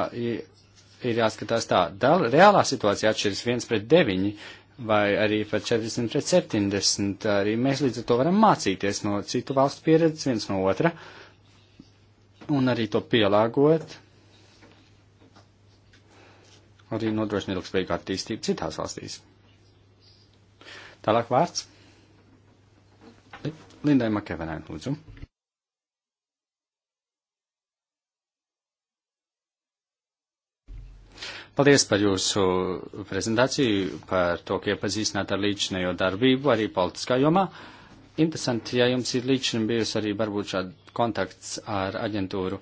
ir jāskatās tā. Dal, reālā situācija atšķiras viens pret deviņi, vai arī par 40 pret 70. Arī mēs līdz ar to varam mācīties no citu valstu pieredzes viens no otra un arī to pielāgot, arī nodrošina ilgspējīgu attīstību citās valstīs. Tālāk vārds Lindai Makevenai, lūdzu. Paldies par jūsu prezentāciju, par to, ka iepazīstināt ar līdzinējo darbību arī politiskā jomā. Interesanti, ja jums ir līdz šim bijusi arī varbūt šāda kontakts ar aģentūru.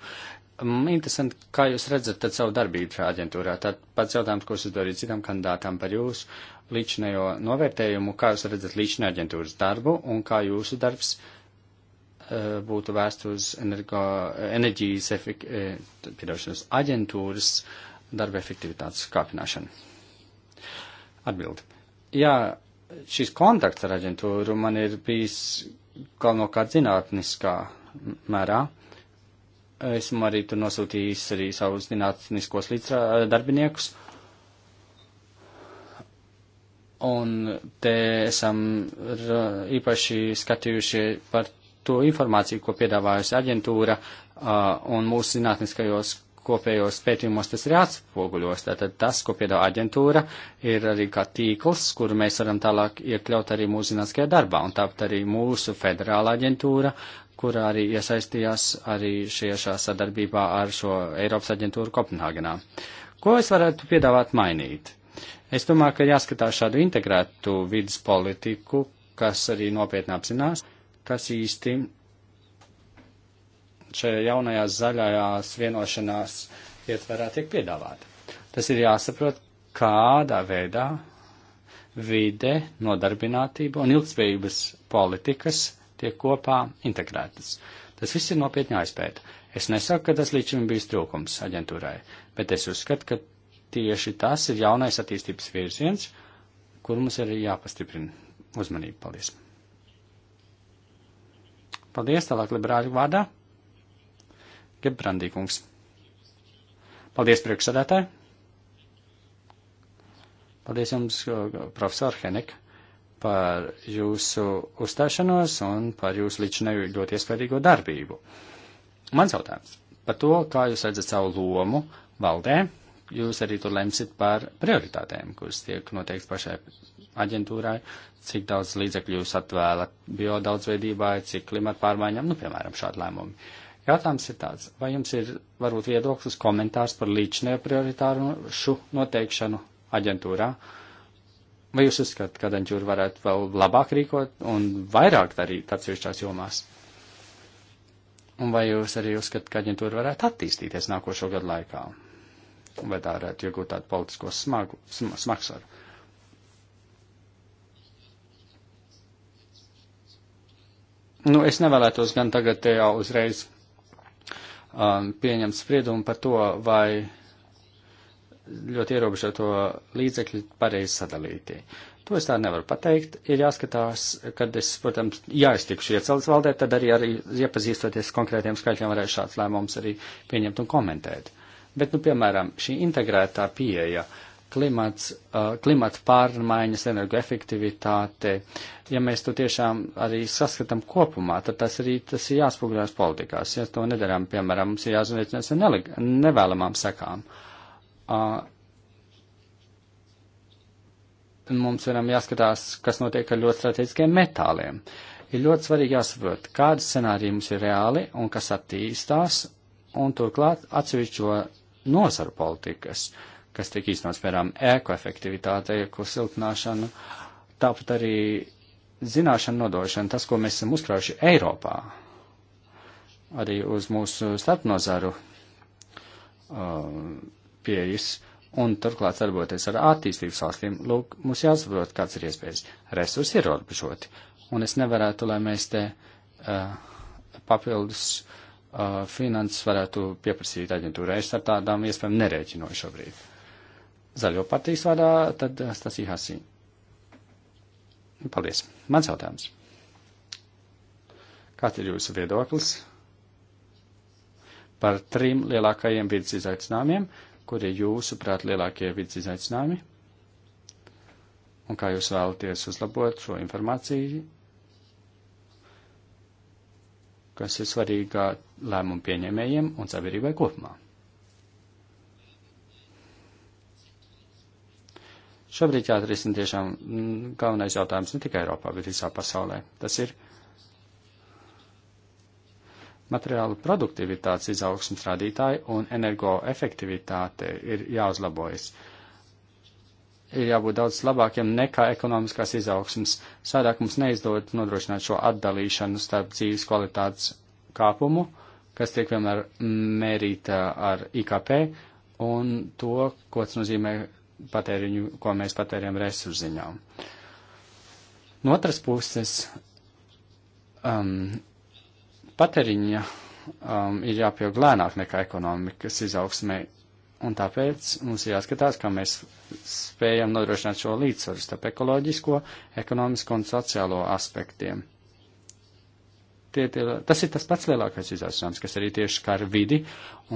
Mm, interesanti, kā jūs redzat tad savu darbību šajā aģentūrā. Tad pats jautājums, ko es uzdodu arī citam kandidātam par jūsu līdzinējo novērtējumu, kā jūs redzat līdzinē aģentūras darbu un kā jūsu darbs e, būtu vērsts uz energo, enerģijas efik, e, piedošanas aģentūras uh, darba efektivitātes kāpināšanu? Atbildi. Jā, šis kontakts ar aģentūru man ir bijis galvenokārt zinātniskā mērā. Esmu arī tur nosūtījis arī savus zinātniskos līdz darbiniekus. Un te esam īpaši skatījušie par to informāciju, ko piedāvājusi aģentūra uh, un mūsu zinātniskajos kopējos pētījumos tas ir atspoguļos. Tātad tas, ko piedāvā aģentūra, ir arī kā tīkls, kuru mēs varam tālāk iekļaut arī mūsu zinātniskajā darbā. Un tāpat arī mūsu federāla aģentūra, kurā arī iesaistījās arī šiešā sadarbībā ar šo Eiropas aģentūru Kopenhāgenā. Ko es varētu piedāvāt mainīt? Es domāju, ka jāskatās šādu integrētu vidas politiku, kas arī nopietni apzinās, kas īsti šajā jaunajās zaļajās vienošanās ietverā tiek piedāvāta. Tas ir jāsaprot, kādā veidā vide, nodarbinātība un ilgspējības politikas tiek kopā integrētas. Tas viss ir nopietni jāizpēta. Es nesaku, ka tas līdz šim bijis trūkums aģentūrai, bet es uzskatu, ka tieši tas ir jaunais attīstības virziens, kur mums ir jāpastiprina uzmanība. Paldies! Paldies, tālāk liberāļu vārdā! Gebrandīkungs. Paldies, priekšsēdētāji! Paldies jums, uh, profesor Henek, par jūsu uzstāšanos un par jūsu līdzinēju ļoti iespaidīgo darbību. Mans jautājums par to, kā jūs redzat savu lomu valdē, jūs arī tur lemsit par prioritātēm, kuras tiek noteikts pašai aģentūrai, cik daudz līdzekļu jūs atvēlat biodaudzveidībai, cik klimata pārmaiņām, nu, piemēram, šādi lēmumi. Jautājums ir tāds, vai jums ir varbūt viedoklis komentārs par līdšanējo prioritāšu noteikšanu aģentūrā? Vai jūs uzskatāt, ka aģentūra varētu vēl labāk rīkot un vairāk darīt atsevišķās jomās? Un vai jūs arī uzskatāt, ka aģentūra varētu attīstīties nākošo gadu laikā? Vai tā varētu iegūt tādu politisko smagu, sm smagsvaru? Nu, es nevēlētos gan tagad te jau uzreiz um, pieņemt spriedumu par to, vai ļoti ierobežoto līdzekļu pareizi sadalīti. To es tā nevaru pateikt. Ir jāskatās, kad es, protams, ja es tikšu iecelts valdē, tad arī, arī iepazīstoties konkrētiem skaitļiem varēšu šāds lēmums arī pieņemt un komentēt. Bet, nu, piemēram, šī integrētā pieeja uh, klimats, uh, klimata pārmaiņas, energoefektivitāte. Ja mēs to tiešām arī saskatām kopumā, tad tas arī tas ir jāspogļās politikās. Ja to nedarām, piemēram, mums ir jāzvanīties ar nevēlamām sekām. Uh, mums varam jāskatās, kas notiek ar ļoti strateģiskiem metāliem. Ir ļoti svarīgi jāsaprot, kādi scenāriji mums ir reāli un kas attīstās, un turklāt atsevišķo nozaru politikas. Uh, kas tiek īstenots, piemēram, ekoefektivitāte, ko siltināšanu, tāpat arī zināšanu nodošana, tas, ko mēs esam uzkrājuši Eiropā, arī uz mūsu starpnozaru uh, pieejas un turklāt darboties ar attīstības valstīm, lūk, mums jāsaprot, kāds ir iespējas. Resursi ir ierobežoti, un es nevarētu, lai mēs te uh, papildus uh, finanses varētu pieprasīt aģentūrai. Es ar tādām iespējām nerēķinu šobrīd. Zaļo partijas vārdā, tad Stasī Hasī. Paldies. Mans jautājums. Kāds ir jūsu viedoklis par trim lielākajiem vidas izaicinājumiem, kuri ir jūsuprāt lielākie vidas izaicinājumi? Un kā jūs vēlaties uzlabot šo informāciju, kas ir svarīga lēmumu pieņēmējiem un sabiedrībai kopumā? Šobrīd jāatrisina tiešām mm, galvenais jautājums ne tikai Eiropā, bet visā pasaulē. Tas ir materiālu produktivitātes izaugsmas rādītāji un energoefektivitāte ir jāuzlabojas. Ir jābūt daudz labākiem nekā ekonomiskās izaugsmas. Sādāk mums neizdod nodrošināt šo atdalīšanu starp dzīves kvalitātes kāpumu, kas tiek vienmēr mērīta ar IKP, un to, ko tas nozīmē patēriņu, ko mēs patērjam resursu ziņā. No otras puses, um, patēriņa um, ir jāpieaug lēnāk nekā ekonomikas izaugsmē, un tāpēc mums ir jāskatās, kā mēs spējam nodrošināt šo līdzsvaru starp ekoloģisko, ekonomisko un sociālo aspektiem tie, tie, tas ir tas pats lielākais izaicinājums, kas arī tieši skar vidi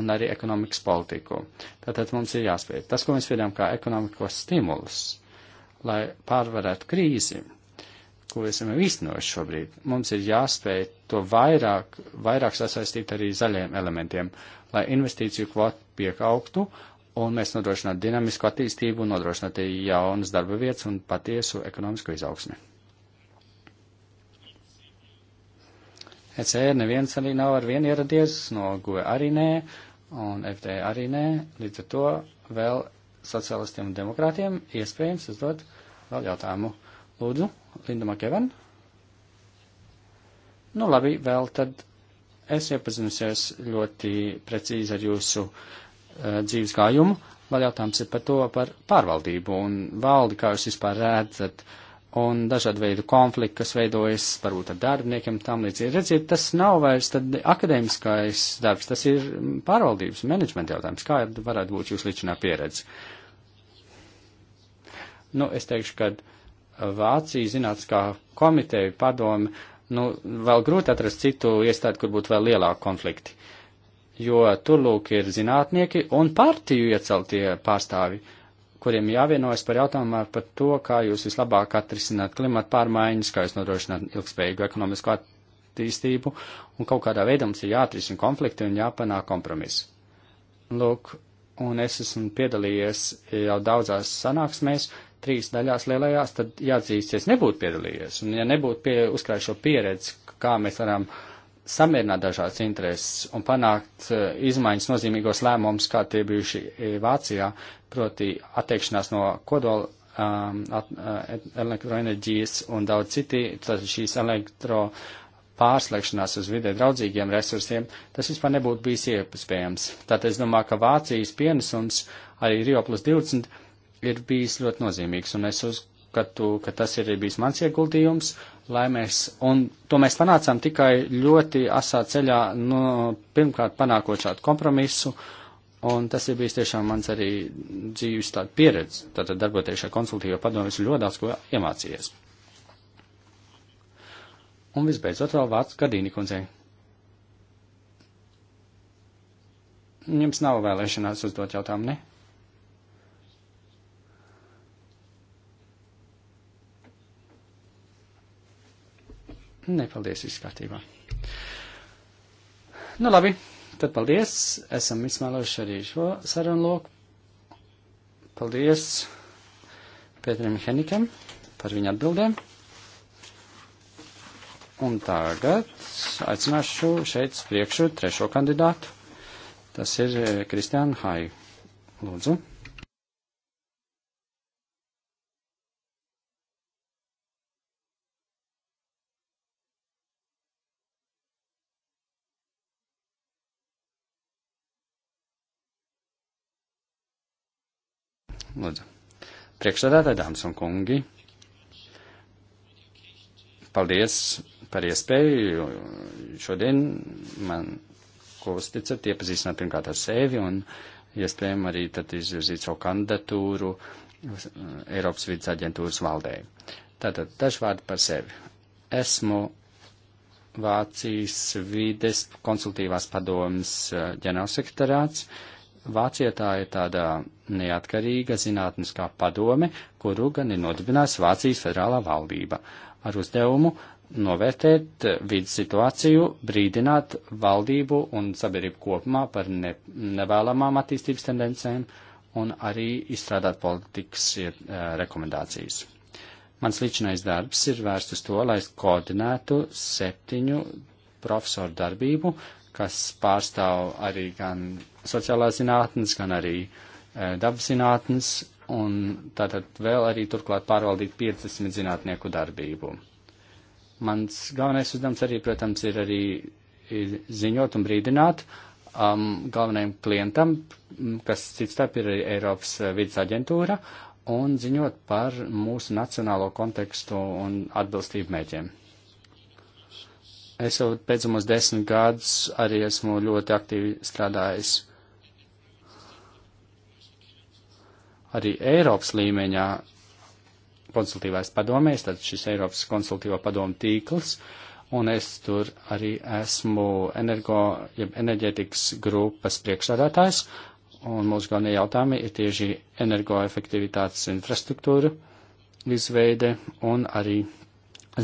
un arī ekonomikas politiku. Tātad mums ir jāspēj. Tas, ko mēs veidām kā ekonomikos stimulus, lai pārvarētu krīzi, ko esam īstenojuši šobrīd, mums ir jāspēj to vairāk, vairāk sasaistīt arī zaļiem elementiem, lai investīciju kvotu piekaugtu un mēs nodrošinātu dinamisku attīstību, nodrošinātu jaunas darba vietas un patiesu ekonomisko izaugsmi. ECR neviens arī nav ar vienu ieradies, no GUE arī nē, un FD e arī nē, līdz ar to vēl sociālistiem un demokrātiem iespējams uzdot vēl jautājumu. Lūdzu, Linda Makevan. Nu, labi, vēl tad es iepazinusies ļoti precīzi ar jūsu uh, dzīves gājumu. Vēl jautājums ir par to, par pārvaldību un valdi, kā jūs vispār redzat. Uh, un dažādu veidu konflikti, kas veidojas varbūt ar darbiniekiem tam līdzīgi. Redziet, tas nav vairs tad akadēmiskais darbs, tas ir pārvaldības menedžmenta jautājums. Kā varētu būt jūsu līdzinā pieredze? Nu, es teikšu, ka uh, Vācija zinātniskā komiteja padomi, nu, vēl grūti atrast citu iestādi, kur būtu vēl lielāki konflikti. Jo tur, lūk, ir zinātnieki un partiju ieceltie pārstāvi. Uh, kuriem jāvienojas par jautājumu par to, kā jūs vislabāk atrisināt klimata pārmaiņas, kā jūs nodrošināt ilgspējīgu ekonomisko attīstību, un kaut kādā veidā mums ir jāatrisina konflikti un jāpanāk kompromis. Lūk, un es esmu piedalījies jau daudzās sanāksmēs, trīs daļās lielajās, tad jāatzīsties, nebūtu piedalījies, un ja nebūtu pie, uzkrājušo pieredzi, kā mēs varam uh, samierināt dažādas intereses un panākt eh, izmaiņas nozīmīgos lēmumus, kā tie bijuši eh, Vācijā, proti attiekšanās no kodola um, at, at, eh, elektroenerģijas un daudz citi, tad šīs elektro pārslēgšanās uz vidē draudzīgiem resursiem, tas vispār nebūtu bijis iespējams. Tātad es domāju, ka Vācijas pienesums arī Rio plus 20 ir bijis ļoti nozīmīgs, un es uz, ka, tu, ka tas ir bijis mans ieguldījums, lai mēs, un to mēs panācām tikai ļoti asā ceļā, nu, pirmkārt panākot šādu kompromisu, un tas ir bijis tiešām mans arī dzīves tāda pieredze, tātad darboties šajā konsultīvā padomē, es ļoti daudz ko iemācījies. Un visbeidzot vēl vārds Gadīni kundzei. Jums nav vēlēšanās uzdot jautājumu, ne? Nepaldies, viss kārtībā. Nu labi, tad paldies. Esam izsmēluši arī šo sarunu loku. Paldies Pēterim Henikam par viņa atbildēm. Un tagad aicināšu šeit priekšu trešo kandidātu. Tas ir eh, Kristiāna Hai. Lūdzu. Lūdzu. Priekšsēdētāji, dāmas un kungi, paldies par iespēju šodien man, ko uzticat, iepazīstināt pirmkārt ar sevi un iespējami arī tad izvirzīt savu kandidatūru eh, Eiropas vidas aģentūras valdē. Tātad dažvārdi par sevi. Esmu Vācijas vides konsultīvās padomas eh, ģenerālsekretārāts. Uh, Vācijā tā ir tāda neatkarīga zinātniskā padome, kuru gan ir nodibinājusi Vācijas federālā valdība ar uzdevumu novērtēt vidas situāciju, brīdināt valdību un sabiedrību kopumā par ne, nevēlamām attīstības tendencēm un arī izstrādāt politikas ir, e, rekomendācijas. Mans līdzinais darbs ir vērsts uz to, lai es koordinētu septiņu profesoru darbību, kas pārstāv arī gan sociālās zinātnes, gan arī e, dabas zinātnes, un tātad vēl arī turklāt pārvaldīt 50 zinātnieku darbību. Mans galvenais uzdevums arī, protams, ir arī ziņot un brīdināt um, galvenajam klientam, kas cits starp ir Eiropas e, vidas aģentūra, un ziņot par mūsu nacionālo kontekstu un atbilstību mēģiem. Es jau pēdējos desmit gadus arī esmu ļoti aktīvi strādājis arī Eiropas līmeņā konsultīvais padomēs, tad šis Eiropas konsultīvo padomu tīkls, un es tur arī esmu energo, jeb enerģētikas grupas priekšsādātājs, un mūsu galvenie jautājumi ir tieši energoefektivitātes infrastruktūra izveide un arī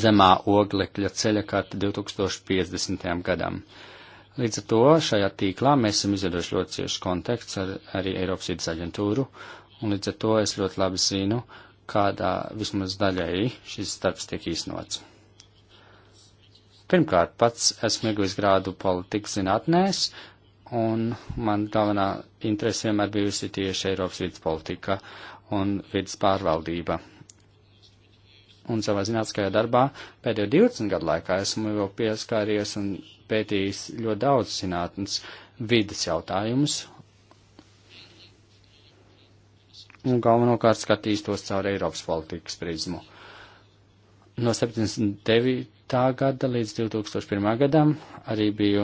zemā oglekļa ceļa karta 2050. gadam. Līdz ar to šajā tīklā mēs esam izveidojuši ļoti ciešu kontekstu ar arī Eiropas vidas aģentūru, un līdz ar to es ļoti labi zinu, kādā vismaz daļai šis darbs tiek īstenots. Pirmkārt, pats esmu iegūjis grādu politikas zinātnēs, un man galvenā interese vienmēr bijusi tieši Eiropas vidas politika un vidas pārvaldība. Un savā zinātniskajā darbā pēdējo 20 gadu laikā esmu jau pieskāries un pētījis ļoti daudz zinātnes vidas jautājumus un galvenokārt skatīs tos caur Eiropas politikas prizmu. No 79. gada līdz 2001. gadam arī biju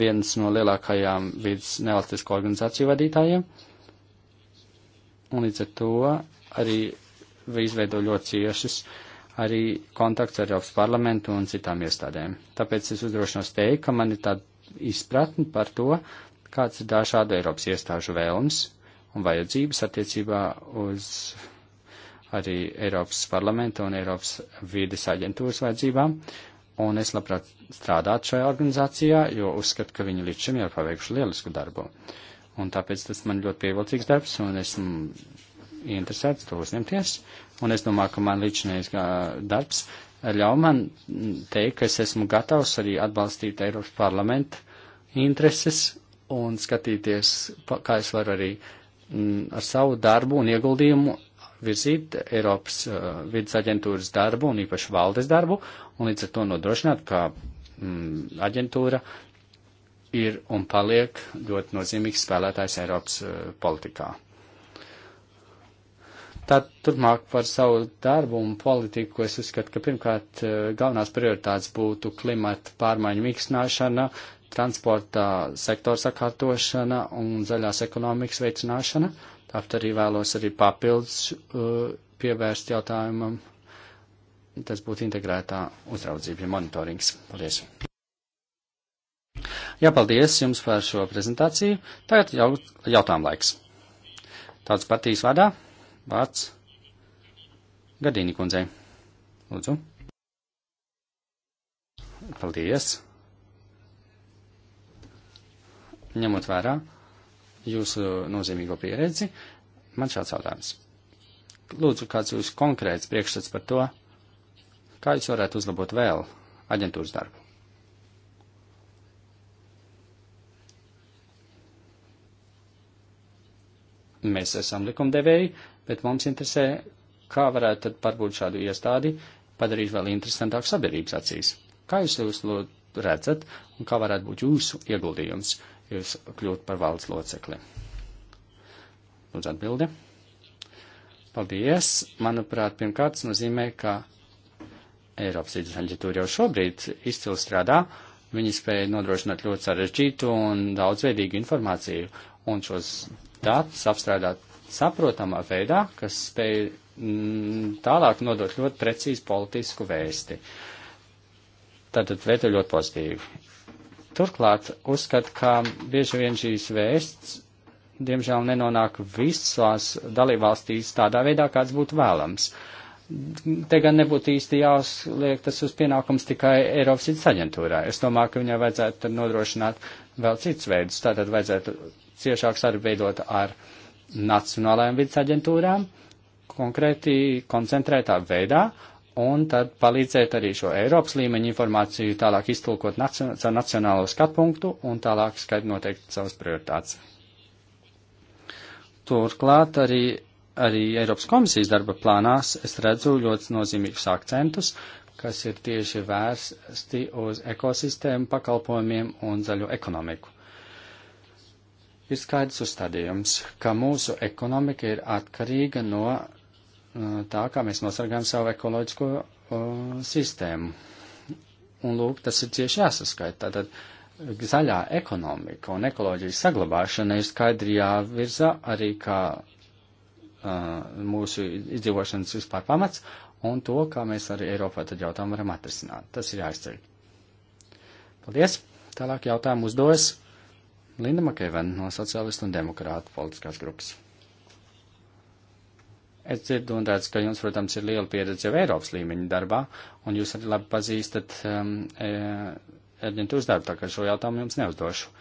viens no lielākajām vidas nevalstisko organizāciju vadītājiem, un līdz ar to arī izveido ļoti ciešas arī kontakts ar Eiropas parlamentu un citām iestādēm. Tāpēc es uzdrošinos teikt, ka man ir tāda izpratni par to, kāds ir dažādu Eiropas iestāžu vēlms un vajadzības attiecībā uz arī Eiropas parlamenta un Eiropas vīdes aģentūras vajadzībām. Un es labprāt strādātu šajā organizācijā, jo uzskatu, ka viņi līdz šim jau paveikuši lielisku darbu. Un tāpēc tas man ļoti pievilcīgs darbs, un esmu interesēts to uzņemties. Un es domāju, ka man līdzinājis darbs ļauj man teikt, ka es esmu gatavs arī atbalstīt Eiropas parlamenta intereses un skatīties, kā es varu arī uh, ar savu darbu un ieguldījumu virzīt Eiropas uh, vidas aģentūras darbu un īpaši valdes darbu, un līdz ar to nodrošināt, ka mm, aģentūra ir un paliek ļoti nozīmīgs spēlētājs Eiropas uh, politikā. Tad turpmāk par savu darbu un politiku es uzskatu, ka pirmkārt uh, galvenās prioritātes būtu klimata pārmaiņu mīkstināšana, transporta sektora sakārtošana un zaļās ekonomikas veicināšana. Tāpat arī vēlos arī papildus uh, pievērst jautājumam. Tas būtu integrētā uzraudzība ja monitorings. Paldies! Jā, paldies jums par šo prezentāciju. Tagad jau, jautājuma laiks. Tautas partijas vadā vārds Gadīni kundzei. Lūdzu. Paldies! ņemot vērā jūsu nozīmīgo pieredzi, man šāds jautājums. Lūdzu, kāds jūs konkrēts priekšstats par to, kā jūs varētu uzlabot vēl aģentūras darbu? Mēs esam likumdevēji, bet mums interesē, kā varētu tad varbūt šādu iestādi padarīt vēl interesantāku sabiedrības acīs. Kā jūs jūs lūdzu redzat un kā varētu būt jūsu ieguldījums jūs kļūt par valdes locekli? Lūdzu atbildi. Paldies. Manuprāt, pirmkārt, tas nozīmē, ka Eiropas vidus aģentūra jau šobrīd izcili strādā. Viņi spēja nodrošināt ļoti sarežģītu un daudzveidīgu informāciju un šos datus apstrādāt saprotamā veidā, kas spēja mm, tālāk nodot ļoti precīzu politisku vēsti. Tātad vērtē ļoti pozitīvi. Turklāt uzskat, ka bieži vien šīs vēsts, diemžēl, nenonāk visās dalībvalstīs tādā veidā, kāds būtu vēlams. Te gan nebūtu īsti jāuzliek tas uz pienākums tikai Eiropas vidas aģentūrā. Es domāju, ka viņai vajadzētu nodrošināt vēl cits veidus. Tātad vajadzētu ciešāk sarveidot ar nacionālajām vidas aģentūrām, konkrēti koncentrētā veidā, un tad palīdzēt arī šo Eiropas līmeņu informāciju tālāk iztulkot nacion caur nacionālo skatpunktu un tālāk skaidri noteikt savas prioritātes. Turklāt arī, arī Eiropas komisijas darba plānās es redzu ļoti nozīmīgus akcentus, kas ir tieši vērsti uz ekosistēmu pakalpojumiem un zaļo ekonomiku. Ir skaidrs uzstādījums, ka mūsu ekonomika ir atkarīga no tā, kā mēs nosargājam savu ekoloģisko o, sistēmu. Un lūk, tas ir cieši jāsaskaita. Tātad zaļā ekonomika un ekoloģijas saglabāšana ir skaidri jāvirza arī kā uh, mūsu izdzīvošanas vispār pamats un to, kā mēs arī Eiropā tad jautājumu varam atrisināt. Tas ir jāizceļ. Paldies! Tālāk jautājumu uzdos Linda Makevena no Socialistu un Demokrātu politiskās grupas. Es dzirdu un redzu, ka jums, protams, ir liela pieredze jau Eiropas līmeņa darbā, un jūs arī labi pazīstat um, e, aģentūras darbu, tā kā šo jautājumu jums neuzdošu.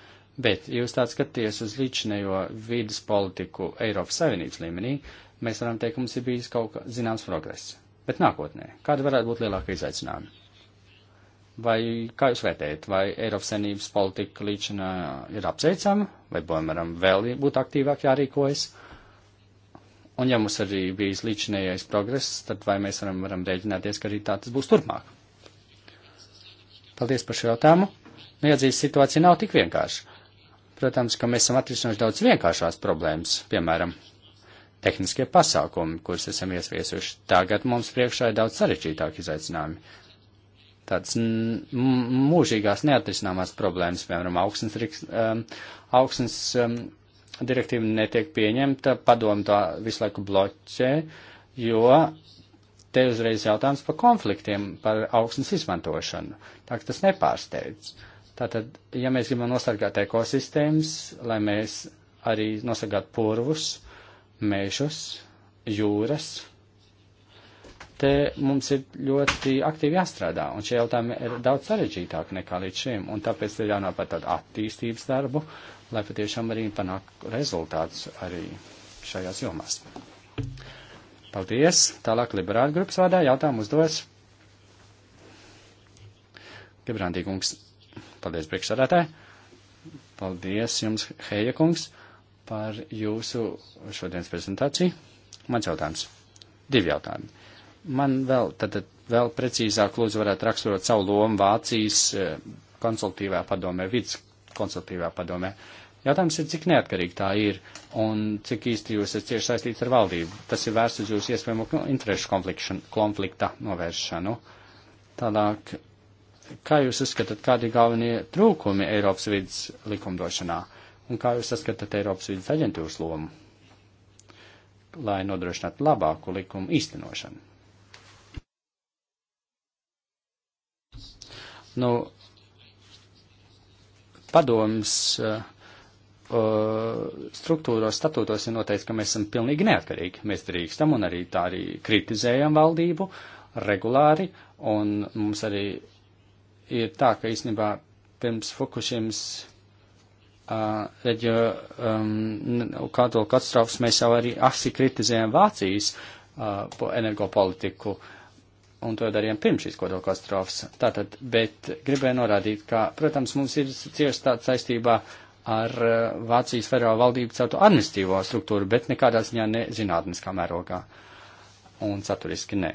Bet, ja jūs tāds skaties uz līdzinējo vidas politiku Eiropas Savienības līmenī, mēs varam teikt, ka mums ir bijis kaut kā zināms progress. Bet nākotnē, kāda varētu būt lielāka izaicinājuma? Vai kā jūs vērtējat, vai Eiropas Savienības politika līdzinā ir apsveicama, vai, piemēram, vēl būtu aktīvāk jārīkojas? Uh, Un ja mums arī bijis līdzinējais progress, tad vai mēs varam, varam rēģināties, ka arī tā tas būs turpmāk? Paldies par šo jautājumu. Neatzīst nu, situācija nav tik vienkārša. Protams, ka mēs esam atrisinājuši daudz vienkāršās problēmas, piemēram, tehniskie pasākumi, kurus esam iesviesuši. Tagad mums priekšā ir daudz sarežģītāk izaicinājumi. Tāds mūžīgās neatrisināmās problēmas, piemēram, augsnes, um, augsnes um, direktīva netiek pieņemta, padomu tā visu laiku bloķē, jo te uzreiz jautājums par konfliktiem, par augsnes izmantošanu. Tā ka tas nepārsteidz. Tātad, ja mēs gribam nosargāt ekosistēmas, lai mēs arī nosargātu purvus, mežus, jūras, te mums ir ļoti aktīvi jāstrādā, un šie jautājumi ir daudz sarežģītāki nekā līdz šim, un tāpēc ir jānāk par tādu attīstības darbu, lai patiešām arī panāk rezultātus arī šajās jomās. Paldies! Tālāk liberāļu grupas vārdā jautājumu uzdos. Gebrandīgungs, paldies priekšsādātāji! Paldies jums, Heija kungs, par jūsu šodienas prezentāciju. Mans jautājums. Divi jautājumi man vēl, tad, vēl precīzāk lūdzu varētu raksturot savu lomu Vācijas e, konsultīvā padomē, vidas konsultīvā padomē. Jautājums ir, cik neatkarīgi tā ir un cik īsti jūs esat cieši saistīts ar valdību. Tas ir vērsts uz jūsu iespējamo nu, interešu konflikta novēršanu. Tālāk, kā jūs uzskatāt, kādi ir galvenie trūkumi Eiropas vidas likumdošanā un kā jūs saskatāt Eiropas vidas aģentūras lomu, lai nodrošinātu labāku likumu īstenošanu? nu, padoms uh, uh, struktūros, statūtos ir noteikts, ka mēs esam pilnīgi neatkarīgi. Mēs drīkstam un arī tā arī kritizējam valdību regulāri, un mums arī ir tā, ka īstenībā pirms Fukushimas uh, reģio um, kādu katastrofas mēs jau arī asi kritizējam Vācijas uh, energopolitiku. Uh, un to darījām pirms šīs kodolkatastrofas. Tātad, bet gribēju norādīt, ka, protams, mums ir cieši tāds saistībā ar eh, Vācijas federālo valdību celtu administīvo struktūru, bet nekādā ziņā ne zinātniskā mērogā un saturiski nē.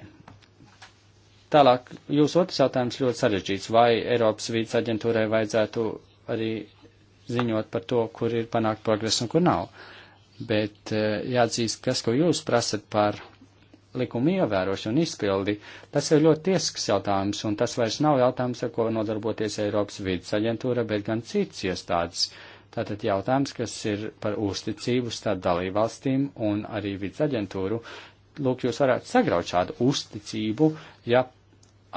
Tālāk, jūsu otrs jautājums ļoti sarežģīts. Vai Eiropas vīdes aģentūrai vajadzētu arī ziņot par to, kur ir panākt progresu un kur nav? Bet eh, jāatzīst, kas, ko jūs prasat par likumu ievērošanu un izpildi, tas ir ļoti tiesisks jautājums, un tas vairs nav jautājums, ar ko nodarboties Eiropas vidas aģentūra, bet gan cits iestādes. Tātad jautājums, kas ir par uzticību starp dalībvalstīm un arī vidas aģentūru, lūk, jūs varētu sagraut šādu uzticību, ja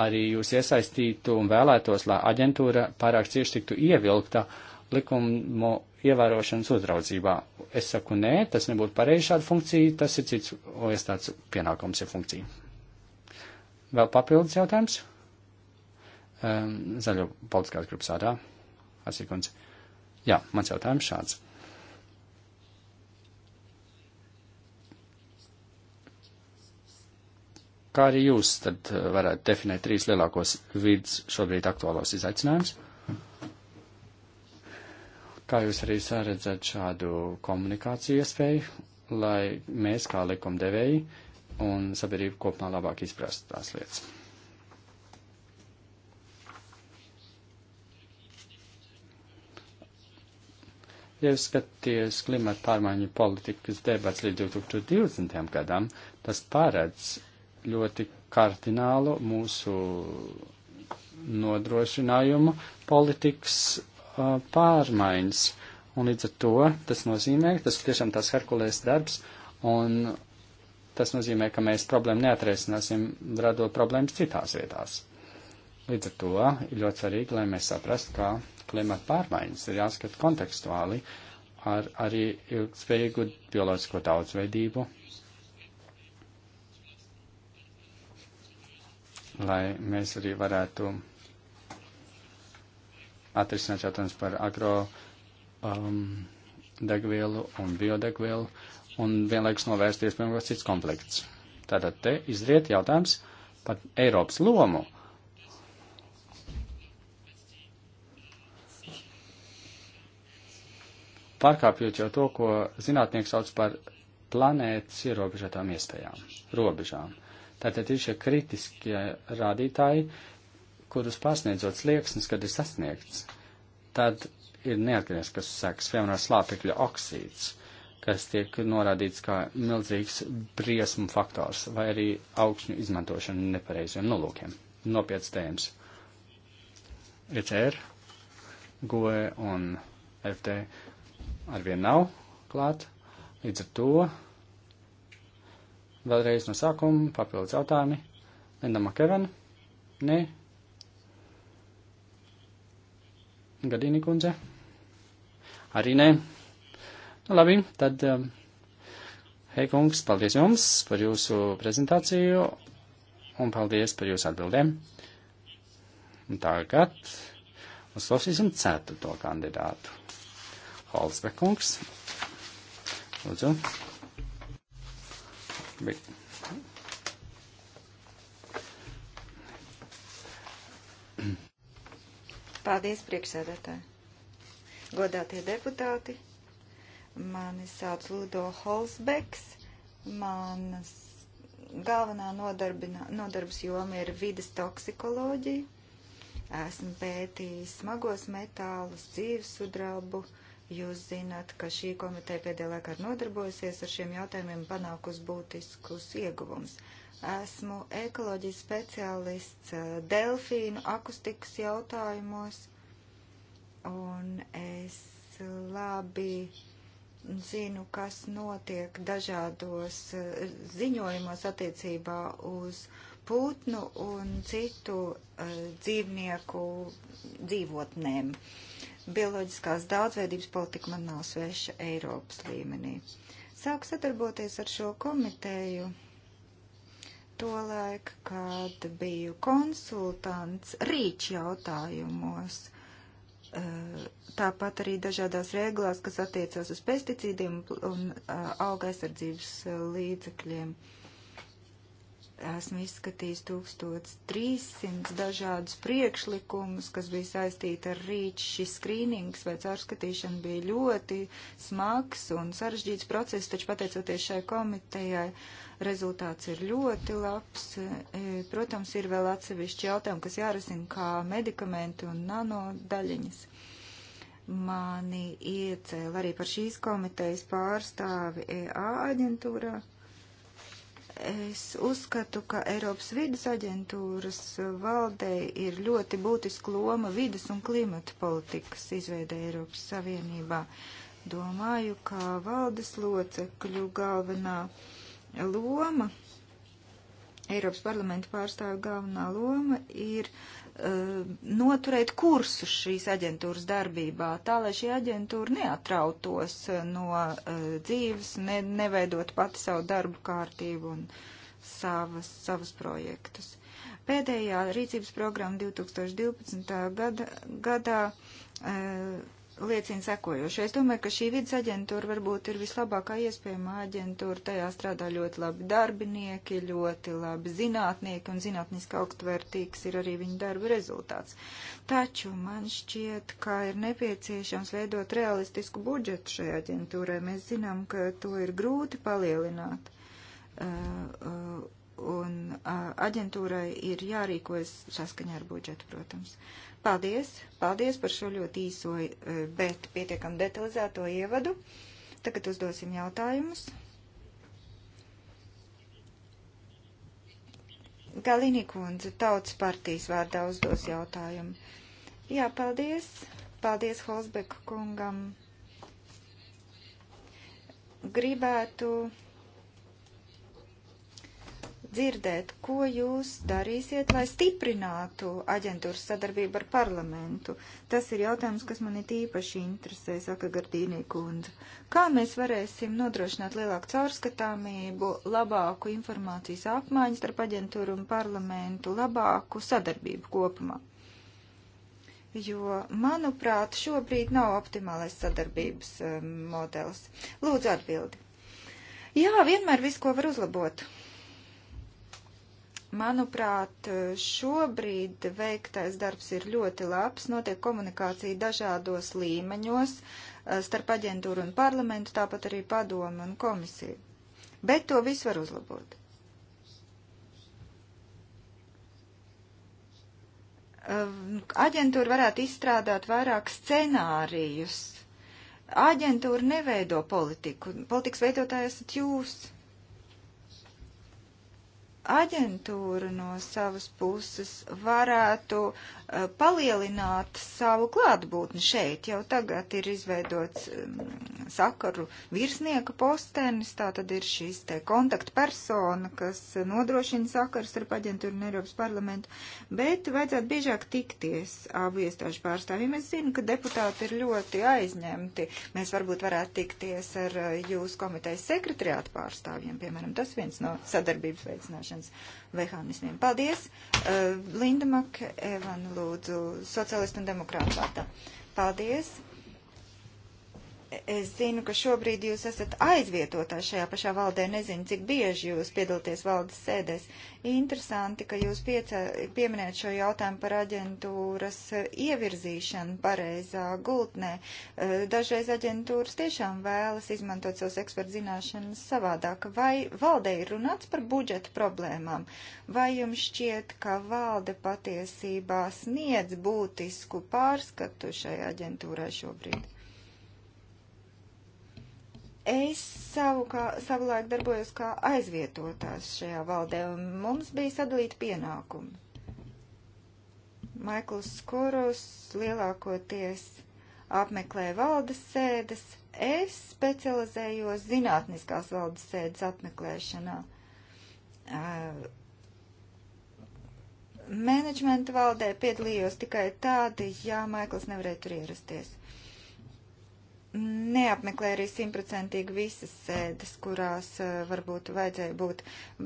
arī jūs iesaistītu un vēlētos, lai aģentūra pārāk cieši tiktu ievilkta uh, likumu ievērošanas uzraudzībā. Es saku, nē, tas nebūtu pareizi šāda funkcija, tas ir cits iestāds pienākums ir funkcija. Vēl papildus jautājums? Um, zaļo politiskās grupas ārā. Asikunds. Jā, mans jautājums šāds. Kā arī jūs tad eh, varētu definēt trīs lielākos vidus šobrīd aktuālos izaicinājumus? Kā jūs arī sāredzat šādu komunikāciju iespēju, lai mēs kā likumdevēji un sabiedrība kopumā labāk izprastu tās lietas? Ja jūs skatāties klimata pārmaiņu politikas debats līdz 2020. gadam, tas paredz ļoti kardinālu mūsu nodrošinājumu politikas Uh, pārmaiņas. Un līdz ar to tas nozīmē, ka tas tiešām tās Herkules darbs, un tas nozīmē, ka mēs problēmu neatrisināsim, radot problēmas citās vietās. Līdz ar to ir ļoti svarīgi, lai mēs saprastu, ka klimata pārmaiņas ir jāskat kontekstuāli ar arī ilgspējīgu bioloģisko daudzveidību, lai mēs arī varētu atrisināt jautājums par agro um, degvielu un biodegvielu un vienlaikus novērst iespējams cits konflikts. Tātad te izriet jautājums par Eiropas lomu. Pārkāpjot jau to, ko zinātnieks sauc par planētas ierobežotām iespējām, robežām. Tātad ir šie kritiskie rādītāji, kurus pārsniedzot slieksnis, kad ir sasniegts, tad ir neatgriezkas sekas, piemēram, slāpekļa oksīds, kas tiek norādīts kā milzīgs briesmu faktors vai arī augšņu izmantošana nepareiziem nolūkiem. Nopietns tēmas. ECR, GOE un FD arvien nav klāt. Līdz ar to vēlreiz no sākuma papildus jautājumi. Linda Makevena? Nē. Gadīni kundze? Arī nē. Nu, labi, tad, um, hei kungs, paldies jums par jūsu prezentāciju un paldies par jūsu atbildēm. Un tagad uzklausīsim ceturto kandidātu. Holzbekungs. Lūdzu. Big. Paldies, priekšsēdētāji. Godātie deputāti, mani sauc Ludo Holsbeks, manas galvenā nodarbas joma ir vidas toksikoloģija. Esmu pētījis smagos metālus, dzīvesudrabu. Jūs zināt, ka šī komiteja pēdējā laikā ir nodarbojusies ar šiem jautājumiem panākus būtiskus ieguvumus. Esmu ekoloģijas speciālists eh, delfīnu akustikas jautājumos, un es eh, labi zinu, kas notiek dažādos eh, ziņojumos attiecībā uz putnu un citu uh, dzīvnieku dzīvotnēm. Bioloģiskās daudzveidības politika man nav sveša Eiropas līmenī. Sāku sadarboties ar šo komiteju tolaik, kad biju konsultants rīč jautājumos. Tāpat arī dažādās reglās, kas attiecās uz pesticīdiem un auga aizsardzības līdzekļiem. Esmu izskatījis 1300 dažādus priekšlikumus, kas bija saistīti ar rīču. Šis skrīnings vai cārskatīšana bija ļoti smags un sarežģīts process, taču pateicoties šai komitejai uh, Rezultāts ir ļoti labs. E, protams, ir vēl atsevišķi jautājumi, kas jārisina kā medikamenti un nanodaļiņas. Mani iecēla arī par šīs komitejas pārstāvi EA aģentūrā. Es uzskatu, ka Eiropas vidas aģentūras valdei ir ļoti būtiska loma vidas un klimata politikas izveidē Eiropas Savienībā. Domāju, ka valdes locekļu galvenā uh, loma, Eiropas parlamenta pārstāvja galvenā loma ir uh, noturēt kursus šīs aģentūras darbībā, tā lai šī aģentūra neatrautos eh, no uh, dzīves, ne, neveidot pati savu darbu kārtību un savas, savus projektus. Pēdējā rīcības programma 2012. gada, gadā uh, liecina sekojoši. Es domāju, ka šī vidas aģentūra varbūt ir vislabākā iespējamā aģentūra. Tajā strādā ļoti labi darbinieki, ļoti labi zinātnieki un zinātniski augstvērtīgs ir arī viņu darba rezultāts. Taču man šķiet, ka ir nepieciešams veidot realistisku budžetu šai aģentūrai. Mēs zinām, ka to ir grūti palielināt. Uh, uh, un uh, aģentūrai ir jārīkojas saskaņā ar budžetu, protams. Uh, Paldies! Paldies par šo ļoti īso, e, bet pietiekam detalizēto ievadu. Tagad uzdosim jautājumus. Galini kundze, tautas partijas vārdā uzdos jautājumu. Jā, paldies! Paldies Holzbeku kungam! Gribētu dzirdēt, ko jūs darīsiet, lai stiprinātu aģentūras sadarbību ar parlamentu. Tas ir jautājums, kas man ir īpaši interesē, saka Gardīnī kundze. Kā mēs varēsim nodrošināt lielāku caurskatāmību, labāku informācijas apmaiņu starp aģentūru un parlamentu, labāku sadarbību kopumā? Jo, manuprāt, šobrīd nav optimālais sadarbības um, modelis. Lūdzu atbildi. Jā, vienmēr visu, ko var uzlabot Manuprāt, šobrīd veiktais darbs ir ļoti labs, notiek komunikācija dažādos līmeņos eh, starp aģentūru un parlamentu, tāpat arī padomu un komisiju. Bet to visu var uzlabot. Eh, aģentūra varētu izstrādāt vairāk scenārijus. Aģentūra neveido politiku. Politikas veidotāji esat jūs aģentūra no savas puses varētu Eh, palielināt savu klātbūtni šeit. Jau tagad ir izveidots sakaru virsnieka postenis, tā tad ir šīs te kontaktpersona, kas nodrošina sakars ar paģentūru un Eiropas parlamentu, bet vajadzētu biežāk tikties abu iestāžu pārstāvjiem. Es zinu, ka deputāti ir ļoti aizņemti. Mēs varbūt varētu tikties ar eh, jūsu komitejas sekretariātu pārstāvjiem, piemēram, tas viens no sadarbības veicināšanas mehānismiem. Paldies! Eh, Linda Mak, Evan, lūdzu, sociālistu un demokrātu vārdā. Paldies! Es zinu, ka šobrīd jūs esat aizvietotā šajā pašā valdē. Nezinu, cik bieži jūs piedalāties valdes sēdēs. Interesanti, ka jūs piecē, pieminējat šo jautājumu par aģentūras eh, ievirzīšanu pareizā gultnē. Eh, dažreiz aģentūras tiešām vēlas izmantot savus ekspertu zināšanas savādāk. Vai valdē ir runāts par budžeta problēmām? Vai jums šķiet, ka valde patiesībā sniedz būtisku pārskatu šai aģentūrai šobrīd? Es savu, kā, savulaik darbojos kā aizvietotās šajā valdē, un mums bija sadalīti pienākumi. Maikls Skurus lielākoties apmeklē valdes sēdes, es specializējos zinātniskās valdes sēdes apmeklēšanā. Uh, menedžmenta valdē piedalījos tikai tādi, ja Maikls nevarēja tur ierasties neapmeklē arī simtprocentīgi visas sēdes, kurās eh, varbūt vajadzēja būt,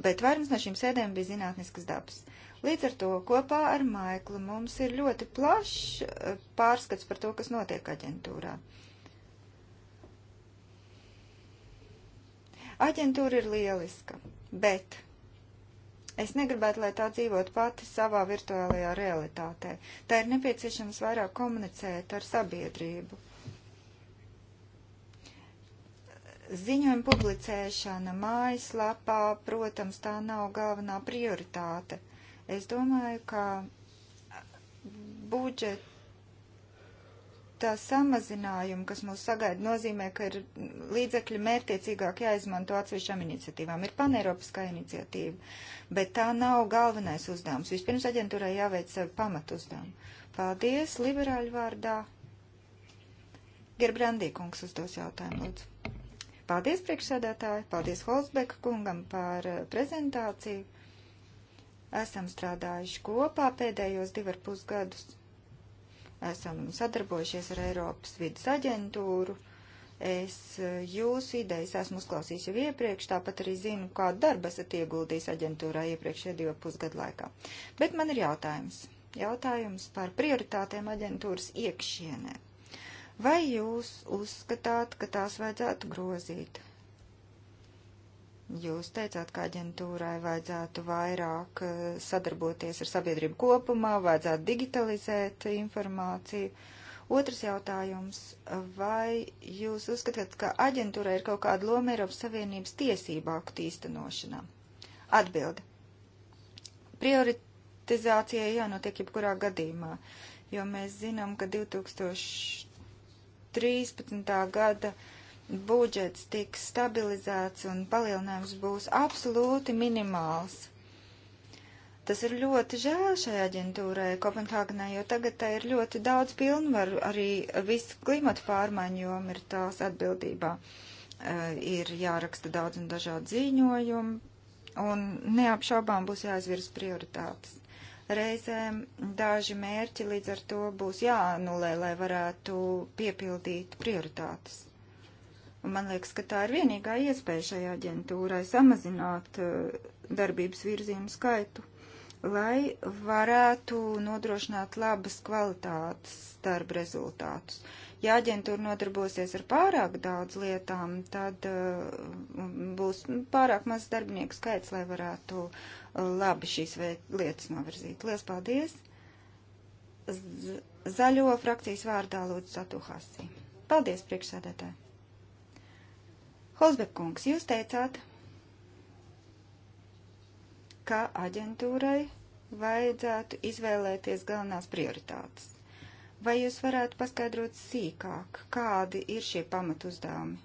bet vairums no šīm sēdēm bija zinātniskas dabas. Līdz ar to kopā ar Maiklu mums ir ļoti plašs eh, pārskats par to, kas notiek aģentūrā. Aģentūra ir lieliska, bet es negribētu, lai tā dzīvot pati savā virtuālajā realitātē. Tā ir nepieciešams vairāk komunicēt ar sabiedrību Ziņojuma publicēšana mājaslapā, protams, tā nav galvenā prioritāte. Es domāju, ka budžeta samazinājumu, kas mūs sagaida, nozīmē, ka ir līdzekļi mērtiecīgāk jāizmanto atsevišķām iniciatīvām. Ir paneiropiskā iniciatīva, bet tā nav galvenais uzdevums. Vispirms aģentūrai jāveic savu pamatu uzdevumu. Paldies, liberāļu vārdā. Gerbrandī kungs uzdos jautājumu, lūdzu. Paldies priekšsēdētāji, paldies Holzbeka kungam par eh, prezentāciju. Esam strādājuši kopā pēdējos divar pusgadus. Esam sadarbojušies ar Eiropas vidas aģentūru. Es eh, jūsu idejas esmu uzklausījis jau iepriekš, tāpat arī zinu, kādu darbu esat ieguldījis aģentūrā iepriekšējā divu pusgadu laikā. Bet man ir jautājums. Jautājums par prioritātēm aģentūras iekšienē. Vai jūs uzskatāt, ka tās vajadzētu grozīt? Jūs teicāt, ka aģentūrai vajadzētu vairāk eh, sadarboties ar sabiedrību kopumā, vajadzētu digitalizēt informāciju. Otrs jautājums. Vai jūs uzskatāt, ka aģentūrai ir kaut kāda loma Eiropas Savienības tiesību aktu īstenošanā? Atbilde. Prioritizācijai jānotiek jebkurā gadījumā, jo mēs zinām, ka 2000 13. gada budžets tiks stabilizēts un palielinājums būs absolūti minimāls. Tas ir ļoti žēl šai aģentūrai Kopenhāgenē, jo tagad tā ir ļoti daudz pilnvaru, arī viss klimata pārmaiņu joma ir tās atbildībā. Uh, ir jāraksta daudz un dažādu ziņojumu, un neapšaubām būs jāizvirs prioritātes. Reizēm daži mērķi līdz ar to būs jāanulē, lai varētu piepildīt prioritātes. Un man liekas, ka tā ir vienīgā iespēja šai aģentūrai samazināt eh, darbības virzienu skaitu, lai varētu nodrošināt labas kvalitātes darba rezultātus. Uh, Ja aģentūra nodarbosies ar pārāk daudz lietām, tad uh, būs pārāk maz darbinieku skaits, lai varētu uh, labi šīs lietas novirzīt. Lielas paldies! Z zaļo frakcijas vārdā lūdzu Satuhasi. Paldies, priekšsēdētāji! Holzbek kungs, jūs teicāt, ka aģentūrai vajadzētu izvēlēties galvenās prioritātes. Vai jūs varētu paskaidrot sīkāk, kādi ir šie pamatuzdevumi?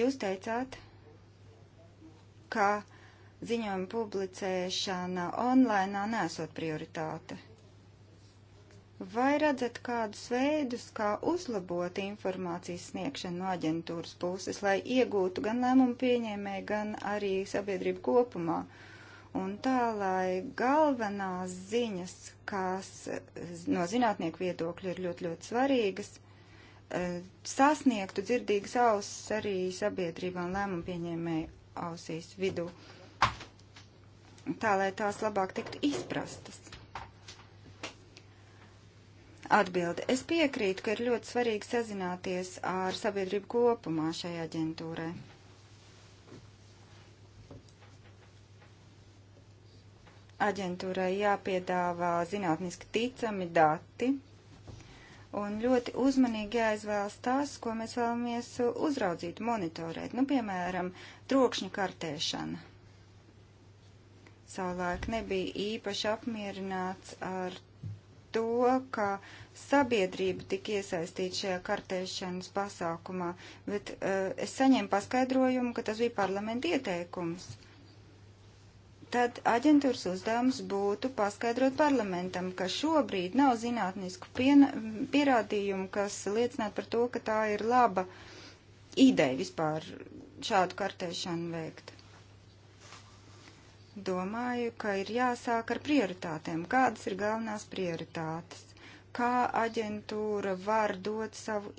Jūs teicāt, ka ziņojuma publicēšana online nesot prioritāte. Vai redzat kādus veidus, kā uzlabot informācijas sniegšanu no aģentūras puses, lai iegūtu gan lēmumu pieņēmēju, gan arī sabiedrību kopumā? Uh, un tā, lai galvenās ziņas, kas no zinātnieku viedokļa ir ļoti, ļoti svarīgas, eh, sasniegtu dzirdīgas ausis arī sabiedrībā un lēmumu pieņēmēju ausīs vidū, tā, lai tās labāk tiktu izprastas. Atbilde. Es piekrītu, ka ir ļoti svarīgi sazināties ar sabiedrību kopumā šajā aģentūrai. aģentūrai jāpiedāvā zinātniski ticami dati un ļoti uzmanīgi jāizvēlas tās, ko mēs vēlamies uzraudzīt, monitorēt, nu, piemēram, trokšņa kartēšana. Savulaik nebija īpaši apmierināts ar to, ka sabiedrība tik iesaistīta šajā kartēšanas pasākumā, bet uh, es saņēmu paskaidrojumu, ka tas bija parlamenta ieteikums tad aģentūras uzdevums būtu paskaidrot parlamentam, ka šobrīd nav zinātnisku pierādījumu, kas liecinātu par to, ka tā ir laba ideja vispār šādu kartēšanu veikt. Domāju, ka ir jāsāk ar prioritātēm. Kādas ir galvenās prioritātes? kā aģentūra var dot savu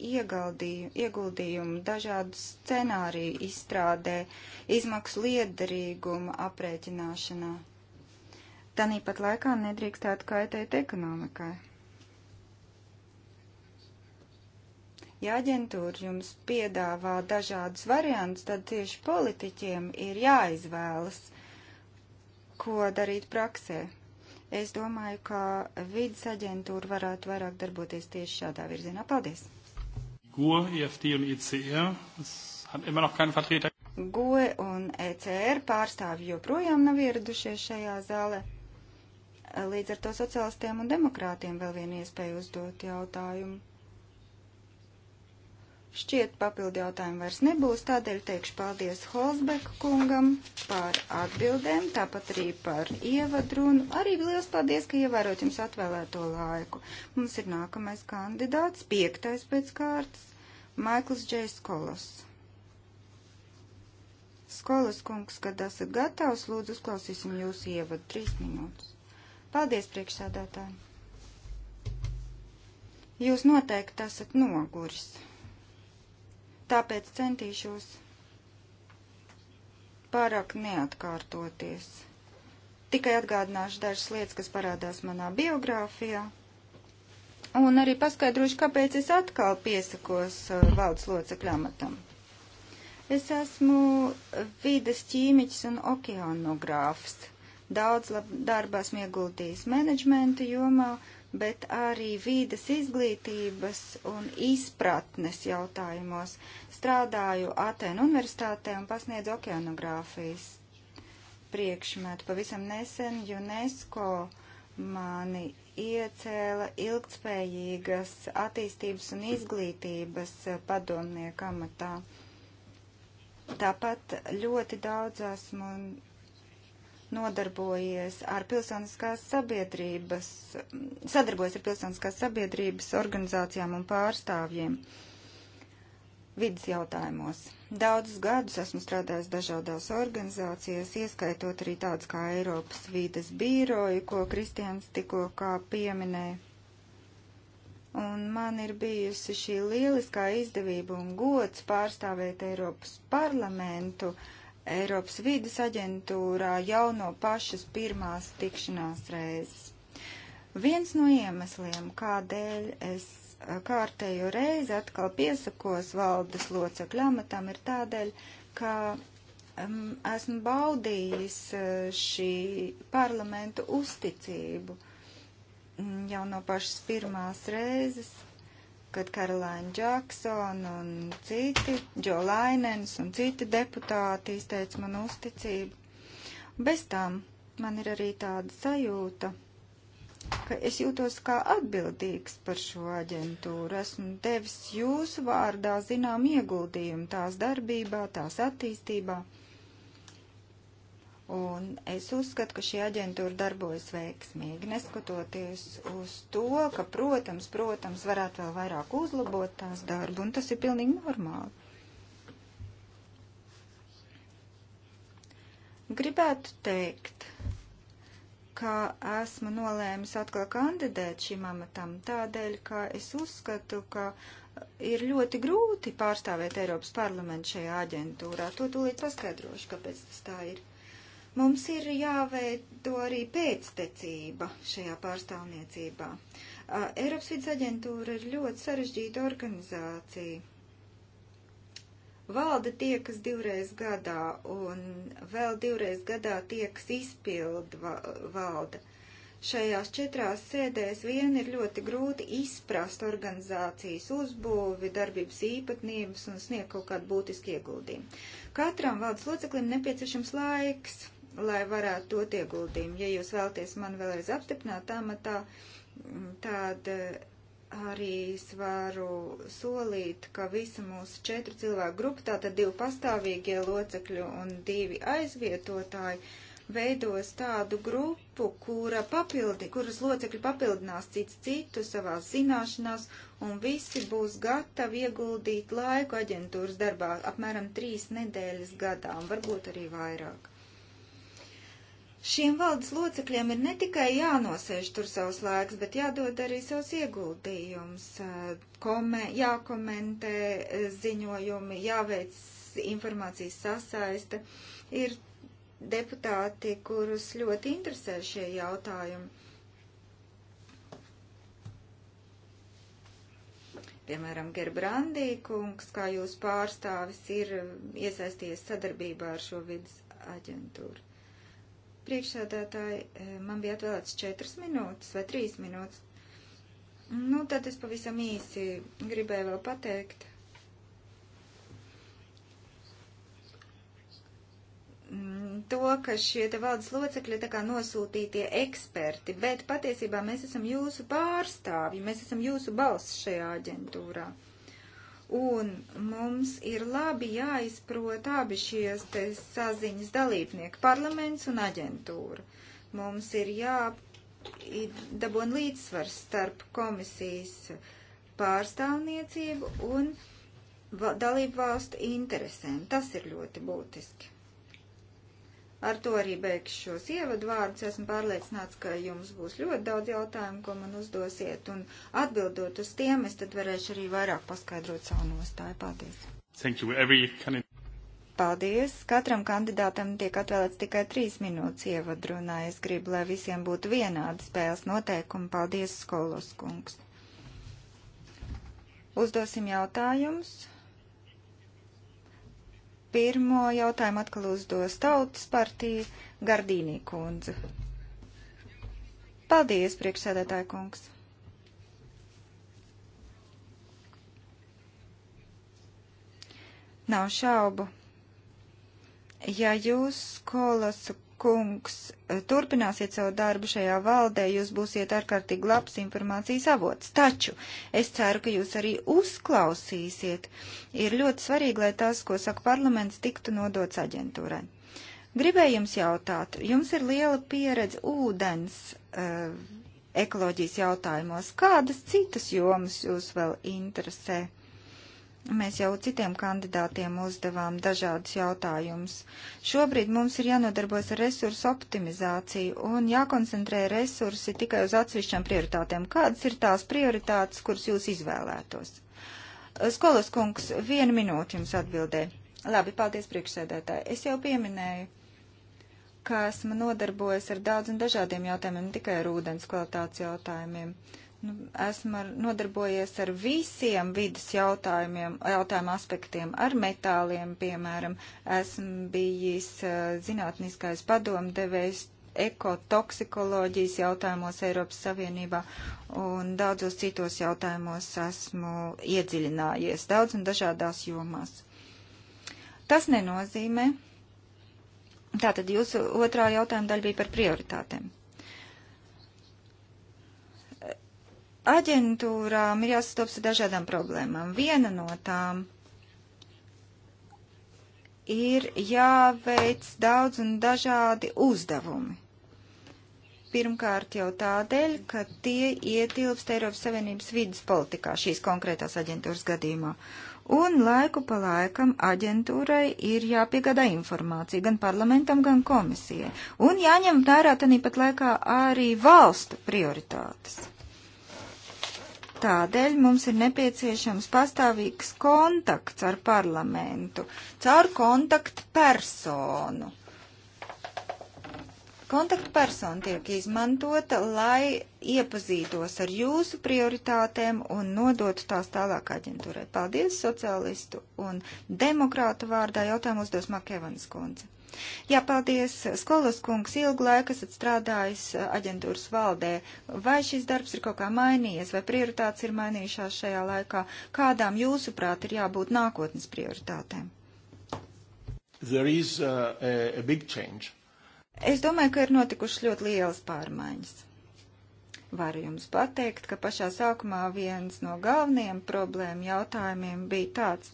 ieguldījumu dažādu scenāriju izstrādē, izmaksu liederīguma aprēķināšanā. Tanīpat laikā nedrīkstētu kaitēt ekonomikai. Ja aģentūra jums piedāvā dažādus variantus, tad tieši politiķiem ir jāizvēlas, ko darīt praksē. Es domāju, ka vidas aģentūra varētu vairāk darboties tieši šādā virzienā. Paldies! GUE, EFT un ICR. Es hat immer noch keinen Vertreter. GUE un ECR pārstāvji joprojām nav ieradušies šajā zālē. Līdz ar to sociālistiem un demokrātiem vēl vienu iespēju uzdot jautājumu. Šķiet, papildu jautājumu vairs nebūs, tādēļ teikšu paldies Holzbeku kungam par atbildēm, tāpat arī par ievadrunu. Arī liels paldies, ka ievērot jums atvēlēto laiku. Mums ir nākamais kandidāts, piektais pēc kārtas, Maikls Džejs Kolos. Skolas kungs, kad esat gatavs, lūdzu uzklausīsim jūsu ievadu trīs minūtes. Paldies, priekšsēdētāji! Jūs noteikti esat noguris tāpēc centīšos pārāk neatkārtoties. Tikai atgādināšu dažas lietas, kas parādās manā biogrāfijā, un arī paskaidrošu, kāpēc es atkal piesakos uh, valdes locekļa amatam. Es esmu vides ķīmiķis un okeānogrāfs. Daudz darba esmu ieguldījis menedžmenta jomā bet arī vīdas izglītības un izpratnes jautājumos. Strādāju Atēnu universitātē un pasniedzu okeanogrāfijas priekšmetu. Pavisam nesen UNESCO mani iecēla ilgtspējīgas attīstības un izglītības padomnieka amatā. Tāpat ļoti daudz esmu nodarbojies ar pilsoniskās sabiedrības, sadarbojas ar pilsoniskās sabiedrības organizācijām un pārstāvjiem vidas jautājumos. Daudzus gadus esmu strādājis dažādās organizācijās, ieskaitot arī tādas kā Eiropas vīdes bīroju, ko Kristians tikko kā pieminēja. Un man ir bijusi šī lieliskā izdevība un gods pārstāvēt Eiropas parlamentu uh, Eiropas vīdes aģentūrā jau no pašas pirmās tikšanās reizes. Viens no iemesliem, kādēļ es kārtējo reizi atkal piesakos valdes locekļu amatam, ir tādēļ, ka um, esmu baudījis šī parlamentu uzticību jau no pašas pirmās reizes kad Karolēna Džaksona un citi, Džo Lainens un citi deputāti izteica man uzticību. Bez tām man ir arī tāda sajūta, ka es jūtos kā atbildīgs par šo aģentūru. Esmu devis jūsu vārdā zinām ieguldījumu tās darbībā, tās attīstībā. Un es uzskatu, ka šī aģentūra darbojas veiksmīgi, neskatoties uz to, ka, protams, protams, varētu vēl vairāk uzlabot tās darbu, un tas ir pilnīgi normāli. Gribētu teikt, ka esmu nolēmis atkal kandidēt šim amatam tādēļ, ka es uzskatu, ka ir ļoti grūti pārstāvēt Eiropas parlamentu šajā aģentūrā. To tūlīt paskaidrošu, kāpēc tas tā ir. Mums ir jāveido arī pēctecība šajā pārstāvniecībā. Eiropas vidas aģentūra ir ļoti sarežģīta organizācija. Valde tiekas divreiz gadā un vēl divreiz gadā tiekas izpildu valde. Šajās četrās sēdēs vien ir ļoti grūti izprast organizācijas uzbūvi, darbības īpatnības un sniegt kaut kādu būtisku ieguldījumu. Katram valdes loceklim nepieciešams laiks, lai varētu dot ieguldījumu. Ja jūs vēlaties mani vēlreiz apstiprināt amatā, mm, tad eh, arī es varu solīt, ka visa mūsu četru cilvēku grupa, tātad divi pastāvīgie locekļi un divi aizvietotāji, veidos tādu grupu, kura papildi, kuras locekļi papildinās cits citu savā zināšanās, un visi būs gatavi ieguldīt laiku aģentūras darbā apmēram trīs nedēļas gadā, un varbūt arī vairāk. Šiem valdes locekļiem ir ne tikai jānosēž tur savs laiks, bet jādod arī savs ieguldījums, kome, jākomentē ziņojumi, jāveic informācijas sasaiste. Ir deputāti, kurus ļoti interesē šie jautājumi. Piemēram, Gerbrandī kungs, kā jūs pārstāvis, ir iesaistījies sadarbībā ar šo vidas aģentūru. Priekšsēdētāji, eh, man bija atvēlēts 4 minūtes vai 3 minūtes. Nu, tad es pavisam īsi gribēju vēl pateikt. Mm, to, ka šie te valdes locekļi tā kā nosūtītie eksperti, bet patiesībā mēs esam jūsu pārstāvji, mēs esam jūsu balss šajā aģentūrā. Uh, Un mums ir labi jāizprot abi šies te saziņas dalībnieki - parlaments un aģentūra. Mums ir jādabon līdzsvars starp komisijas pārstāvniecību un dalību valstu interesēm. Tas ir ļoti būtiski. Ar to arī beigšu šos ievadvārdus. Esmu pārliecināts, ka jums būs ļoti daudz jautājumu, ko man uzdosiet, un atbildot uz tiem, es tad varēšu arī vairāk paskaidrot savu nostāju. Paldies! Thank you. Every candidate... Paldies! Katram kandidātam tiek atvēlēts tikai trīs minūtes ievadrunā. Es gribu, lai visiem būtu vienādi spēles noteikumi. Paldies, skolos kungs! Uzdosim jautājumus. Pirmo jautājumu atkal uzdos Tautas partija Gardīnī kundze. Paldies, priekšsēdētāja kungs! Nav šaubu. Ja jūs, Kolasu kungs, eh, turpināsiet savu darbu šajā valdē, jūs būsiet ārkārtīgi labs informācijas avots. Taču es ceru, ka jūs arī uzklausīsiet. Ir ļoti svarīgi, lai tas, ko saka parlaments, tiktu nodots aģentūrai. Gribēju jums jautāt, jums ir liela pieredze ūdens uh, ekoloģijas jautājumos. Kādas citas jomas jūs vēl interesē? Mēs jau citiem kandidātiem uzdevām dažādus jautājumus. Šobrīd mums ir jānodarbojas ar resursu optimizāciju un jākoncentrē resursi tikai uz atsevišķām prioritātēm. Kādas ir tās prioritātes, kuras jūs izvēlētos? Skolas kungs, vienu minūti jums atbildē. Labi, paldies priekšsēdētāji. Es jau pieminēju ka esmu nodarbojies ar daudz un dažādiem jautājumiem, ne tikai ar ūdens kvalitātes jautājumiem. Uh, Nu, esmu ar, nodarbojies ar visiem vidas jautājumiem, jautājumu aspektiem, ar metāliem, piemēram, esmu bijis uh, zinātniskais padomdevējs ekotoksikoloģijas jautājumos Eiropas Savienībā un daudzos citos jautājumos esmu iedziļinājies daudz un dažādās jomās. Tas nenozīmē. Tātad jūsu otrā jautājuma daļa bija par prioritātēm. Aģentūrām ir jāsastopas ar dažādām problēmām. Viena no tām ir jāveic daudz un dažādi uzdevumi. Pirmkārt jau tādēļ, ka tie ietilpst Eiropas Savienības vidas politikā šīs konkrētās aģentūras gadījumā. Un laiku pa laikam aģentūrai ir jāpiegādā informācija gan parlamentam, gan komisijai. Un jāņem vērā tanīpat laikā arī valstu prioritātes. Tādēļ mums ir nepieciešams pastāvīgs kontakts ar parlamentu caur kontaktpersonu. personu Kontaktpersona tiek izmantota, lai iepazītos ar jūsu prioritātēm un nodotu tās tālāk aģentūrai. Paldies sociālistu un demokrātu vārdā jautājumu uzdos Makevanas kundze. Jā, paldies. Skolas kungs ilgu laiku esat strādājis eh, aģentūras valdē. Vai šis darbs ir kaut kā mainījies, vai prioritātes ir mainījušās šajā laikā? Kādām jūsuprāt ir jābūt nākotnes prioritātēm? There is uh, a, a big change. Es domāju, ka ir notikušas ļoti lielas pārmaiņas. Varu jums pateikt, ka pašā sākumā viens no galvenajiem problēmu jautājumiem bija tāds,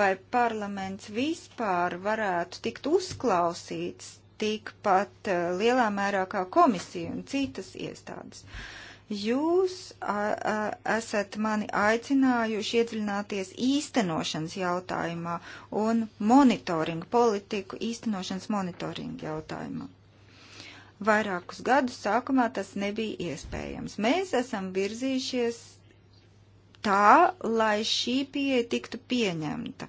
vai parlaments vispār varētu tikt uzklausīts tikpat uh, lielā mērā kā komisija un citas iestādes. Jūs a, a, esat mani aicinājuši iedziļināties īstenošanas jautājumā un monitoringu politiku īstenošanas monitoringu jautājumā. Vairākus gadus sākumā tas nebija iespējams. Mēs esam virzījušies tā, lai šī pieeja tiktu pieņemta.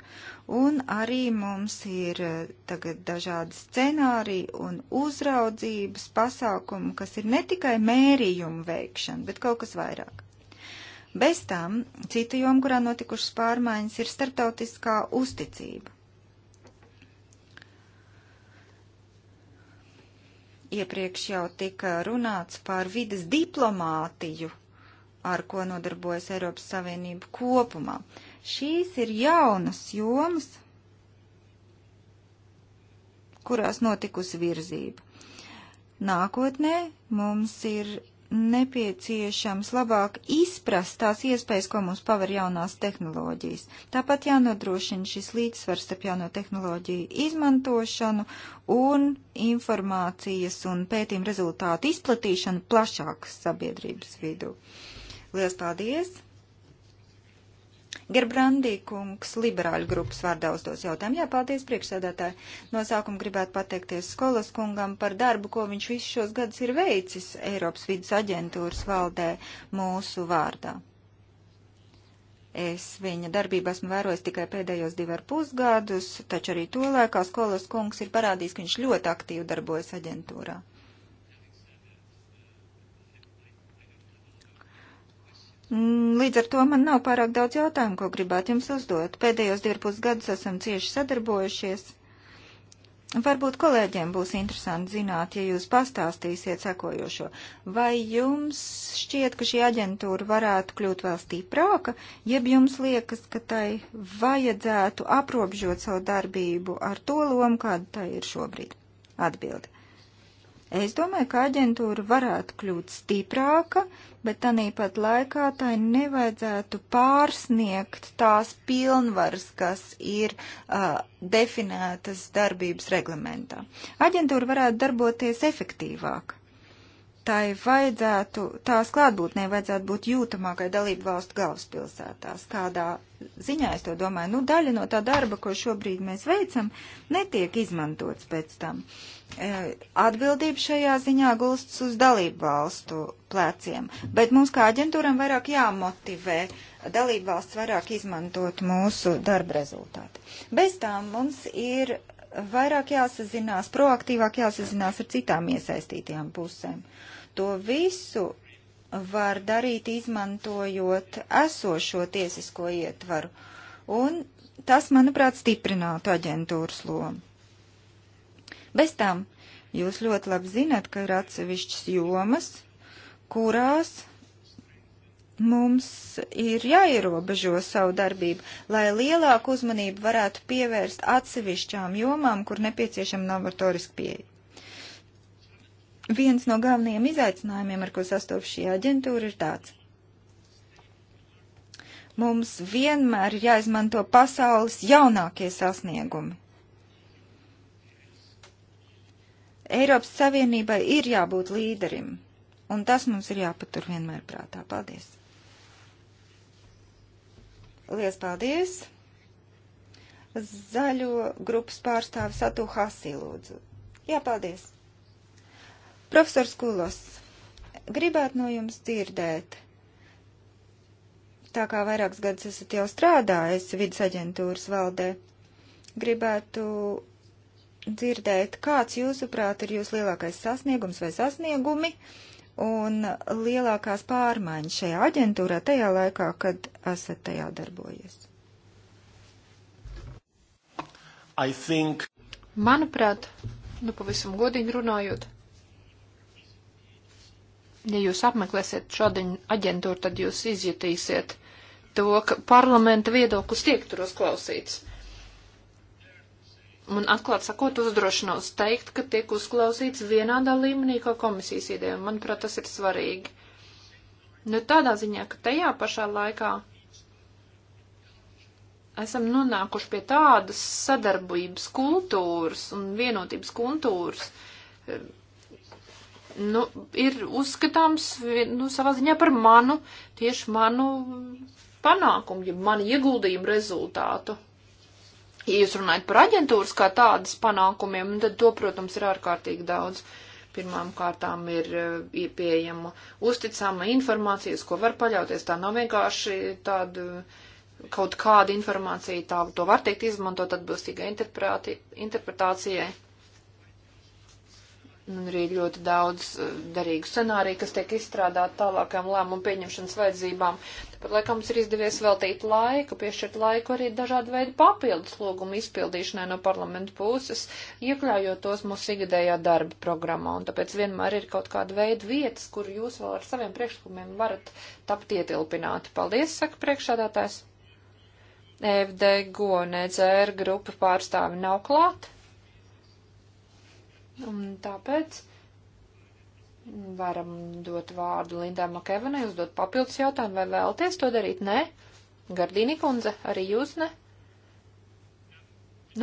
Un arī mums ir eh, tagad dažādi scenāriji un uzraudzības pasākumi, kas ir ne tikai mērījumu veikšana, bet kaut kas vairāk. Bez tam cita joma, kurā notikušas pārmaiņas, ir starptautiskā uzticība. Iepriekš jau tika runāts par vidas diplomātiju, ar ko nodarbojas Eiropas Savienība kopumā. Šīs ir jaunas jomas, kurās notikusi virzība. Nākotnē mums ir nepieciešams labāk izprast tās iespējas, ko mums paver jaunās tehnoloģijas. Tāpat jānodrošina šis līdzsvars starp jauno tehnoloģiju izmantošanu un informācijas un pētījumu rezultātu izplatīšanu plašākas sabiedrības vidū. Lielas paldies! Gerbrandī kungs, liberāļu grupas vārdā uzdos jautājumu. Jā, paldies priekšsēdētāji. No sākuma gribētu pateikties skolas kungam par darbu, ko viņš visus šos gadus ir veicis Eiropas vidas aģentūras valdē mūsu vārdā. Es viņa darbību esmu vērojis tikai pēdējos divi ar pusgadus, taču arī to laikā skolas kungs ir parādījis, ka viņš ļoti aktīvi darbojas aģentūrā. Mm, līdz ar to man nav pārāk daudz jautājumu, ko gribētu jums uzdot. Pēdējos divpus gadus esam cieši sadarbojušies. Varbūt kolēģiem būs interesanti zināt, ja jūs pastāstīsiet sekojošo. Vai jums šķiet, ka šī aģentūra varētu kļūt vēl stiprāka, jeb jums liekas, ka tai vajadzētu aprobežot savu darbību ar to lomu, kāda tai ir šobrīd? Atbildi. Es domāju, ka aģentūra varētu kļūt stiprāka, bet tāpat laikā tai nevajadzētu pārsniegt tās pilnvaras, kas ir uh, definētas darbības reglamentā. Aģentūra varētu darboties efektīvāk tai vajadzētu, tās klātbūtnē vajadzētu būt jūtamākai dalību valstu galvaspilsētās. Kādā ziņā es to domāju? Nu, daļa no tā darba, ko šobrīd mēs veicam, netiek izmantots pēc tam. E, atbildība šajā ziņā gulsts uz dalību valstu pleciem, bet mums kā aģentūram vairāk jāmotivē dalību valsts vairāk izmantot mūsu darba rezultātu. Bez tām mums ir vairāk jāsazinās, proaktīvāk jāsazinās ar citām iesaistītajām pusēm. To visu var darīt izmantojot esošo tiesisko ietvaru, un tas, manuprāt, stiprinātu aģentūras lomu. Bez tam jūs ļoti labi zināt, ka ir atsevišķas jomas, kurās mums ir jāierobežo savu darbību, lai lielāku uzmanību varētu pievērst atsevišķām jomām, kur nepieciešama novatoriska pieeja. Viens no galvenajiem izaicinājumiem, ar ko sastopas šī aģentūra, ir tāds. Mums vienmēr ir jāizmanto pasaules jaunākie sasniegumi. Eiropas Savienībai ir jābūt līderim, un tas mums ir jāpatur vienmēr prātā. Paldies! Lielas paldies! Zaļo grupas pārstāvis Atu Hasī lūdzu. Jā, paldies! Profesors Kulos, gribētu no jums dzirdēt, tā kā vairākus gadus esat jau strādājis vidas aģentūras valdē, gribētu dzirdēt, kāds jūsuprāt ir jūsu lielākais sasniegums vai sasniegumi un lielākās pārmaiņas šajā aģentūrā tajā laikā, kad esat tajā darbojies? I think... Manuprāt, nu pavisam godīgi runājot, Ja jūs apmeklēsiet šādu aģentūru, tad jūs izjutīsiet to, ka parlamenta viedoklis tiek tur uzklausīts. Un atklāt sakot, uzdrošinos teikt, ka tiek uzklausīts vienādā līmenī kā komisijas ideja. Manuprāt, tas ir svarīgi. Nu, tādā ziņā, ka tajā pašā laikā esam nonākuši pie tādas sadarbības kultūras un vienotības kultūras, nu, ir uzskatāms, nu, savā ziņā par manu, tieši manu panākumu, ja manu ieguldījumu rezultātu. Ja jūs runājat par aģentūras kā tādas panākumiem, nu, tad to, protams, ir ārkārtīgi daudz. Pirmām kārtām ir, eh, ir pieejama uzticama informācijas, ko var paļauties. Tā nav vienkārši tāda kaut kāda informācija, tā to var teikt izmantot atbilstīgai interpretācijai Un nu, arī ļoti daudz eh, derīgu scenāriju, kas tiek izstrādāt tālākām lēmumu pieņemšanas vajadzībām. Tāpat laikā mums ir izdevies veltīt laiku, piešķirt laiku arī dažādu veidu papildus lūgumu izpildīšanai no parlamentu puses, iekļaujot tos mūsu ikgadējā darba programmā. Un tāpēc vienmēr ir kaut kāda veida vietas, kur jūs vēl ar saviem priekšlikumiem varat tapt ietilpināti. Paldies, saka priekšādātājs. FD Gonedzēra grupa pārstāvi nav klāt. Un tāpēc varam dot vārdu Lindai Makevenai, uzdot papildus jautājumu, vai vēlties to darīt? Nē. Gardīni kundze, arī jūs ne?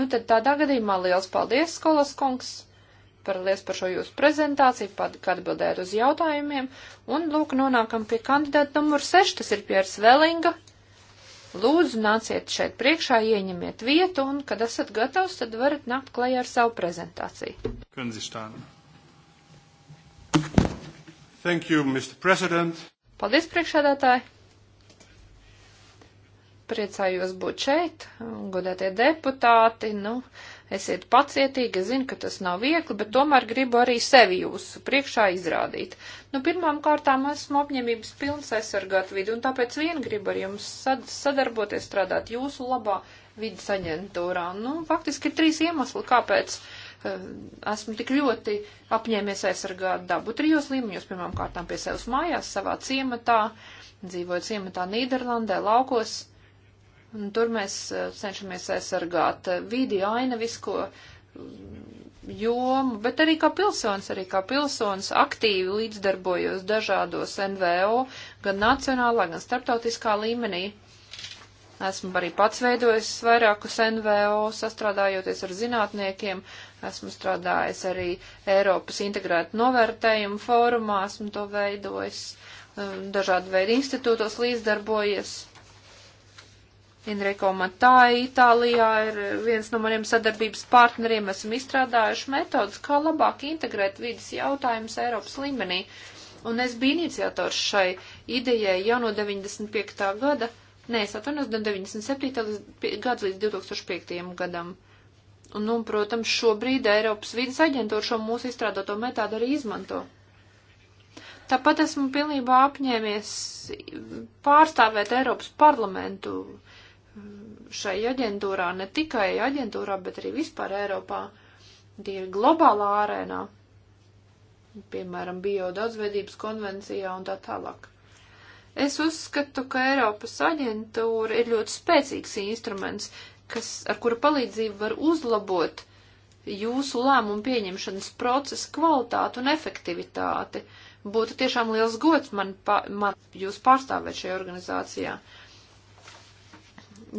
Nu tad tādā gadījumā liels paldies, skolas kungs, par liels par šo jūsu prezentāciju, pat, kad atbildējat uz jautājumiem. Un lūk, nonākam pie kandidāta numur 6, tas ir Piers Velinga. Lūdzu, nāciet šeit priekšā, ieņemiet vietu, un, kad esat gatavs, tad varat nākt klajā ar savu prezentāciju. Thank you, Mr. President. Paldies, priekšādātāji. Priecājos būt šeit, godētie deputāti. Nu, uh, Esiet pacietīgi, es zinu, ka tas nav viegli, bet tomēr gribu arī sevi jūsu priekšā izrādīt. Nu, pirmām kārtām esmu apņemības pilns aizsargāt vidi, un tāpēc vien gribu ar jums sadarboties, strādāt jūsu labā vidas aģentūrā. Nu, faktiski ir trīs iemesli, kāpēc eh, esmu tik ļoti apņēmies aizsargāt dabu trijos līmeņos, pirmām kārtām pie sevis mājās, savā ciematā, dzīvoju ciematā Nīderlandē, laukos, Un tur mēs eh, cenšamies aizsargāt eh, vidi, ainavisko mm, jomu, bet arī kā pilsonis, arī kā pilsonis aktīvi līdzdarbojos dažādos NVO, gan nacionālā, gan starptautiskā līmenī. Esmu arī pats veidojis vairākus NVO, sastrādājoties ar zinātniekiem, esmu strādājis arī Eiropas integrētu novērtējumu fórumā, esmu to veidojis, mm, dažādu veidu institūtos līdzdarbojies Enrico Matai Itālijā ir viens no maniem sadarbības partneriem. Esam izstrādājuši metodus, kā labāk integrēt vidas jautājumus Eiropas līmenī. Un es biju iniciators šai idejai jau no 95. gada, nē, es atvainojos, no 97. Līdz, gada līdz 2005. gadam. Un, nu, protams, šobrīd Eiropas vidas aģentūra šo mūsu izstrādāto metodu arī izmanto. Tāpat esmu pilnībā apņēmies pārstāvēt Eiropas parlamentu uh, šai aģentūrā, ne tikai aģentūrā, bet arī vispār Eiropā, tīri globālā arēnā, piemēram, biodaudzveidības konvencijā un tā tālāk. Es uzskatu, ka Eiropas aģentūra ir ļoti spēcīgs instruments, kas, ar kura palīdzību var uzlabot jūsu lēmumu pieņemšanas procesa kvalitāti un efektivitāti. Būtu tiešām liels gods man, pa, man jūs pārstāvēt šajā organizācijā. Uh,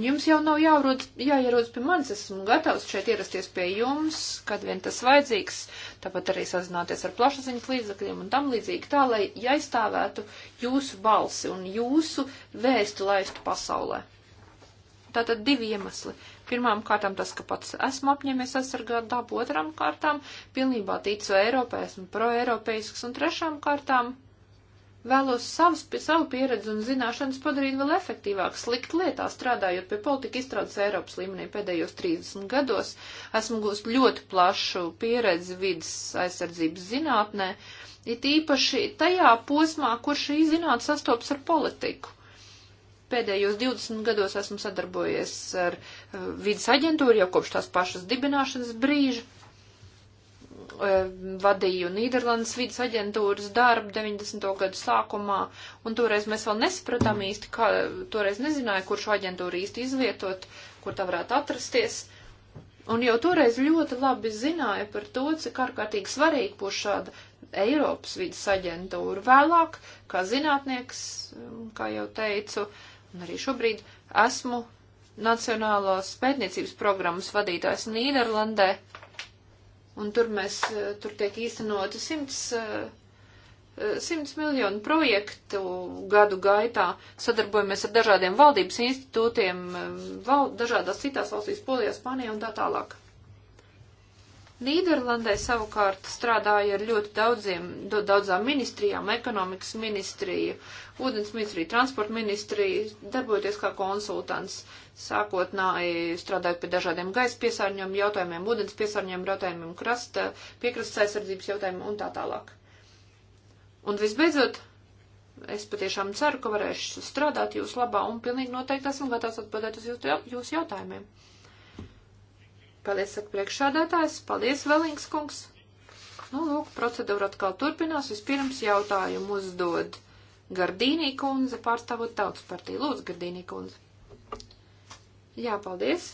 Jums jau nav jāierodas, jāierodas pie manis, esmu gatavs šeit ierasties pie jums, kad vien tas vajadzīgs, tāpat arī sazināties ar plašsaziņas līdzakļiem un tam līdzīgi tā, lai aizstāvētu jūsu balsi un jūsu vēstu laistu pasaulē. Tātad divi iemesli. Pirmām kārtām tas, ka pats esmu apņēmies aizsargāt dabu, otram kārtām pilnībā ticu Eiropai, esmu proeiropeisks un trešām kārtām Vēlos savas, savu pieredzi un zināšanas padarīt vēl efektīvāk, slikt lietā strādājot pie politika izstrādes Eiropas līmenī pēdējos 30 gados. Esmu gūst ļoti plašu pieredzi vidas aizsardzības zinātnē, it īpaši tajā posmā, kur šī zinātne sastopas ar politiku pēdējos 20 gados esmu sadarbojies ar uh, vidas aģentūru jau kopš tās pašas dibināšanas brīža. E, vadīju Nīderlandes vidas aģentūras darbu 90. gadu sākumā, un toreiz mēs vēl nesapratām īsti, kā, toreiz nezināju, kur šo aģentūru īsti izvietot, kur tā varētu atrasties. Un jau toreiz ļoti labi zināju par to, cik ārkārtīgi svarīgi būs šāda Eiropas vidas aģentūra. Vēlāk, kā zinātnieks, kā jau teicu, un arī šobrīd esmu Nacionālās pētniecības programmas vadītājs Nīderlandē. Un tur mēs, eh, tur tiek īstenoti simts, eh, eh, simts miljonu projektu gadu gaitā. Sadarbojamies ar dažādiem valdības institūtiem, val, dažādās citās valstīs, Polijā, Spānijā un tā tālāk. Nīderlandē savukārt strādāja ar ļoti daudziem, daudzām ministrijām, ekonomikas ministriju, ūdens ministriju, transporta ministriju, darbojoties kā konsultants. Sākotnēji strādāja pie dažādiem gaisa piesārņojumu jautājumiem, ūdens piesārņojumu jautājumiem, krasta, piekrastas aizsardzības jautājumiem un tā tālāk. Un visbeidzot, es patiešām ceru, ka varēšu strādāt jūs labā un pilnīgi noteikti esmu gatavs atbildēt uz jūsu jautājumiem. Paldies, saka priekšādātājs. Paldies, Velings kungs. Nu, lūk, procedūra atkal turpinās. Vispirms jautājumu uzdod Gardīnī kundze, pārstāvot tautas partiju. Lūdzu, Gardīnī kundze. Jā, paldies.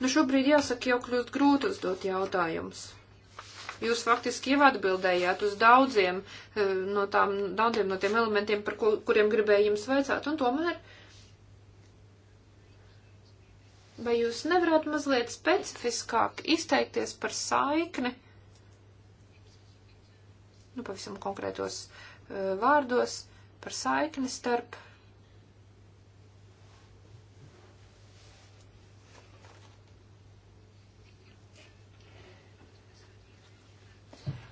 Nu, šobrīd jāsaka, jau kļūst grūti uzdot jautājumus. Jūs faktiski jau atbildējāt uz daudziem eh, no, tām, daudziem no tiem elementiem, par ko, kuriem gribēju jums veicāt, un tomēr Vai jūs nevarat mazliet specifiskāk izteikties par saikni, nu, pavisam konkrētos uh, vārdos, par saikni starp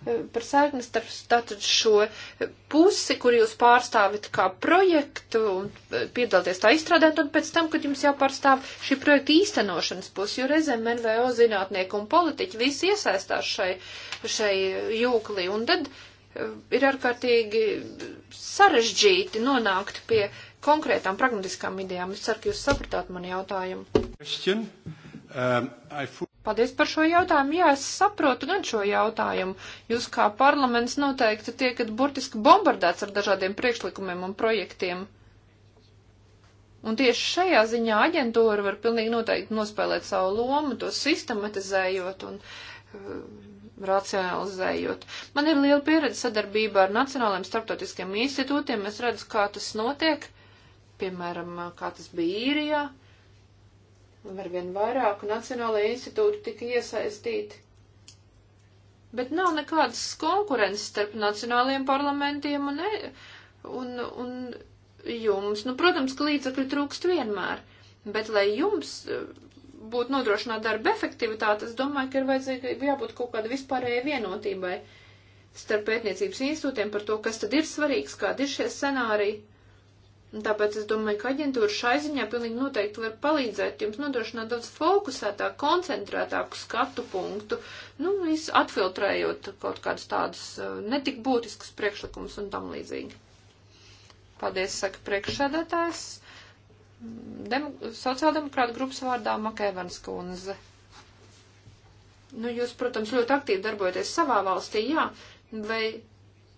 par saiknes starp tātad šo pusi, kur jūs pārstāvit kā projektu un e, piedalties tā izstrādāt, un pēc tam, kad jums jāpārstāv šī projekta īstenošanas pusi, jo reizēm NVO zinātnieki un politiķi visi iesaistās šai, šai jūklī, un tad e, ir ārkārtīgi sarežģīti nonākt pie konkrētām pragmatiskām idejām. Es ceru, ka jūs sapratāt mani jautājumu. Question. Um, Paldies par šo jautājumu. Jā, es saprotu gan šo jautājumu. Jūs kā parlaments noteikti tiekat burtiski bombardēts ar dažādiem priekšlikumiem un projektiem. Un tieši šajā ziņā aģentūra var pilnīgi noteikti nospēlēt savu lomu, to sistematizējot un uh, racionalizējot. Man ir liela pieredze sadarbībā ar nacionālajiem starptautiskiem institūtiem. Es redzu, kā tas notiek, piemēram, uh, kā tas bija īrijā. Ja? un arvien vairāk nacionālajie institūti tika iesaistīti. Bet nav nekādas konkurences starp nacionālajiem parlamentiem un, e, un, un jums. Nu, protams, ka līdzekļu trūkst vienmēr, bet lai jums e, būtu nodrošināta darba efektivitāte, es domāju, ka ir vajadzīga jābūt kaut kāda vispārēja vienotībai starp pētniecības institūtiem par to, kas tad ir svarīgs, kādi ir šie scenāriji Un tāpēc es domāju, ka aģentūra šai ziņā pilnīgi noteikti var palīdzēt jums nodrošināt daudz fokusētāku, koncentrētāku skatu punktu, nu, atfiltrējot kaut kādus tādus eh, netik būtiskus priekšlikumus un tam līdzīgi. Paldies, saka priekšsēdētājs. Dem sociāldemokrāta grupas vārdā Makēvens kundze. Nu, jūs, protams, ļoti aktīvi darbojaties savā valstī, jā, vai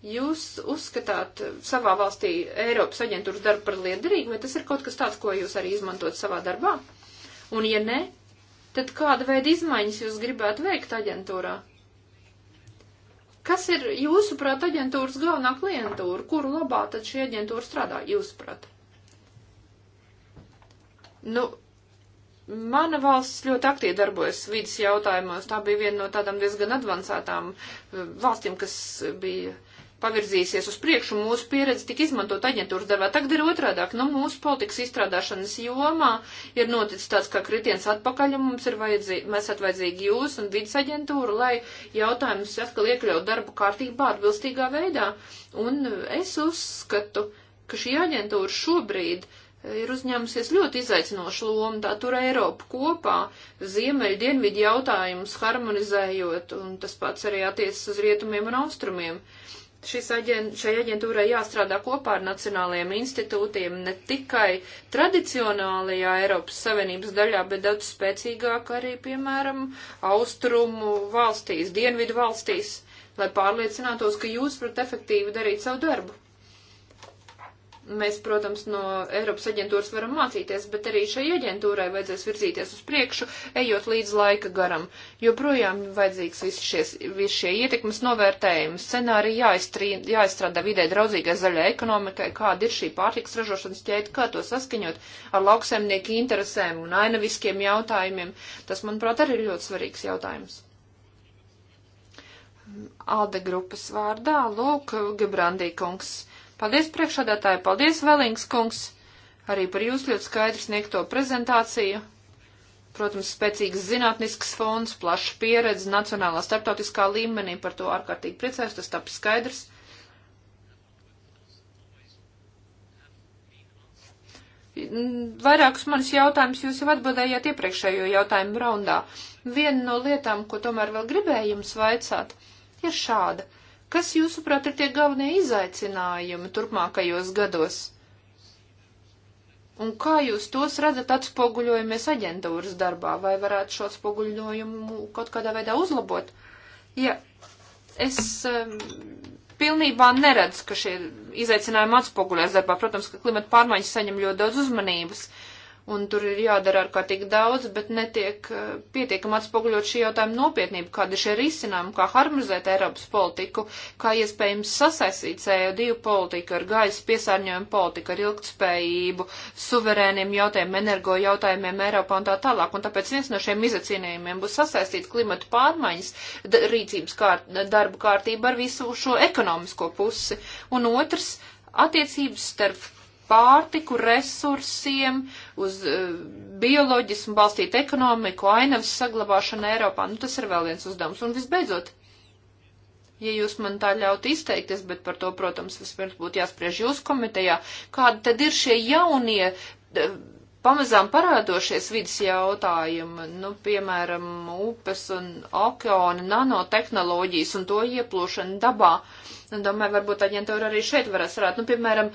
Jūs uzskatāt savā valstī Eiropas aģentūras darbu par liederīgu, vai tas ir kaut kas tāds, ko jūs arī izmantot savā darbā? Un ja nē, tad kāda veida izmaiņas jūs gribētu veikt aģentūrā? Kas ir jūsuprāt aģentūras galvenā klientūra? Kuru labā tad šī aģentūra strādā, jūsuprāt? Nu, Mana valsts ļoti aktīvi darbojas vidas jautājumos. Tā bija viena no tādām diezgan advancētām eh, valstīm, kas bija pavirzīsies uz priekšu, mūsu pieredze tika izmantot aģentūras darbā. Tagad ir otrādāk. Nu, mūsu politikas izstrādāšanas jomā ir noticis tāds kā kritiens atpakaļ, un mums ir vajadzīgi, mēs esat vajadzīgi jūs un vidas aģentūra, lai jautājums atkal iekļaut darba kārtībā atbilstīgā veidā. Un es uzskatu, ka šī aģentūra šobrīd eh, ir uzņēmusies ļoti izaicinošu lomu, tā tur Eiropu kopā, ziemeļu dienvidu jautājumus harmonizējot, un tas pats arī attiecas uz rietumiem un austrumiem šis aģen, šai aģentūrai jāstrādā kopā ar nacionālajiem institūtiem ne tikai tradicionālajā Eiropas Savienības daļā, bet daudz spēcīgāk arī, piemēram, austrumu valstīs, dienvidu valstīs, lai pārliecinātos, ka jūs varat efektīvi darīt savu darbu. Mēs, protams, no Eiropas aģentūras varam mācīties, bet arī šai aģentūrai vajadzēs virzīties uz priekšu, ejot līdz laika garam. Jo projām vajadzīgs visi, šies, visi šie ietekmes novērtējumi, scenāriji jāiztrī, jāizstrādā vidē draudzīgai zaļai ekonomikai, kāda ir šī pārtiks ražošanas ķēde, kā to saskaņot ar lauksaimnieku interesēm un ainaviskiem jautājumiem. Tas, manuprāt, arī ir ļoti svarīgs jautājums. Alde grupas vārdā, lūk, Gebrandī kungs. Paldies priekšādātāji, paldies Velings kungs arī par jūsu ļoti skaidru sniegto prezentāciju. Protams, spēcīgs zinātnisks fonds, plaša pieredze nacionālā starptautiskā līmenī, par to ārkārtīgi priecājos, tas taps skaidrs. Vairākus manus jautājumus jūs jau atbildējāt iepriekšējo jautājumu raundā. Viena no lietām, ko tomēr vēl gribēju jums vaicāt, ir šāda. Kas, jūsuprāt, ir tie galvenie izaicinājumi turpmākajos gados? Un kā jūs tos redzat atspoguļojumies aģentūras darbā? Vai varētu šo atspoguļojumu kaut kādā veidā uzlabot? Ja es um, pilnībā neredzu, ka šie izaicinājumi atspoguļojas darbā. Protams, ka klimata pārmaiņas saņem ļoti daudz uzmanības. Uh, un tur ir jādara ārkārtīgi daudz, bet netiek eh, pietiekam atspoguļot šī jautājuma nopietnību, kāda ir šie risinājumi, kā harmonizēt Eiropas politiku, kā iespējams sasaistīt CO2 politiku ar gaisa piesārņojumu politiku, ar ilgtspējību, suverēniem jautājumiem, energo jautājumiem Eiropā un tā tālāk. Un tāpēc viens no šiem izacinējumiem būs sasaistīt klimatu pārmaiņas rīcības kārt, darbu kārtību ar visu šo ekonomisko pusi. Un otrs, attiecības starp pārtiku, resursiem, uz uh, bioloģismu balstītu ekonomiku, ainavas saglabāšanu Eiropā. Nu, tas ir vēl viens uzdevums. Un visbeidzot, ja jūs man tā ļaut izteikties, bet par to, protams, vispirms būtu jāspriež jūsu komitejā, kādi tad ir šie jaunie uh, pamazām parādošies vidas jautājumi, nu, piemēram, upes un okeāni, nanotehnoloģijas un to ieplūšana dabā. Un domāju, varbūt aģentūra arī šeit varēs rāt. Nu, piemēram,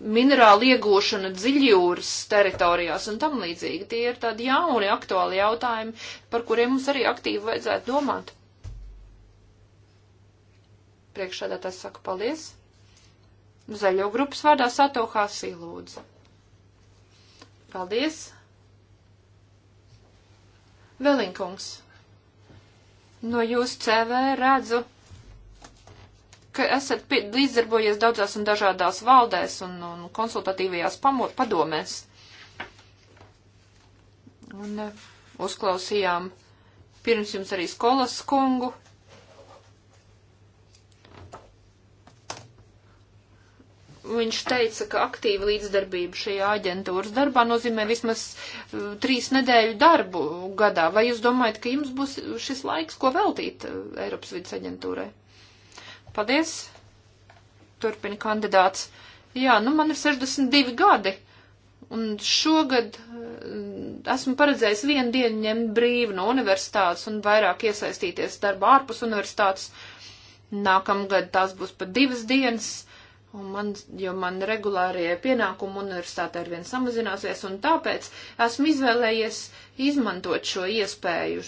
minerālu iegūšana dziļjūras teritorijās un tam līdzīgi. Tie ir tādi jauni, aktuāli jautājumi, par kuriem mums arī aktīvi vajadzētu domāt. Priekšādā tas saka paldies. Zaļo grupas vārdā Sato Hāsī lūdzu. Paldies. Velinkungs. No jūsu CV redzu ka esat līdzdarbojies daudzās un dažādās valdēs un, un konsultatīvajās pamo, padomēs. Un e, uzklausījām pirms jums arī skolas kungu. viņš teica, ka aktīva līdzdarbība šajā aģentūras darbā nozīmē vismaz e, trīs nedēļu darbu gadā. Vai jūs domājat, ka jums būs šis laiks, ko veltīt e, Eiropas vidas aģentūrai? Paldies! Turpina kandidāts. Jā, nu man ir 62 gadi. Un šogad eh, esmu paredzējis vienu dienu ņemt brīvu no universitātes un vairāk iesaistīties darbā ārpus universitātes. Nākamgad tās būs pat divas dienas, un man, jo man regulārie pienākumi universitātē ar vien samazināsies, un tāpēc esmu izvēlējies izmantot šo iespēju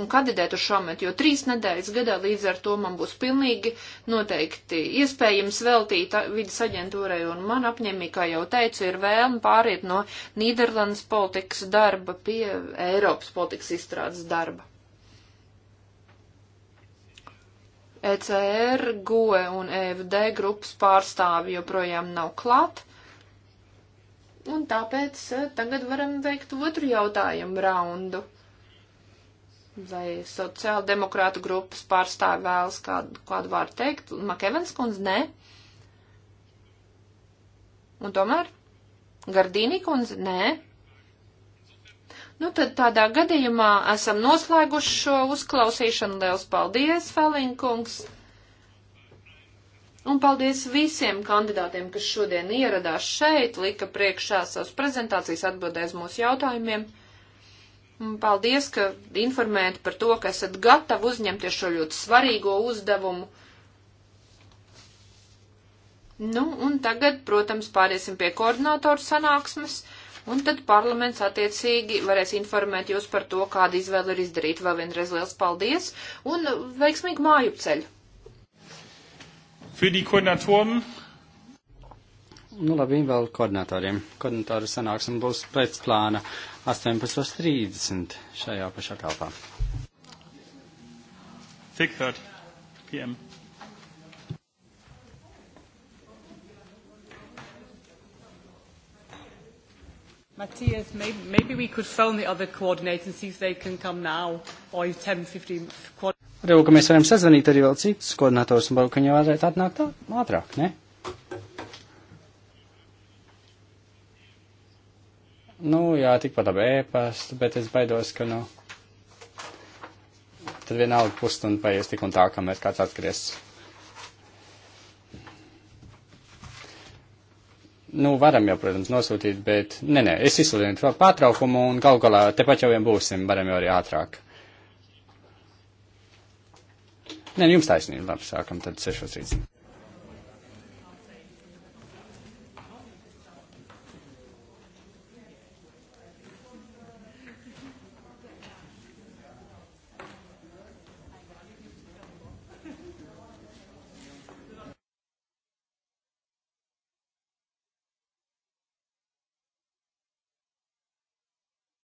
un kandidēt uz šo amatu, jo trīs nedēļas gadā līdz ar to man būs pilnīgi noteikti iespējams veltīt vidas aģentūrai, un man apņēmīgi, kā jau teicu, ir vēlme pāriet no Nīderlandes politikas darba pie Eiropas politikas izstrādes darba. ECR, GOE un EFD grupas pārstāvi joprojām nav klāt. Un tāpēc e, tagad varam veikt otru jautājumu raundu vai sociāldemokrātu grupas pārstāvi vēlas kādu, kādu vārdu teikt. Makevens kundze, nē. Un tomēr Gardīnī kundze, nē. Nu, tad tādā gadījumā esam noslēguši šo uzklausīšanu. Liels paldies, Felinkungs! Un paldies visiem kandidātiem, kas šodien ieradās šeit, lika priekšā savas prezentācijas, atbildēs mūsu jautājumiem. Paldies, ka informējat par to, ka esat gatavi uzņemties šo ļoti svarīgo uzdevumu. Nu, un tagad, protams, pāriesim pie koordinātoru sanāksmes, un tad parlaments attiecīgi varēs informēt jūs par to, kāda izvēle ir izdarīta. Vēl vienreiz liels paldies un veiksmīgu māju ceļu! Für die Koordinatoren. Nu, labi, vēl koordinatoriem. Koordinatoru sanāksim būs pēc plāna. 18.30 šajā pašā telpā. Thick 30 p.m. Matthias, maybe, maybe we could phone the other coordinators and see if they can come now or 10-15 coordinators. Varbūt, ka mēs varam sazvanīt arī vēl citus koordinatorus un varbūt, ka viņi varētu atnākt tā, ātrāk, ne? Nu, jā, tikpat labi ēpastu, bet es baidos, ka, nu, tad vienalga pusstunda paies tik un tā, kamēr kāds atgriezis. Nu, varam jau, protams, nosūtīt, bet, nē, nē, es izsludinu to pārtraukumu un gal galā tepat jau vien būsim, varam jau arī ātrāk. Nē, nu, jums taisnība, labi, sākam tad 6.30.